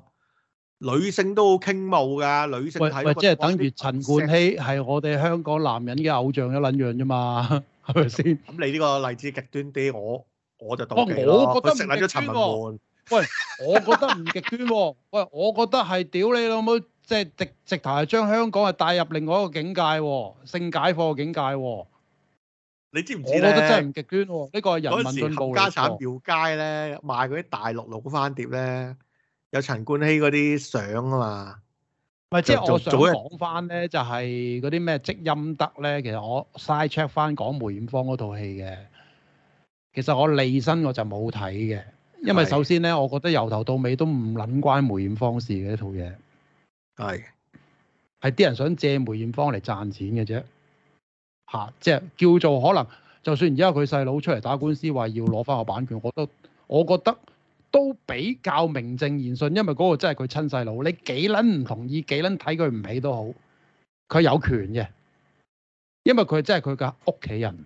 女性都傾慕㗎，女性睇，即係等於陳冠希係我哋香港男人嘅偶像一撚樣啫嘛，係咪先？咁你呢個例子極端啲，我我就當唔係咯，食埋咗陳文冠。 喂，我覺得唔極端喎、哦。喂，我覺得係屌你老母，即係直直頭係將香港係帶入另外一個境界、哦，性解放嘅境界、哦。你知唔知咧？我覺得真係唔極端喎、哦。呢個係人民進步嚟嘅。嗰陣時，廟街咧賣嗰啲大陸老翻碟咧，有陳冠希嗰啲相啊嘛。唔係，即係我想講翻咧，就係嗰啲咩積陰德咧。其實我 side check 翻講梅豔芳嗰套戲嘅，其實我離身我就冇睇嘅。因為首先咧，我覺得由頭到尾都唔撚關梅艷芳事嘅一套嘢，係係啲人想借梅艷芳嚟賺錢嘅啫，嚇、啊，即、就、係、是、叫做可能，就算而家佢細佬出嚟打官司話要攞翻個版權，我都我覺得都比較名正言順，因為嗰個真係佢親細佬，你幾撚唔同意，幾撚睇佢唔起都好，佢有權嘅，因為佢真係佢嘅屋企人。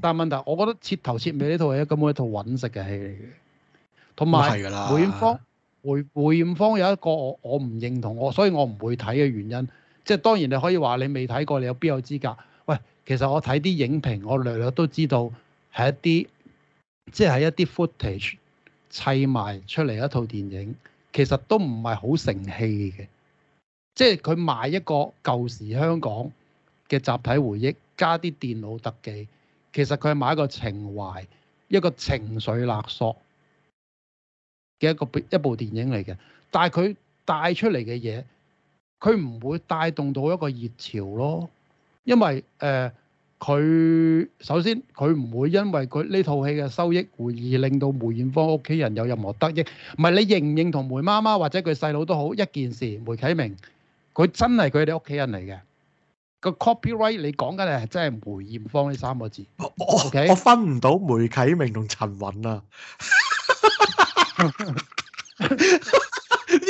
但問題，我覺得徹頭徹尾呢套嘢根本係套揾食嘅戲嚟嘅。同埋梅艷芳梅梅艷芳有一個我我唔認同，我所以我唔會睇嘅原因，即係當然你可以話你未睇過，你有邊有資格？喂，其實我睇啲影評，我略略都知道係一啲即係一啲 footage 砌埋出嚟一套電影，其實都唔係好成氣嘅，即係佢賣一個舊時香港嘅集體回憶，加啲電腦特技，其實佢係賣一個情懷，一個情緒勒索。嘅一個一部電影嚟嘅，但係佢帶出嚟嘅嘢，佢唔會帶動到一個熱潮咯。因為誒，佢、呃、首先佢唔會因為佢呢套戲嘅收益而令到梅艷芳屋企人有任何得益。唔係你認唔認同梅媽媽或者佢細佬都好，一件事梅啟明佢真係佢哋屋企人嚟嘅個 copyright，你講緊係真係梅艷芳呢三個字。我、okay? 我分唔到梅啟明同陳雲啊。 呢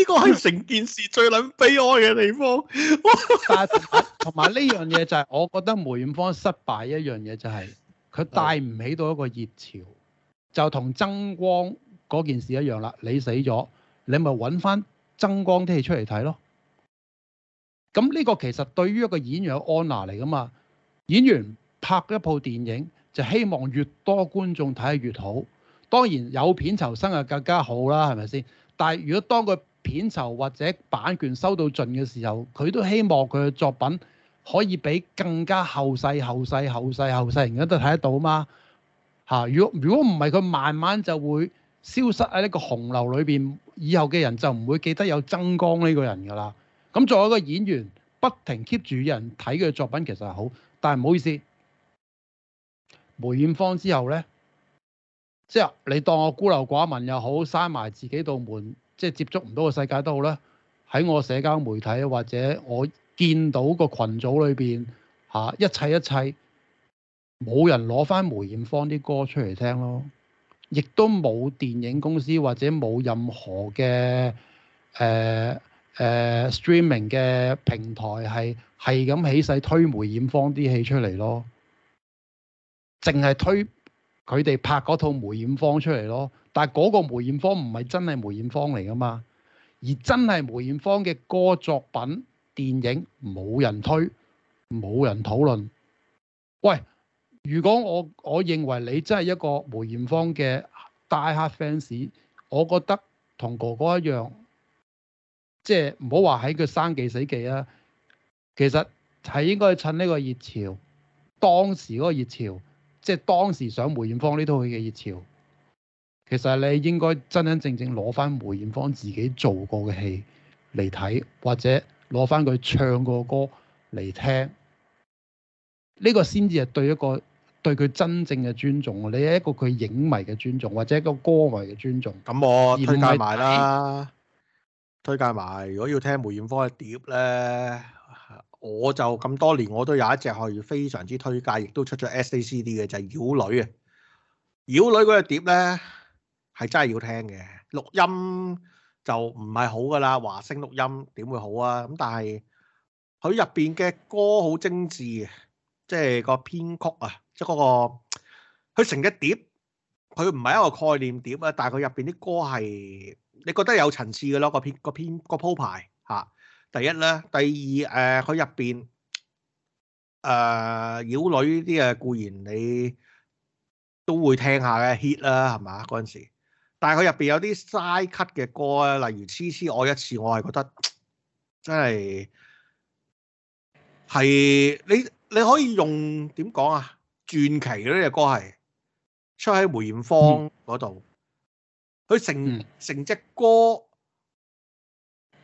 個係成件事最撚悲哀嘅地方。 但。同埋呢樣嘢就係，我覺得梅艷芳失敗一樣嘢就係，佢帶唔起到一個熱潮，就同增光嗰件事一樣啦。你死咗，你咪揾翻增光啲戲出嚟睇咯。咁呢個其實對於一個演員安娜嚟㗎嘛，演員拍一部電影就希望越多觀眾睇得越好。當然有片酬生就更加好啦，係咪先？但係如果當佢片酬或者版權收到盡嘅時候，佢都希望佢嘅作品可以俾更加後世、後世、後世、後世而家都睇得到嘛？嚇！如果如果唔係，佢慢慢就會消失喺呢個洪流裏邊，以後嘅人就唔會記得有曾江呢個人㗎啦。咁作為一個演員，不停 keep 住人睇佢嘅作品其實係好，但係唔好意思，梅艷芳之後呢。即係你當我孤陋寡聞又好，閂埋自己道門，即係接觸唔到個世界都好啦。喺我的社交媒體或者我見到個群組裏邊，吓，一切一切，冇人攞翻梅艷芳啲歌出嚟聽咯，亦都冇電影公司或者冇任何嘅誒誒 streaming 嘅平台係係咁起勢推梅艷芳啲戲出嚟咯，淨係推。佢哋拍嗰套梅艷芳出嚟咯，但係嗰個梅艷芳唔係真係梅艷芳嚟噶嘛，而真係梅艷芳嘅歌作品、電影冇人推，冇人討論。喂，如果我我認為你真係一個梅艷芳嘅 Die Hard fans，我覺得同哥哥一樣，即係唔好話喺佢生忌死忌啊，其實係應該趁呢個熱潮，當時嗰個熱潮。即係當時想梅艷芳呢套戲嘅熱潮，其實你應該真真正正攞翻梅艷芳自己做過嘅戲嚟睇，或者攞翻佢唱過嘅歌嚟聽，呢、這個先至係對一個對佢真正嘅尊重，你係一個佢影迷嘅尊重，或者一個歌迷嘅尊重。咁、嗯、我推介埋啦、哎，推介埋。如果要聽梅艷芳嘅碟咧。我就咁多年，我都有一隻可以非常之推介，亦都出咗 SACD 嘅就係、是《妖女》啊，《妖女》嗰隻碟咧係真係要聽嘅，錄音就唔係好噶啦，華星錄音點會好啊？咁但係佢入邊嘅歌好精致，即、就、係、是、個編曲啊，即係嗰個佢成隻碟，佢唔係一個概念碟啊，但係佢入邊啲歌係你覺得有層次嘅咯，個編個編個鋪排。第一咧，第二誒，佢入邊誒，妖女啲啊，固然你都會聽下嘅 hit 啦，係嘛嗰陣時。但係佢入邊有啲嘥 cut 嘅歌啊，例如《痴痴愛一次》，我係覺得真係係你你可以用點講啊？傳奇咧，呢隻歌係出喺梅艷芳嗰度，佢成成隻歌。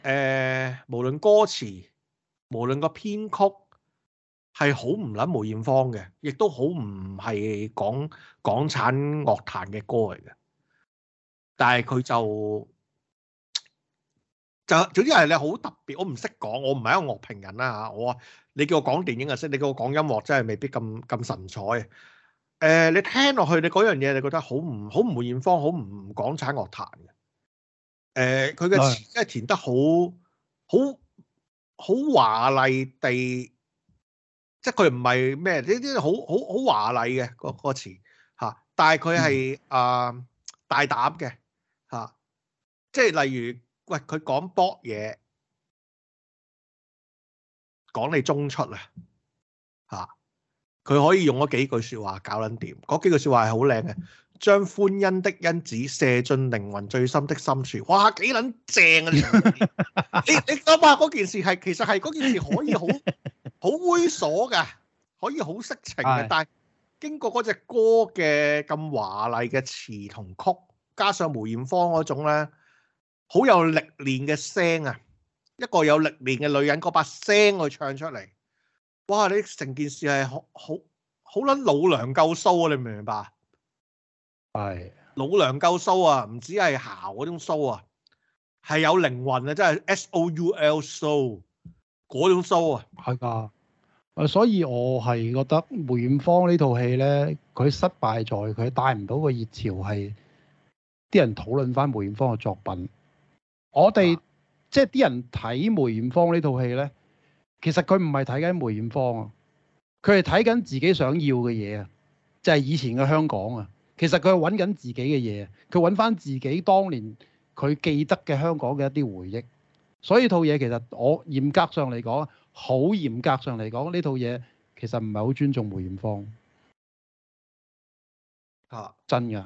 誒、呃，無論歌詞，無論個編曲，係好唔撚梅艷芳嘅，亦都好唔係講港產樂壇嘅歌嚟嘅。但係佢就就總之係你好特別，我唔識講，我唔係一個樂評人啦、啊、嚇。我你叫我講電影就識，你叫我講音樂真係未必咁咁神采。誒、呃，你聽落去，你嗰樣嘢你覺得好唔好唔梅艷芳，好唔港產樂壇嘅。誒、呃，佢嘅詞咧填得好，好好華麗地，即係佢唔係咩，呢啲好好好華麗嘅個詞吓，但係佢係誒大膽嘅吓，即係例如喂，佢講駁嘢，講你中出啊吓，佢可以用嗰幾句說話搞撚掂，嗰幾句說話係好靚嘅。將歡欣的因子射進靈魂最深的深處，哇，幾撚正啊！你你諗下嗰件事係，其實係嗰件事可以好好猥瑣嘅，可以好色情嘅，但係經過嗰隻歌嘅咁華麗嘅詞同曲，加上梅艷芳嗰種咧，好有歷練嘅聲啊，一個有歷練嘅女人嗰把聲去唱出嚟，哇！你成件事係好好好撚老娘夠騷啊！你明唔明白係老娘夠 show 啊，唔止係姣嗰種 show 啊，係有靈魂是那啊，即係 soul show 嗰種 show 啊，係噶，所以我係覺得梅艷芳呢套戲呢，佢失敗在佢帶唔到個熱潮，係啲人討論翻梅艷芳嘅作品。我哋、啊、即係啲人睇梅艷芳呢套戲呢，其實佢唔係睇緊梅艷芳啊，佢係睇緊自己想要嘅嘢啊，即、就、係、是、以前嘅香港啊。其實佢揾緊自己嘅嘢，佢揾翻自己當年佢記得嘅香港嘅一啲回憶。所以套嘢其實我嚴格上嚟講，好嚴格上嚟講，呢套嘢其實唔係好尊重梅艷芳。啊、真㗎，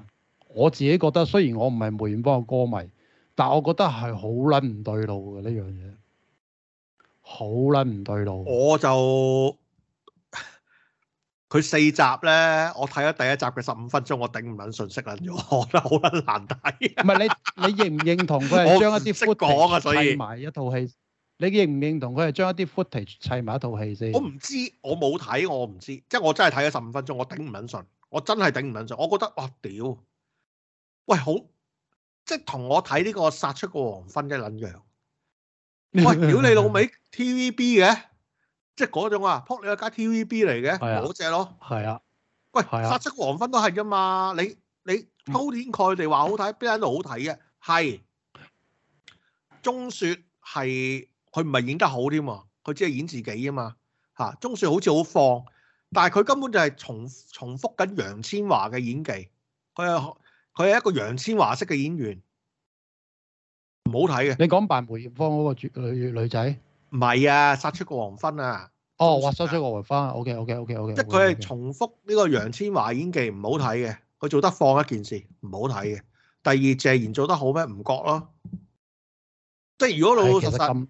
我自己覺得，雖然我唔係梅艷芳嘅歌迷，但我覺得係好撚唔對路嘅呢樣嘢，好撚唔對路。我就～佢四集咧，我睇咗第一集嘅十五分鐘，我頂唔撚順息啊，我覺得好撚難睇。 唔係你，你認唔認同佢係將一啲 footage 所以砌埋一套戲？你認唔認同佢係將一啲 footage 砌埋一套戲先？我唔知，我冇睇，我唔知。即係我真係睇咗十五分鐘，我頂唔撚順。我真係頂唔撚順。我覺得哇，屌、啊，喂，好，即係同我睇呢個殺出個黃昏嘅捻樣。喂，屌你老味 ，TVB 嘅。即係嗰種啊，撲你個街 TVB 嚟嘅嗰隻咯。係啊，啊，喂，啊、殺出黃昏都係㗎嘛。你你鋪天蓋地話好睇，邊一度好睇啊？係鐘雪係佢唔係演得好添嘛，佢只係演自己啊嘛。嚇，鐘雪好似好放，但係佢根本就係重重複緊楊千嬅嘅演技。佢係佢係一個楊千嬅式嘅演員，唔好睇嘅。你講扮梅艷芳嗰個女女，女仔。唔係啊！殺出個黃昏啊！哦，哇，殺出個黃昏啊！OK，OK，OK，OK，即係佢係重複呢個楊千嬅演技唔好睇嘅，佢做得放一件事唔好睇嘅。第二謝賢做得好咩？唔覺咯。即係如果老老實實，哎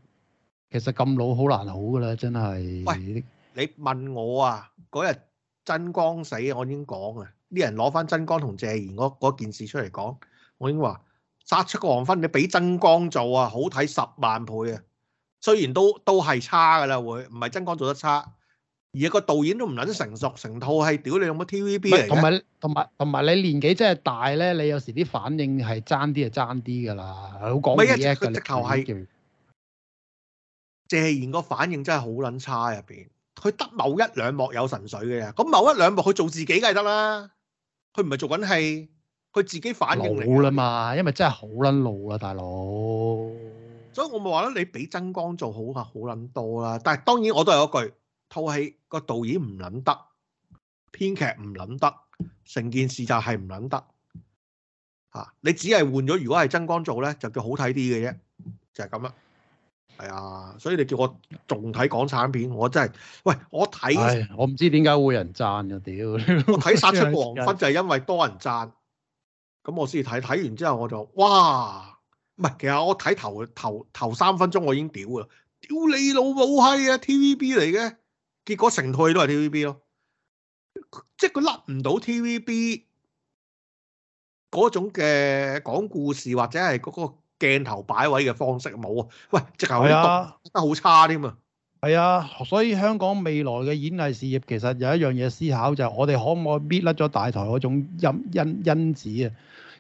其，其實咁老好難好噶啦，真係。喂，你問我啊，嗰日真光死我真光，我已經講啊，啲人攞翻真光同謝賢嗰件事出嚟講，我已經話殺出個黃昏，你俾真光做啊，好睇十萬倍啊！雖然都都係差噶啦，會唔係真光做得差，而個導演都唔捻成熟，成套係屌你有乜 TVB 嚟？同埋同埋同埋你年紀真係大咧，你有時啲反應係爭啲就爭啲噶啦，好講嘢，佢唔係，個直頭係謝賢個反應真係好捻差入邊，佢得某一兩幕有神水嘅，咁某一兩幕佢做自己梗係得啦，佢唔係做緊戲，佢自己的反應的老啦嘛，因為真係好捻老啦，大佬。所以我咪話咧，你俾曾光做好啊，好撚多啦。但係當然我都有一句，套戲、個導演唔撚得，編劇唔撚得，成件事就係唔撚得、吓、你只係換咗，如果係曾光做咧，就叫好睇啲嘅啫，就係咁啦。係啊，所以你叫我仲睇港產片，我真係喂，我睇我唔知點解會有人讚嘅、啊、屌，我睇《殺出黃昏》就係因為多人讚，咁我先至睇，睇完之後我就哇～唔係，其實我睇頭頭頭三分鐘，我已經屌㗎喇，屌你老母閪啊！TVB 嚟嘅，結果成套都係 TVB 咯，即係佢甩唔到 TVB 嗰種嘅講故事或者係嗰個鏡頭擺位嘅方式冇啊！喂，即係好啊，覺得好差添啊！係啊，所以香港未來嘅演藝事業其實有一樣嘢思考就係、是、我哋可唔可以搣甩咗大台嗰種因因因子啊，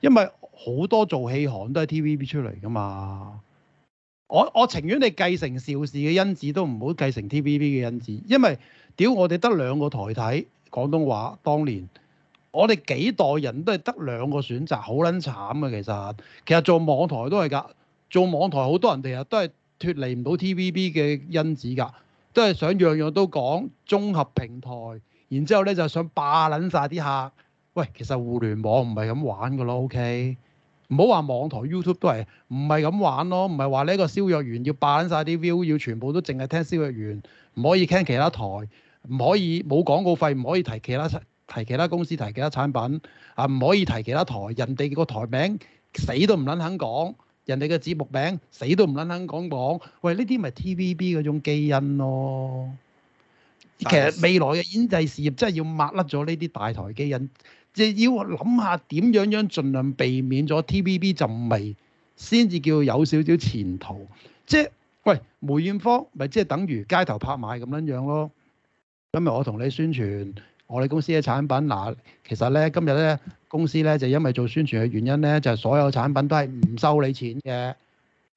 因為。好多做戲行都係 TVB 出嚟㗎嘛，我我情願你繼承邵氏嘅因子都唔好繼承 TVB 嘅因子，因為屌我哋得兩個台睇廣東話，當年我哋幾代人都係得兩個選擇，好撚慘啊其實。其實做網台都係㗎，做網台好多人哋啊都係脫離唔到 TVB 嘅因子㗎，都係想樣樣都講綜合平台，然之後咧就想霸撚晒啲客，喂，其實互聯網唔係咁玩㗎咯，OK？唔好話網台 YouTube 都係唔係咁玩咯，唔係話呢個蕭若元要扮晒啲 view，要全部都淨係聽蕭若元，唔可以聽其他台，唔可以冇廣告費，唔可以提其他提其他公司提其他產品，啊唔可以提其他台，人哋個台名死都唔撚肯講，人哋嘅節目名死都唔撚肯講講。喂，呢啲咪 TVB 嗰種基因咯？其實未來嘅演藝事業真係要抹甩咗呢啲大台基因。就要諗下點樣樣盡量避免咗 TVB 陣味，先至叫有少少前途。即係喂，梅艷芳咪即係等於街頭拍賣咁樣樣咯。今日我同你宣傳我哋公司嘅產品，嗱、啊，其實咧今日咧公司咧就因為做宣傳嘅原因咧，就係、是、所有產品都係唔收你錢嘅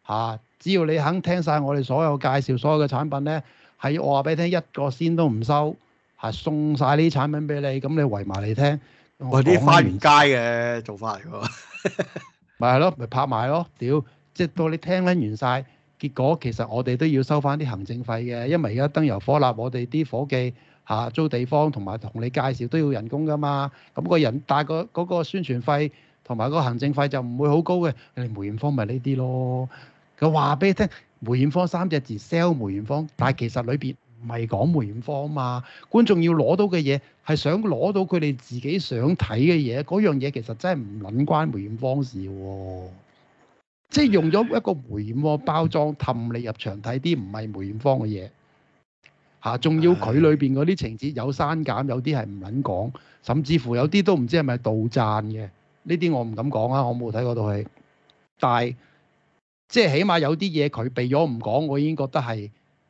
嚇、啊。只要你肯聽晒我哋所有介紹，所有嘅產品咧係我話俾你聽，一個先都唔收，係、啊、送晒呢啲產品俾你，咁你圍埋你聽。我啲花園街嘅做法嚟㗎，咪係咯，咪、就是、拍賣咯，屌！即係到你聽聽完晒，結果其實我哋都要收翻啲行政費嘅，因為而家燈油火蠟，我哋啲伙計嚇租地方同埋同你介紹都要人工㗎嘛。咁個人但係個嗰個宣傳費同埋個行政費就唔會好高嘅。你梅豔芳咪呢啲咯。佢話俾你聽，梅豔芳三隻字 sell 梅豔芳，但係其實裏邊唔係講梅豔芳嘛？觀眾要攞到嘅嘢係想攞到佢哋自己想睇嘅嘢，嗰樣嘢其實真係唔撚關梅豔芳事喎。即係用咗一個梅豔芳包裝氹、嗯、你入場睇啲唔係梅豔芳嘅嘢嚇，仲、啊、要佢裏邊嗰啲情節有刪減，有啲係唔撚講，甚至乎有啲都唔知係咪杜撰嘅。呢啲我唔敢講啊，我冇睇過套戲，但係即係起碼有啲嘢佢避咗唔講，我已經覺得係。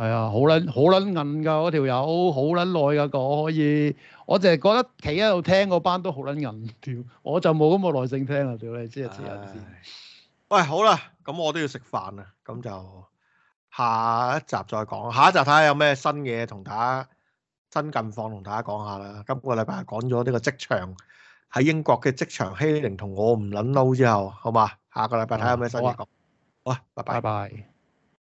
係、哎、啊，好撚好撚韌噶嗰條友，好撚耐噶講，可以。我淨係覺得企喺度聽嗰班都好撚韌條，我就冇咁嘅耐性聽啊。屌你知，真係黐線！喂，好啦，咁我都要食飯啦，咁就下一集再講。下一集睇下有咩新嘢同大家新近況同大家講下啦。今個禮拜講咗呢個職場喺英國嘅職場欺凌同我唔撚嬲之後，好嘛？下個禮拜睇下有咩新嘢講、啊。好啊，拜拜。拜拜。